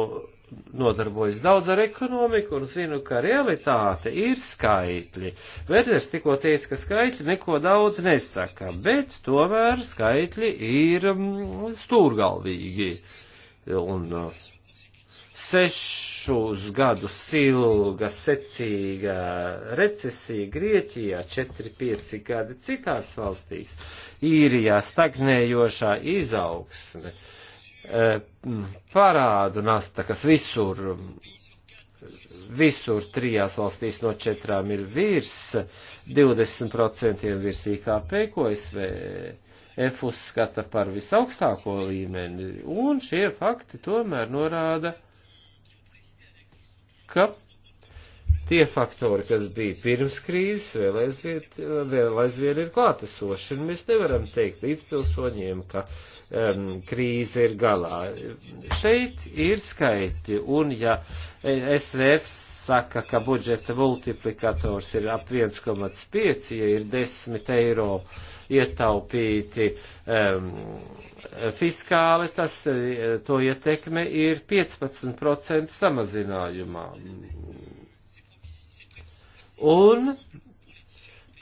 nodarbojas daudz ar ekonomiku un zinu, ka realitāte ir skaitļi. Vērtēs tikko teica, ka skaitļi neko daudz nesaka, bet tomēr skaitļi ir mm, stūrgalvīgi. Un uh, sešus gadus ilga, secīga recesija Grieķijā, 4-5 gadi citās valstīs, īrijā stagnējošā izaugsme. Uh, Eh, parādu nasta, kas visur, visur trijās valstīs no četrām ir virs 20% virs IKP, ko SVF uzskata par visaugstāko līmeni. Un šie fakti tomēr norāda, ka tie faktori, kas bija pirms krīzes, vēl aizvien, vēl aizvien ir klātesoši, un mēs nevaram teikt līdzpilsoņiem, ka uh, um, krīze ir galā. Šeit ir skaiti, un ja SVF saka, ka budžeta multiplikators ir ap 1,5, ja ir 10 eiro ietaupīti um, fiskāli, tas, eh, to ietekme ir 15% samazinājumā. Un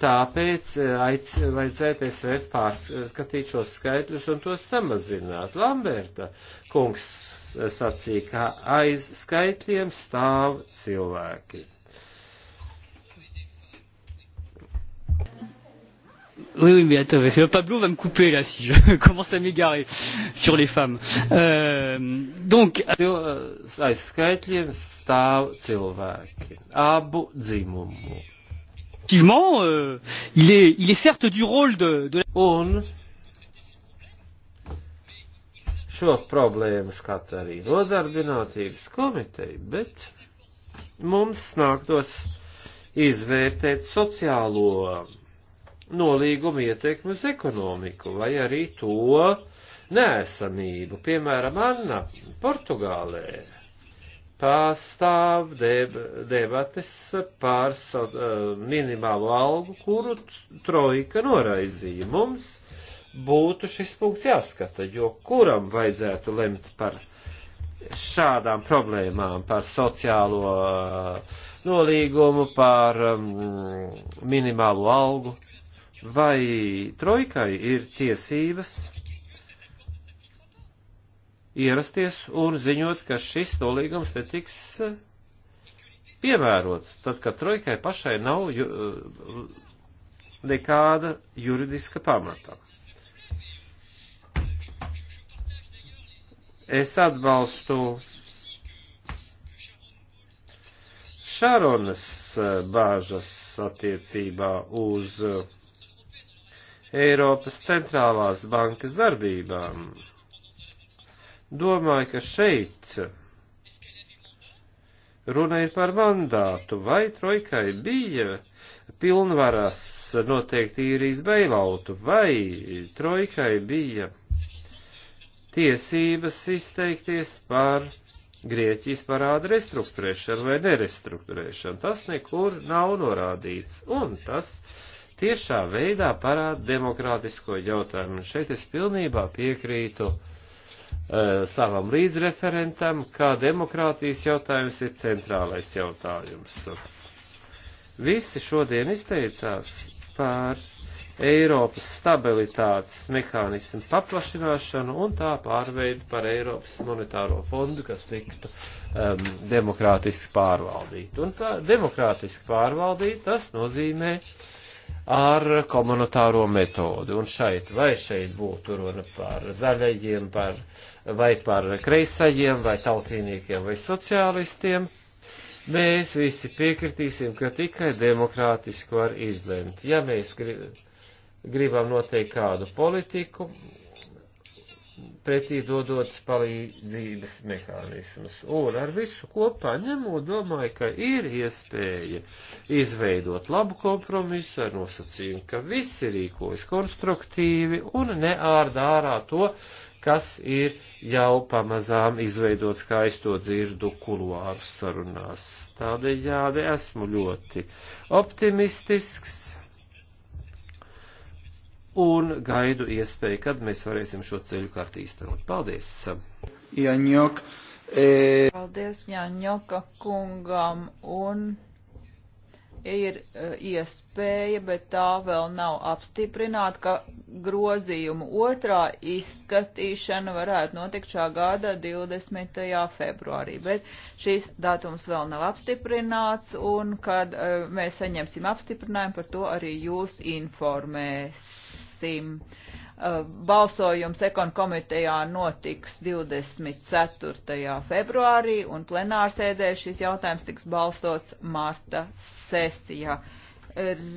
Tāpēc eh, aic, vajadzētu es vēl pārskatīt šos skaitļus un tos samazināt. Lamberta kungs eh, sacīja, ka aiz skaitļiem stāv cilvēki. Oui, oui, mais attends, Pablo va me couper là si je commence à m'égarer sur les femmes. Euh, donc. Eh, aiz skaitļiem stāv cilvēki. Abu dzimumu Effectivement, euh, il, est, il est certes du rôle de, de... Un šo problēmu skata arī nodarbinātības komiteja, bet mums nāktos izvērtēt sociālo nolīgumu ietekmi uz ekonomiku vai arī to nēsamību, piemēram, Anna Portugālē pastāv deb debates pār so, uh, minimālo algu, kuru trojka noraizīja. Mums būtu šis punkts jāskata, jo kuram vajadzētu lemt par šādām problēmām, par sociālo uh, nolīgumu, par um, minimālo algu? Vai trojkai ir tiesības ierasties un ziņot, ka šis nolīgums netiks eh, piemērots, tad, ka trojkai pašai nav ju, eh, nekāda juridiska pamata. Es atbalstu Šaronas eh, bāžas attiecībā uz Eiropas centrālās bankas darbībām Domāju, ka šeit runa ir par mandātu, vai trojkai bija pilnvaras noteikt īrijas beilautu, vai trojkai bija tiesības izteikties par Grieķijas parāda restruktūrēšanu vai nerestruktūrēšanu. Tas nekur nav norādīts, un tas tiešā veidā parāda demokrātisko jautājumu. Un šeit es pilnībā piekrītu uh, E, savam līdzreferentam, kā demokrātijas jautājums ir centrālais jautājums. Visi šodien izteicās par Eiropas stabilitātes mehānismu paplašināšanu un tā pārveidu par Eiropas monetāro fondu, kas tiktu um, demokrātiski pārvaldīt. Un tā demokrātiski pārvaldīt, tas nozīmē ar komunitāro metodu. Un šeit, vai šeit būtu runa par zaļajiem, par uh, vai par kreisajiem, vai tautīniekiem, vai sociālistiem. Mēs visi piekritīsim, ka tikai demokrātiski var izlemt. Ja mēs gribam noteikt kādu politiku, pretī dodot palīdzības mehānismus. Un ar visu kopā ņemot, domāju, ka ir iespēja izveidot labu kompromisu ar nosacījumu, ka visi rīkojas konstruktīvi un neārdā ārā to, kas ir jau pamazām izveidots, kā es to dzirdu kuluāru sarunās. Tādējādi esmu ļoti optimistisks un gaidu iespēju, kad mēs varēsim šo ceļu kārt īstenot. Paldies! Jaņok, e... Paldies Jaņoka kungam un ir eh, iespēja, bet tā vēl nav apstiprināta, ka grozījumu otrā izskatīšana varētu notikt šā gada 20. februārī. Bet šīs datums vēl nav apstiprināts, un kad uh, mēs saņemsim apstiprinājumu, par to arī jūs informēsim. Uh, Balsojums ekon komitejā notiks 24. februārī un plenārsēdē šis jautājums tiks balsots marta sesijā.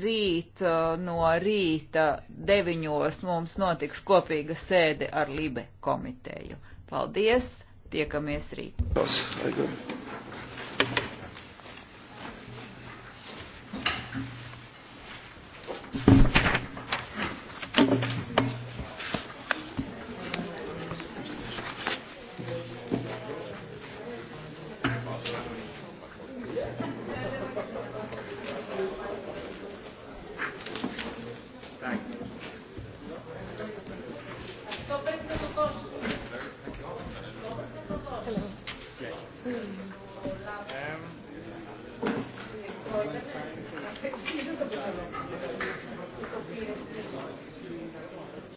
Rīt no rīta deviņos mums notiks kopīga sēde ar Libe komiteju. Paldies, tiekamies rīt. Tas,